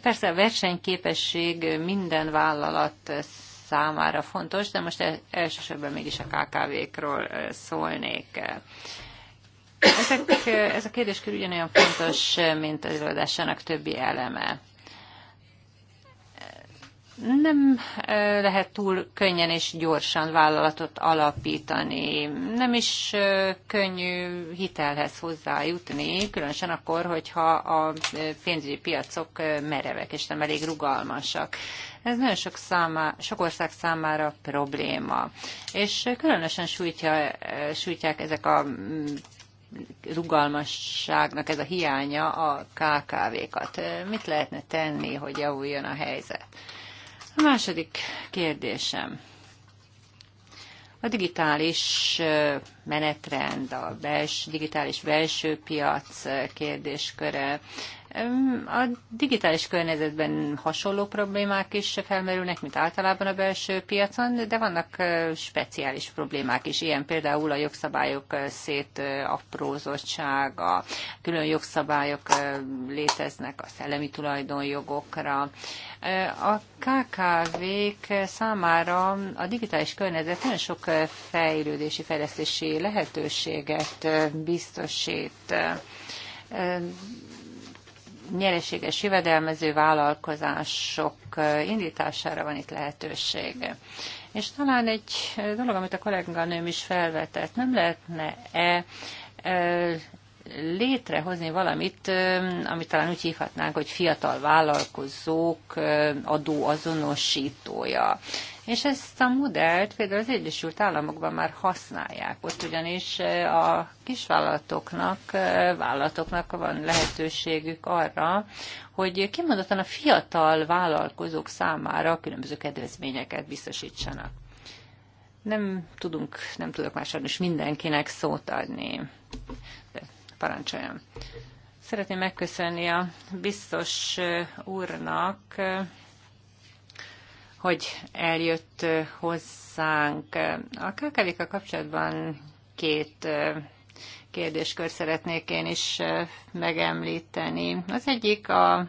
Persze a versenyképesség minden vállalat számára fontos, de most elsősorban mégis a KKV-król szólnék. Ezek, ez a kérdéskör ugyanolyan fontos, mint az irodásának többi eleme nem lehet túl könnyen és gyorsan vállalatot alapítani, nem is könnyű hitelhez hozzájutni, különösen akkor, hogyha a pénzügyi piacok merevek és nem elég rugalmasak. Ez nagyon sok, számá, sok ország számára probléma, és különösen sújtja, sújtják ezek a mm, rugalmasságnak ez a hiánya a KKV-kat. Mit lehetne tenni, hogy javuljon a helyzet? A második kérdésem. A digitális menetrend, a bels, digitális belső piac kérdésköre, a digitális környezetben hasonló problémák is felmerülnek, mint általában a belső piacon, de vannak speciális problémák is, ilyen például a jogszabályok szétaprózottság, a külön jogszabályok léteznek a szellemi tulajdonjogokra. A KKV-k számára a digitális környezet nagyon sok fejlődési, fejlesztési lehetőséget biztosít nyereséges, jövedelmező vállalkozások indítására van itt lehetőség. És talán egy dolog, amit a kolléganőm is felvetett, nem lehetne-e létrehozni valamit, amit talán úgy hívhatnánk, hogy fiatal vállalkozók adóazonosítója. És ezt a modellt például az Egyesült Államokban már használják, ott ugyanis a kisvállalatoknak, vállalatoknak van lehetőségük arra, hogy kimondottan a fiatal vállalkozók számára különböző kedvezményeket biztosítsanak. Nem tudunk, nem tudok már sajnos mindenkinek szót adni. De parancsoljam. Szeretném megköszönni a biztos úrnak, hogy eljött hozzánk. A kkv kapcsolatban két kérdéskör szeretnék én is megemlíteni. Az egyik a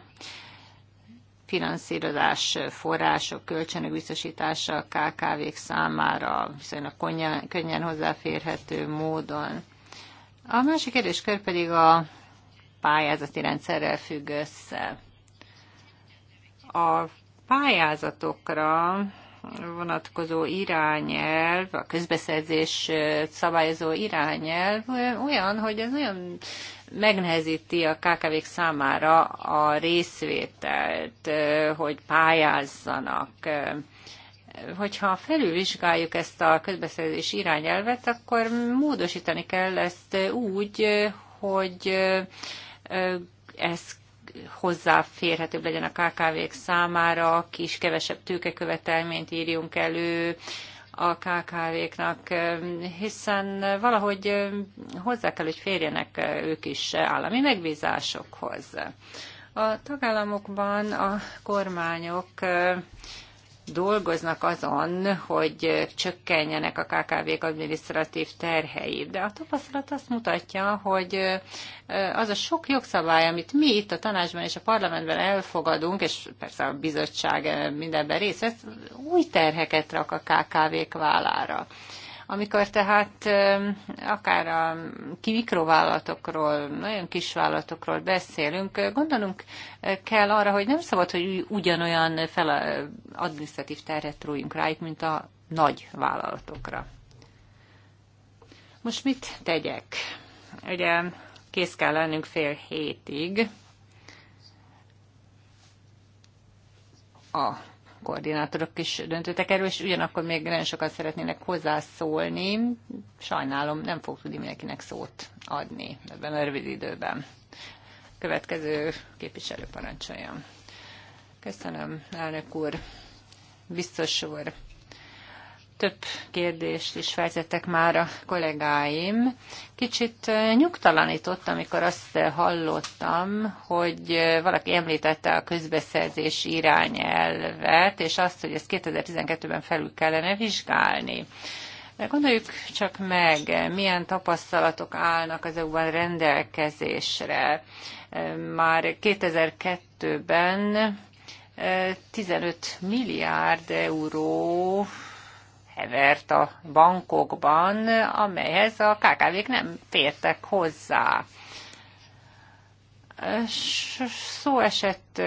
finanszírozás források, kölcsönök biztosítása a KKV-k számára viszonylag könnyen, könnyen hozzáférhető módon. A másik kérdéskör pedig a pályázati rendszerrel függ össze. A pályázatokra vonatkozó irányelv, a közbeszerzés szabályozó irányelv olyan, hogy ez olyan megnehezíti a KKV-k számára a részvételt, hogy pályázzanak. Hogyha felülvizsgáljuk ezt a közbeszerzés irányelvet, akkor módosítani kell ezt úgy, hogy ez hozzáférhetőbb legyen a KKV-k számára, kis, kevesebb tőkekövetelményt írjunk elő, a KKV-knak, hiszen valahogy hozzá kell, hogy férjenek ők is állami megbízásokhoz. A tagállamokban a kormányok dolgoznak azon, hogy csökkenjenek a KKV-k adminisztratív terhei. De a tapasztalat azt mutatja, hogy az a sok jogszabály, amit mi itt a tanácsban és a parlamentben elfogadunk, és persze a bizottság mindenben részt vesz, új terheket rak a KKV-k vállára. Amikor tehát akár a mikrovállalatokról, nagyon kis vállalatokról beszélünk, gondolunk kell arra, hogy nem szabad, hogy ugyanolyan fel, administratív terhet rújunk rájuk, mint a nagy vállalatokra. Most mit tegyek? Ugye kész kell lennünk fél hétig a koordinátorok is döntöttek erről, és ugyanakkor még nagyon sokat szeretnének hozzászólni. Sajnálom, nem fog tudni mindenkinek szót adni ebben a rövid időben. Következő képviselő parancsoljon. Köszönöm, elnök úr, biztos úr több kérdést is feltettek már a kollégáim. Kicsit nyugtalanított, amikor azt hallottam, hogy valaki említette a közbeszerzés irányelvet, és azt, hogy ezt 2012-ben felül kellene vizsgálni. De gondoljuk csak meg, milyen tapasztalatok állnak az EU-ban rendelkezésre. Már 2002-ben 15 milliárd euró hevert a bankokban, amelyhez a KKV-k nem fértek hozzá. Szó esett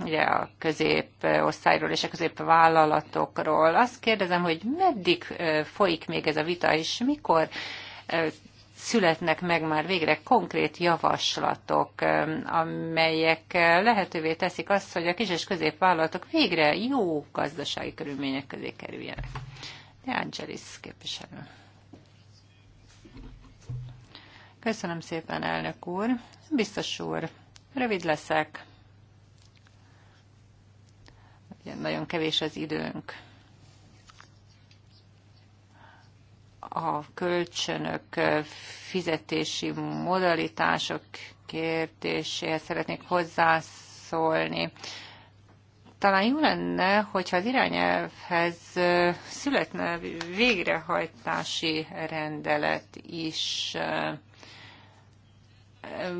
ugye a középosztályról és a középvállalatokról. Azt kérdezem, hogy meddig folyik még ez a vita, és mikor születnek meg már végre konkrét javaslatok, amelyek lehetővé teszik azt, hogy a kis és középvállalatok végre jó gazdasági körülmények közé kerüljenek. De Angelis képviselő. Köszönöm szépen, elnök úr. Biztos úr, rövid leszek. Ugye nagyon kevés az időnk. A kölcsönök fizetési modalitások kérdéséhez szeretnék hozzászólni talán jó lenne, hogyha az irányelvhez születne végrehajtási rendelet is,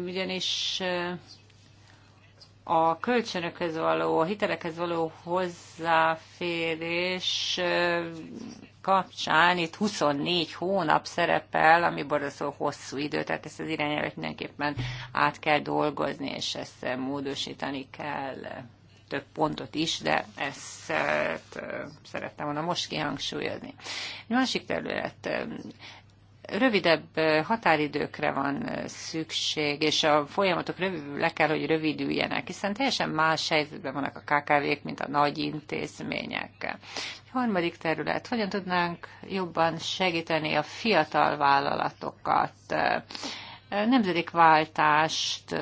ugyanis a kölcsönökhez való, a hitelekhez való hozzáférés kapcsán itt 24 hónap szerepel, ami borzasztó hosszú idő, tehát ezt az irányelvet mindenképpen át kell dolgozni, és ezt módosítani kell több pontot is, de ezt e, e, szerettem volna most kihangsúlyozni. Egy másik terület, e, rövidebb határidőkre van szükség, és a folyamatok rövid, le kell, hogy rövidüljenek, hiszen teljesen más helyzetben vannak a KKV-k, mint a nagy intézmények. A harmadik terület, hogyan tudnánk jobban segíteni a fiatal vállalatokat, nemzedékváltást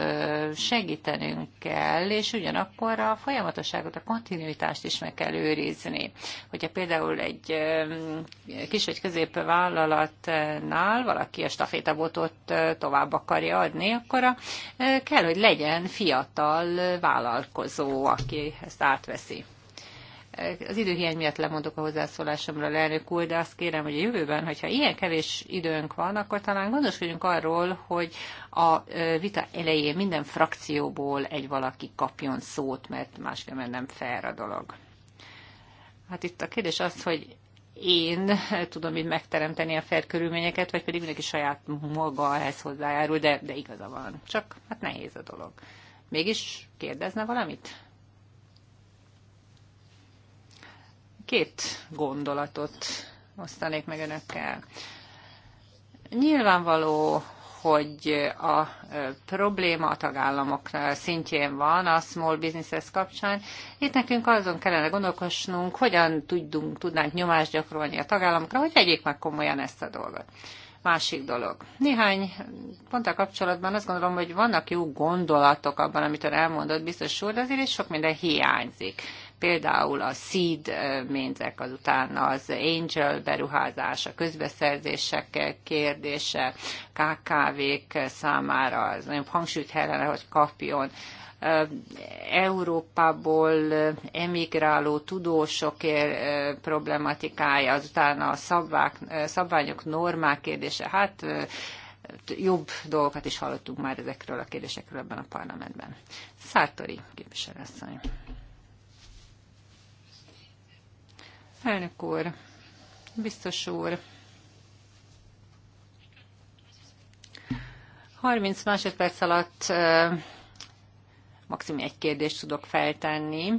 segítenünk kell, és ugyanakkor a folyamatosságot, a kontinuitást is meg kell őrizni. Hogyha például egy kis vagy középvállalatnál valaki a stafétabotot tovább akarja adni, akkor a, kell, hogy legyen fiatal vállalkozó, aki ezt átveszi az időhiány miatt lemondok a hozzászólásomra, elnök úr, de azt kérem, hogy a jövőben, hogyha ilyen kevés időnk van, akkor talán gondoskodjunk arról, hogy a vita elején minden frakcióból egy valaki kapjon szót, mert másképpen nem fel a dolog. Hát itt a kérdés az, hogy én tudom így megteremteni a fair körülményeket, vagy pedig mindenki saját maga ehhez hozzájárul, de, de igaza van. Csak hát nehéz a dolog. Mégis kérdezne valamit? Két gondolatot osztanék meg önökkel. Nyilvánvaló, hogy a probléma a tagállamok szintjén van a small businesses kapcsán. Itt nekünk azon kellene gondolkosnunk, hogyan tudunk, tudnánk nyomást gyakorolni a tagállamokra, hogy vegyék meg komolyan ezt a dolgot. Másik dolog. Néhány ponttal kapcsolatban azt gondolom, hogy vannak jó gondolatok abban, amit ön elmondott, biztos úr, de azért is sok minden hiányzik például a seed ménzek, azután az angel beruházás, a közbeszerzések kérdése, KKV-k számára az nagyon hangsúlyt kellene, hogy kapjon. Európából emigráló tudósok problematikája, azután a szabvák, szabványok, normák kérdése, hát jobb dolgokat is hallottunk már ezekről a kérdésekről ebben a parlamentben. Szártori képviselőasszony. Elnök úr, biztos úr, 30 másodperc alatt maximum egy kérdést tudok feltenni.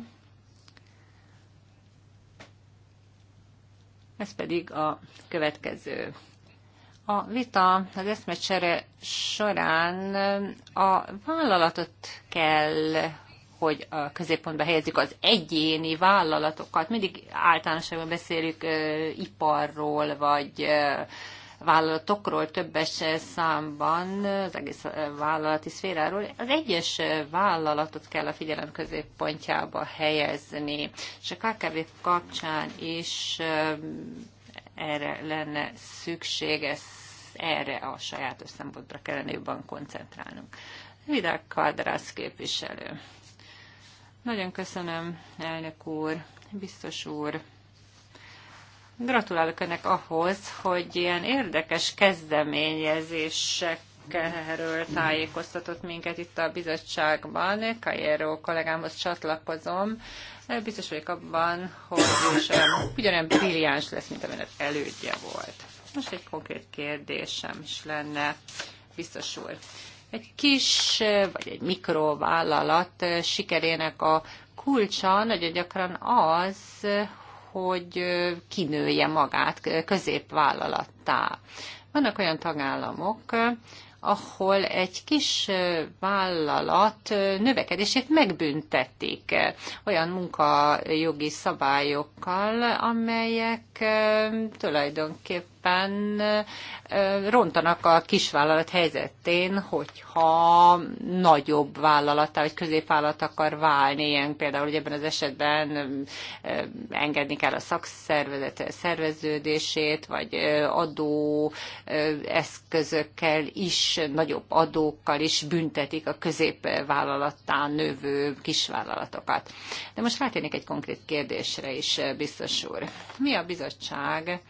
Ez pedig a következő. A vita, az eszmecsere során a vállalatot kell hogy a középpontba helyezzük az egyéni vállalatokat. Mindig általánosságban beszélünk iparról, vagy vállalatokról többes számban, az egész vállalati szféráról, az egyes vállalatot kell a figyelem középpontjába helyezni. És a KKV kapcsán is erre lenne szükség, erre a saját szempontra kellene jobban koncentrálnunk. Vidák Kadrász képviselő. Nagyon köszönöm, elnök úr, biztos úr. Gratulálok önnek ahhoz, hogy ilyen érdekes kezdeményezésekről tájékoztatott minket itt a bizottságban. Kajero kollégámhoz csatlakozom. Biztos vagyok abban, hogy ugyanolyan brilliáns lesz, mint amilyen elődje volt. Most egy konkrét kérdésem is lenne, biztos úr egy kis vagy egy mikrovállalat sikerének a kulcsa nagyon gyakran az, hogy kinője magát középvállalattá. Vannak olyan tagállamok, ahol egy kis vállalat növekedését megbüntetik olyan munkajogi szabályokkal, amelyek tulajdonképpen tulajdonképpen rontanak a kisvállalat helyzetén, hogyha nagyobb vállalattá vagy középvállalat akar válni, ilyen például, hogy ebben az esetben engedni kell a szakszervezet szerveződését, vagy adó eszközökkel is, nagyobb adókkal is büntetik a középvállalattá növő kisvállalatokat. De most rátérnék egy konkrét kérdésre is, biztos úr. Mi a bizottság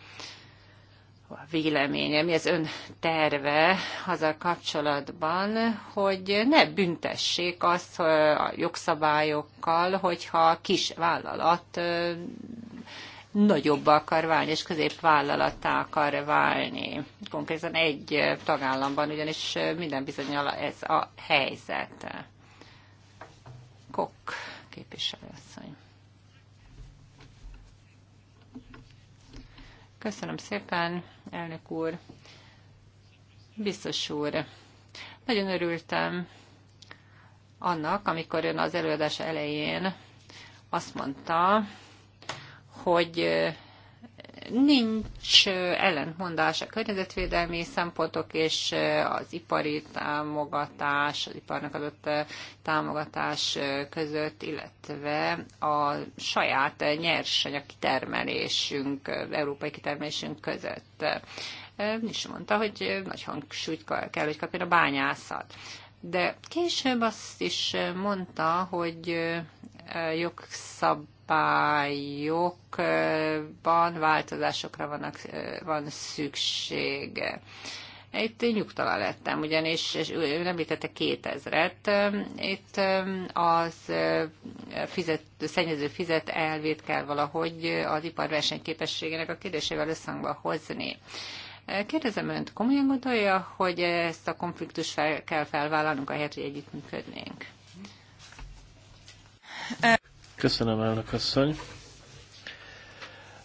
véleménye, mi az ön terve azzal kapcsolatban, hogy ne büntessék azt a jogszabályokkal, hogyha kis vállalat nagyobb akar válni, és középvállalattá akar válni. Konkrétan egy tagállamban, ugyanis minden bizonyal ez a helyzet. Kok képviselőasszony. Köszönöm szépen elnök úr. Biztos úr, nagyon örültem annak, amikor ön az előadás elején azt mondta, hogy nincs ellentmondás a környezetvédelmi szempontok és az ipari támogatás, az iparnak adott támogatás között, illetve a saját nyersanyag kitermelésünk, európai kitermelésünk között. Is mondta, hogy nagy hangsúlyt kell, hogy kapjon a bányászat. De később azt is mondta, hogy jogszab szabályokban változásokra vannak, van szükség. Itt nyugtalan lettem, ugyanis, és ő említette 2000-et, itt um, az uh, fizet, szennyező fizet elvét kell valahogy az ipar versenyképességének a kérdésével összhangba hozni. Kérdezem önt, komolyan gondolja, hogy ezt a konfliktust fel kell felvállalnunk, ahelyett, hogy együttműködnénk? Köszönöm, elnök asszony.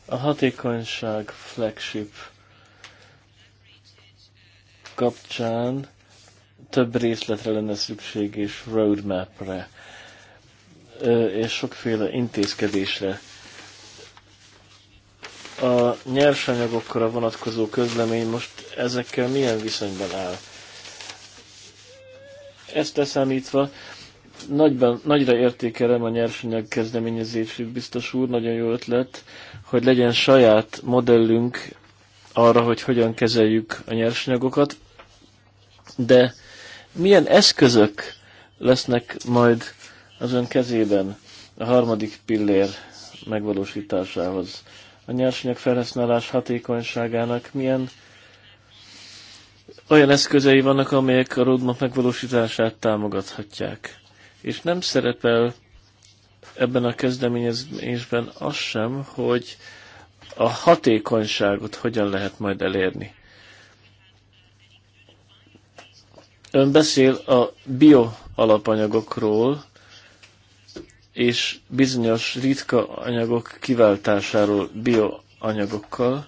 A hatékonyság flagship kapcsán több részletre lenne szükség és roadmapre és sokféle intézkedésre. A nyersanyagokra vonatkozó közlemény most ezekkel milyen viszonyban áll? Ezt leszámítva nagyban, nagyra értékelem a nyersanyag kezdeményezését, biztos úr, nagyon jó ötlet, hogy legyen saját modellünk arra, hogy hogyan kezeljük a nyersanyagokat, de milyen eszközök lesznek majd az ön kezében a harmadik pillér megvalósításához? A nyersanyag felhasználás hatékonyságának milyen olyan eszközei vannak, amelyek a roadmap megvalósítását támogathatják? és nem szerepel ebben a kezdeményezésben az sem, hogy a hatékonyságot hogyan lehet majd elérni. Ön beszél a bio alapanyagokról, és bizonyos ritka anyagok kiváltásáról bioanyagokkal,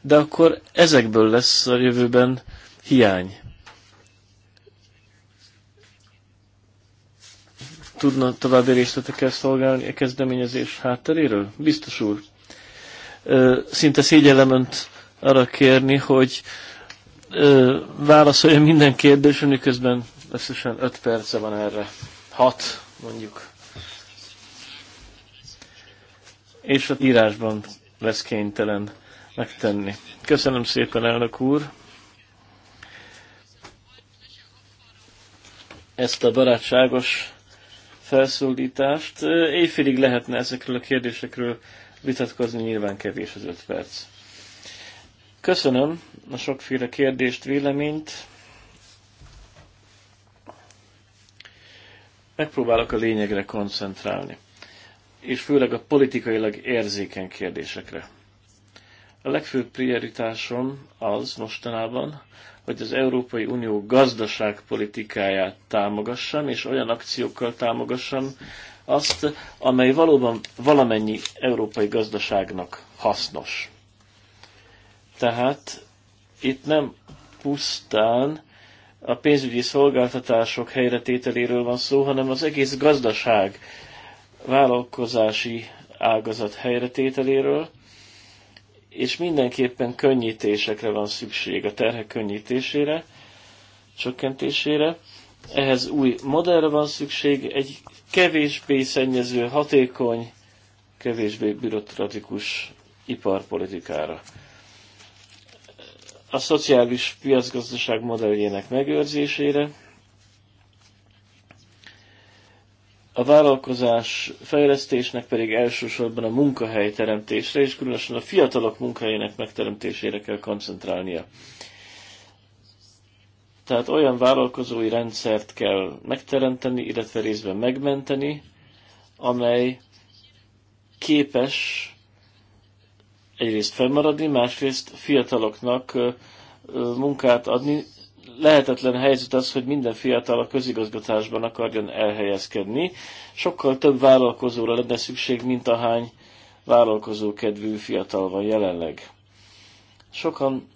de akkor ezekből lesz a jövőben hiány. tudna további részletekkel szolgálni a e kezdeményezés hátteréről? Biztos úr. Szinte szégyellem önt arra kérni, hogy válaszolja minden kérdésre, miközben összesen 5 perce van erre. 6 mondjuk. És a írásban lesz kénytelen megtenni. Köszönöm szépen, elnök úr! Ezt a barátságos felszólítást. Éjfélig lehetne ezekről a kérdésekről vitatkozni, nyilván kevés az öt perc. Köszönöm a sokféle kérdést, véleményt. Megpróbálok a lényegre koncentrálni, és főleg a politikailag érzékeny kérdésekre. A legfőbb prioritásom az mostanában, hogy az Európai Unió gazdaságpolitikáját támogassam, és olyan akciókkal támogassam azt, amely valóban valamennyi európai gazdaságnak hasznos. Tehát itt nem pusztán a pénzügyi szolgáltatások helyretételéről van szó, hanem az egész gazdaság vállalkozási ágazat helyretételéről, és mindenképpen könnyítésekre van szükség, a terhek könnyítésére, csökkentésére. Ehhez új modellre van szükség, egy kevésbé szennyező, hatékony, kevésbé bürokratikus iparpolitikára. A szociális piacgazdaság modelljének megőrzésére, a vállalkozás fejlesztésnek pedig elsősorban a munkahely teremtésre, és különösen a fiatalok munkahelyének megteremtésére kell koncentrálnia. Tehát olyan vállalkozói rendszert kell megteremteni, illetve részben megmenteni, amely képes egyrészt fennmaradni, másrészt fiataloknak munkát adni, lehetetlen helyzet az, hogy minden fiatal a közigazgatásban akarjon elhelyezkedni. Sokkal több vállalkozóra lenne szükség, mint ahány vállalkozó kedvű fiatal van jelenleg. Sokan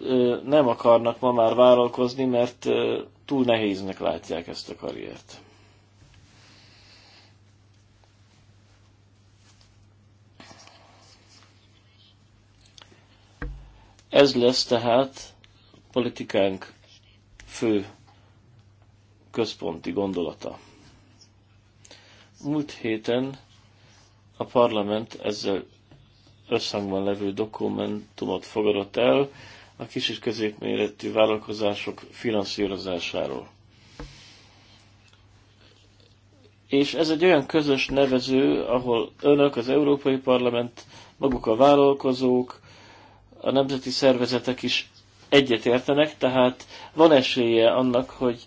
ö, nem akarnak ma már vállalkozni, mert ö, túl nehéznek látják ezt a karriert. Ez lesz tehát politikánk fő központi gondolata. Múlt héten a parlament ezzel összhangban levő dokumentumot fogadott el a kis és középméretű vállalkozások finanszírozásáról. És ez egy olyan közös nevező, ahol önök, az Európai Parlament, maguk a vállalkozók, a nemzeti szervezetek is egyet értenek, tehát van esélye annak, hogy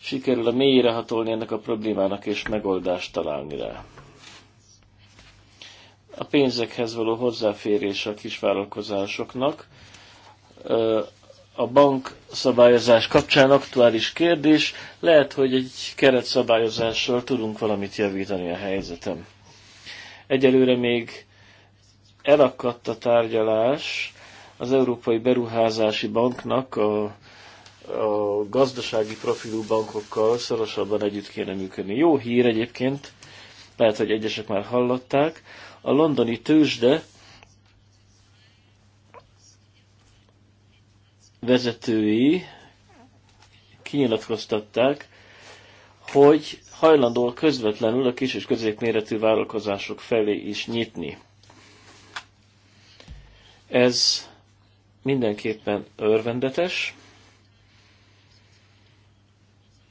sikerül a mélyére hatolni ennek a problémának és megoldást találni rá. A pénzekhez való hozzáférés a kisvállalkozásoknak a bank szabályozás kapcsán aktuális kérdés. Lehet, hogy egy keret szabályozással tudunk valamit javítani a helyzetem. Egyelőre még elakadt a tárgyalás az Európai Beruházási Banknak a, a gazdasági profilú bankokkal szorosabban együtt kéne működni. Jó hír egyébként, lehet, hogy egyesek már hallották, a londoni tőzsde vezetői kinyilatkoztatták, hogy hajlandó közvetlenül a kis és középméretű vállalkozások felé is nyitni. Ez mindenképpen örvendetes.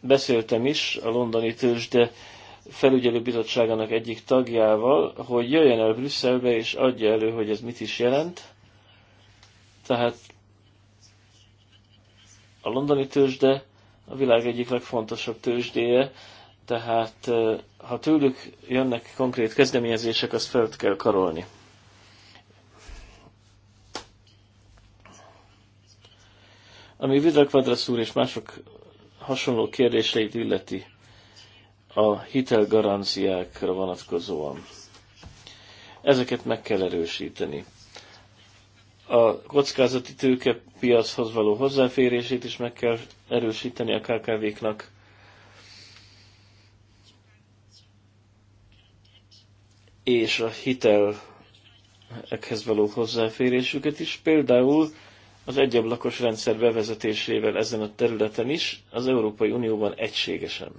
Beszéltem is a londoni tőzsde bizottságának egyik tagjával, hogy jöjjön el Brüsszelbe és adja elő, hogy ez mit is jelent. Tehát a londoni tőzsde a világ egyik legfontosabb tőzsdéje, tehát eh, ha tőlük jönnek konkrét kezdeményezések, azt fel kell karolni. Ami Vidrakvadrasz úr és mások hasonló kérdéseit illeti a hitelgaranciákra vonatkozóan. Ezeket meg kell erősíteni. A kockázati tőkepiachoz való hozzáférését is meg kell erősíteni a KKV-knak. És a hitelekhez való hozzáférésüket is. Például az egyablakos rendszer bevezetésével ezen a területen is, az Európai Unióban egységesen.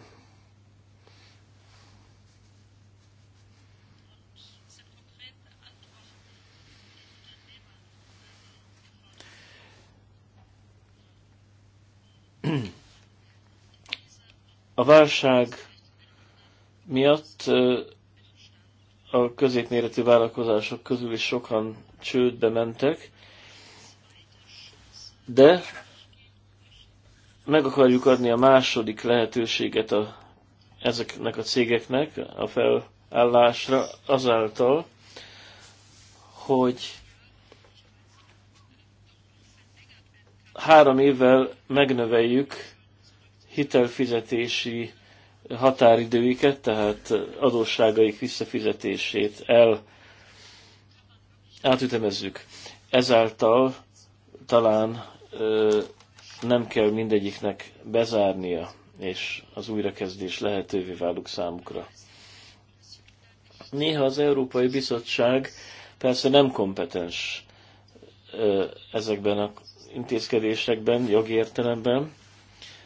A válság miatt a középméretű vállalkozások közül is sokan csődbe mentek, de meg akarjuk adni a második lehetőséget a, ezeknek a cégeknek a felállásra azáltal, hogy három évvel megnöveljük hitelfizetési határidőiket, tehát adósságaik visszafizetését el átütemezzük. Ezáltal talán nem kell mindegyiknek bezárnia, és az újrakezdés lehetővé váluk számukra. Néha az Európai Bizottság persze nem kompetens ezekben a intézkedésekben, jogi értelemben,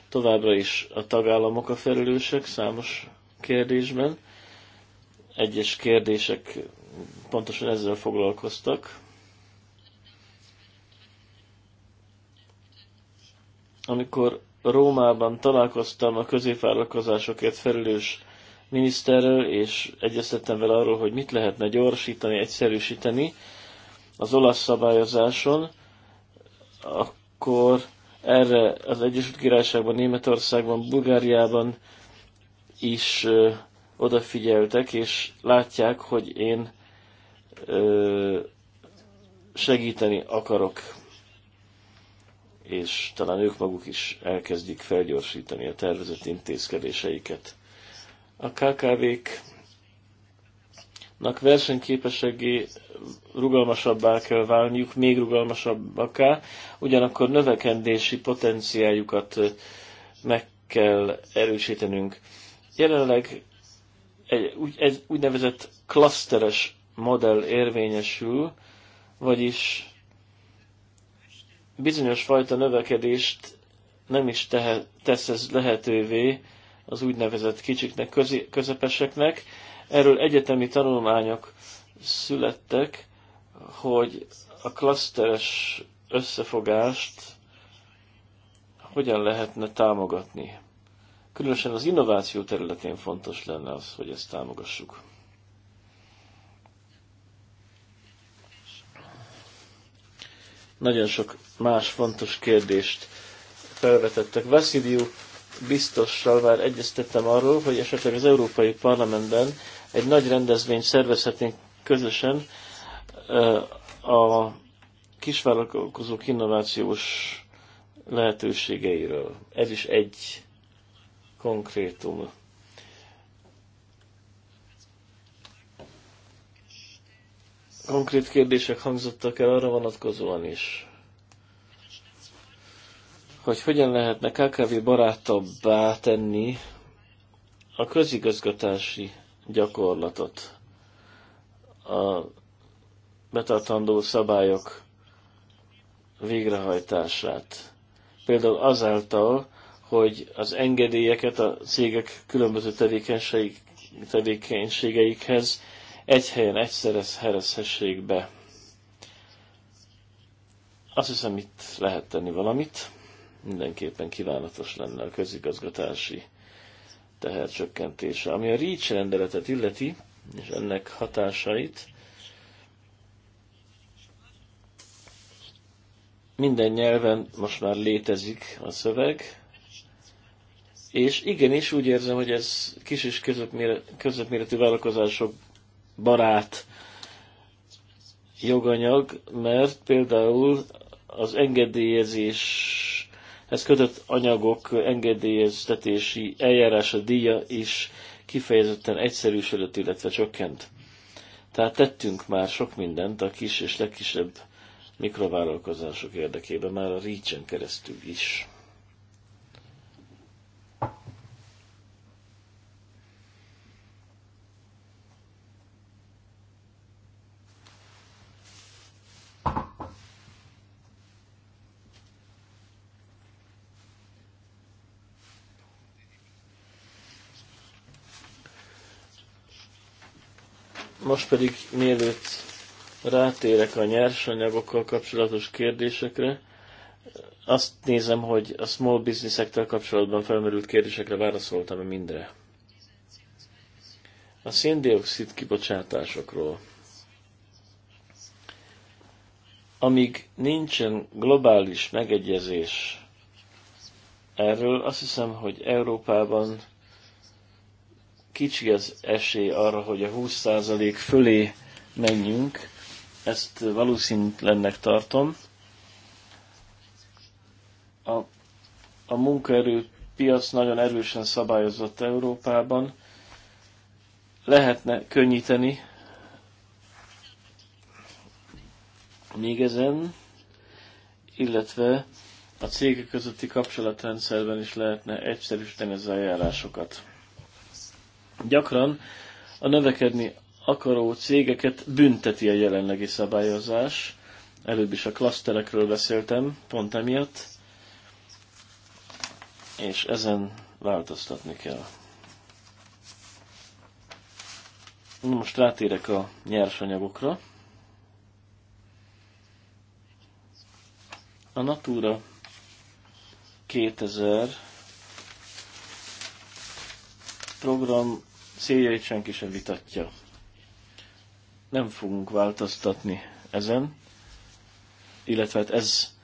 továbbra is a tagállamok a felelősek számos kérdésben. Egyes kérdések pontosan ezzel foglalkoztak, amikor Rómában találkoztam a középvállalkozásokért felelős miniszterrel, és egyeztettem vele arról, hogy mit lehetne gyorsítani, egyszerűsíteni az olasz szabályozáson, akkor erre az Egyesült Királyságban, Németországban, Bulgáriában is ö, odafigyeltek, és látják, hogy én ö, segíteni akarok és talán ők maguk is elkezdik felgyorsítani a tervezett intézkedéseiket. A KKV-knak versenyképességé rugalmasabbá kell válniuk, még rugalmasabbaká, ugyanakkor növekedési potenciáljukat meg kell erősítenünk. Jelenleg egy, úgy, egy úgynevezett klaszteres modell érvényesül, vagyis bizonyos fajta növekedést nem is tehe, tesz ez lehetővé az úgynevezett kicsiknek, közi, közepeseknek. Erről egyetemi tanulmányok születtek, hogy a klaszteres összefogást hogyan lehetne támogatni. Különösen az innováció területén fontos lenne az, hogy ezt támogassuk. nagyon sok más fontos kérdést felvetettek. Vassziliu biztossal már egyeztettem arról, hogy esetleg az Európai Parlamentben egy nagy rendezvényt szervezhetnénk közösen a kisvállalkozók innovációs lehetőségeiről. Ez is egy konkrétum. konkrét kérdések hangzottak el arra vonatkozóan is, hogy hogyan lehetne KKV barátabbá tenni a közigazgatási gyakorlatot, a betartandó szabályok végrehajtását. Például azáltal, hogy az engedélyeket a cégek különböző tevékenységei, tevékenységeikhez egy helyen egyszer ezt herezhessék be. Azt hiszem, itt lehet tenni valamit. Mindenképpen kívánatos lenne a közigazgatási tehercsökkentése. Ami a REACH rendeletet illeti, és ennek hatásait, minden nyelven most már létezik a szöveg, és igenis úgy érzem, hogy ez kis és középméretű vállalkozások barát joganyag, mert például az engedélyezés, ez kötött anyagok engedélyeztetési eljárása díja is kifejezetten egyszerűsödött, illetve csökkent. Tehát tettünk már sok mindent a kis és legkisebb mikrovállalkozások érdekében, már a reach keresztül is. Most pedig mielőtt rátérek a nyersanyagokkal kapcsolatos kérdésekre, azt nézem, hogy a small business ektől kapcsolatban felmerült kérdésekre válaszoltam-e mindre. A széndiokszid kibocsátásokról. Amíg nincsen globális megegyezés erről, azt hiszem, hogy Európában kicsi az esély arra, hogy a 20% fölé menjünk, ezt valószínűleg tartom. A, a munkaerő piac nagyon erősen szabályozott Európában. Lehetne könnyíteni még ezen, illetve a cégek közötti kapcsolatrendszerben is lehetne egyszerűsíteni az eljárásokat. Gyakran a növekedni akaró cégeket bünteti a jelenlegi szabályozás. Előbb is a klaszterekről beszéltem, pont emiatt. És ezen változtatni kell. Most rátérek a nyersanyagokra. A Natura 2000 program céljait senki sem vitatja. Nem fogunk változtatni ezen, illetve hát ez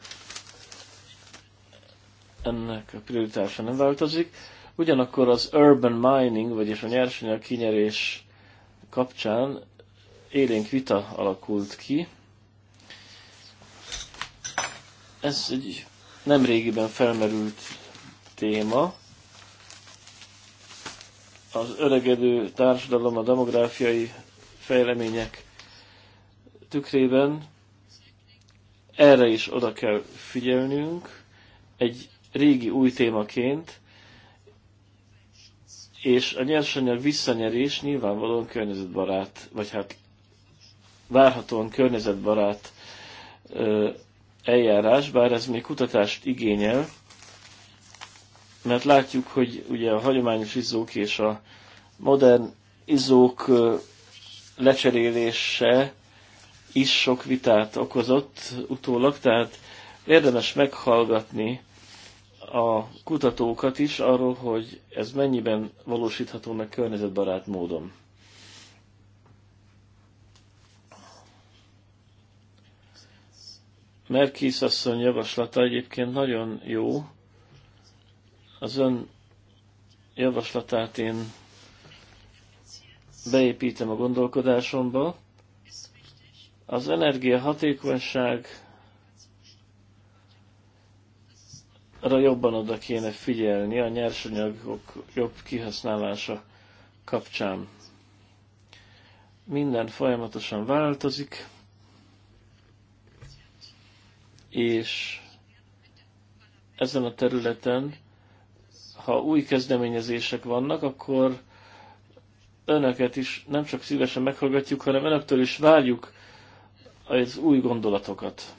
ennek a prioritása nem változik. Ugyanakkor az urban mining, vagyis a nyersanyag kinyerés kapcsán élénk vita alakult ki. Ez egy nem régiben felmerült téma, az öregedő társadalom, a demográfiai fejlemények tükrében erre is oda kell figyelnünk egy régi új témaként, és a nyersanyag visszanyerés nyilvánvalóan környezetbarát, vagy hát várhatóan környezetbarát eljárás, bár ez még kutatást igényel, mert látjuk, hogy ugye a hagyományos izzók és a modern izzók lecserélése is sok vitát okozott utólag, tehát érdemes meghallgatni a kutatókat is arról, hogy ez mennyiben valósítható meg környezetbarát módon. Merkis asszony javaslata egyébként nagyon jó, az ön javaslatát én beépítem a gondolkodásomba. Az energia arra jobban oda kéne figyelni a nyersanyagok jobb kihasználása kapcsán. Minden folyamatosan változik, és ezen a területen ha új kezdeményezések vannak, akkor önöket is nem csak szívesen meghallgatjuk, hanem önöktől is várjuk az új gondolatokat.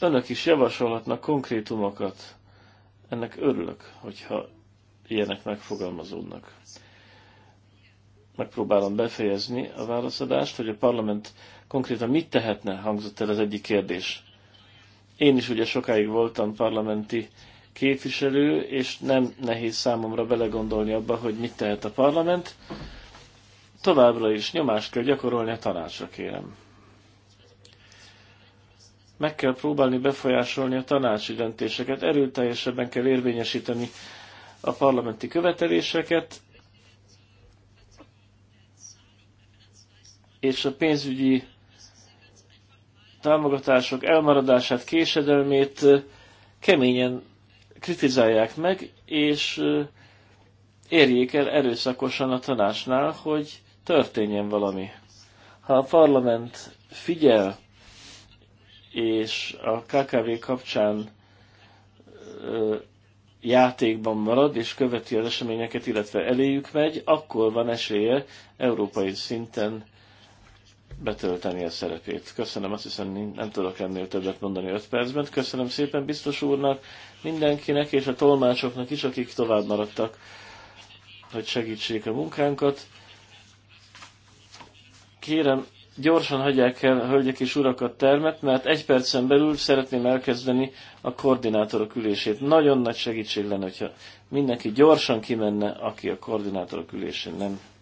Önök is javasolhatnak konkrétumokat. Ennek örülök, hogyha ilyenek megfogalmazódnak. Megpróbálom befejezni a válaszadást, hogy a parlament konkrétan mit tehetne, hangzott el az egyik kérdés. Én is ugye sokáig voltam parlamenti képviselő, és nem nehéz számomra belegondolni abba, hogy mit tehet a parlament. Továbbra is nyomást kell gyakorolni a tanácsra, kérem. Meg kell próbálni befolyásolni a tanácsi döntéseket, erőteljesebben kell érvényesíteni a parlamenti követeléseket, és a pénzügyi támogatások elmaradását, késedelmét keményen kritizálják meg, és érjék el erőszakosan a tanácsnál, hogy történjen valami. Ha a parlament figyel, és a KKV kapcsán játékban marad, és követi az eseményeket, illetve eléjük megy, akkor van esélye európai szinten betölteni a szerepét. Köszönöm, azt hiszem nem, tudok ennél többet mondani 5 percben. Köszönöm szépen biztos úrnak, mindenkinek és a tolmácsoknak is, akik tovább maradtak, hogy segítsék a munkánkat. Kérem, gyorsan hagyják el a hölgyek és urakat termet, mert egy percen belül szeretném elkezdeni a koordinátorok ülését. Nagyon nagy segítség lenne, hogyha mindenki gyorsan kimenne, aki a koordinátorok ülésén nem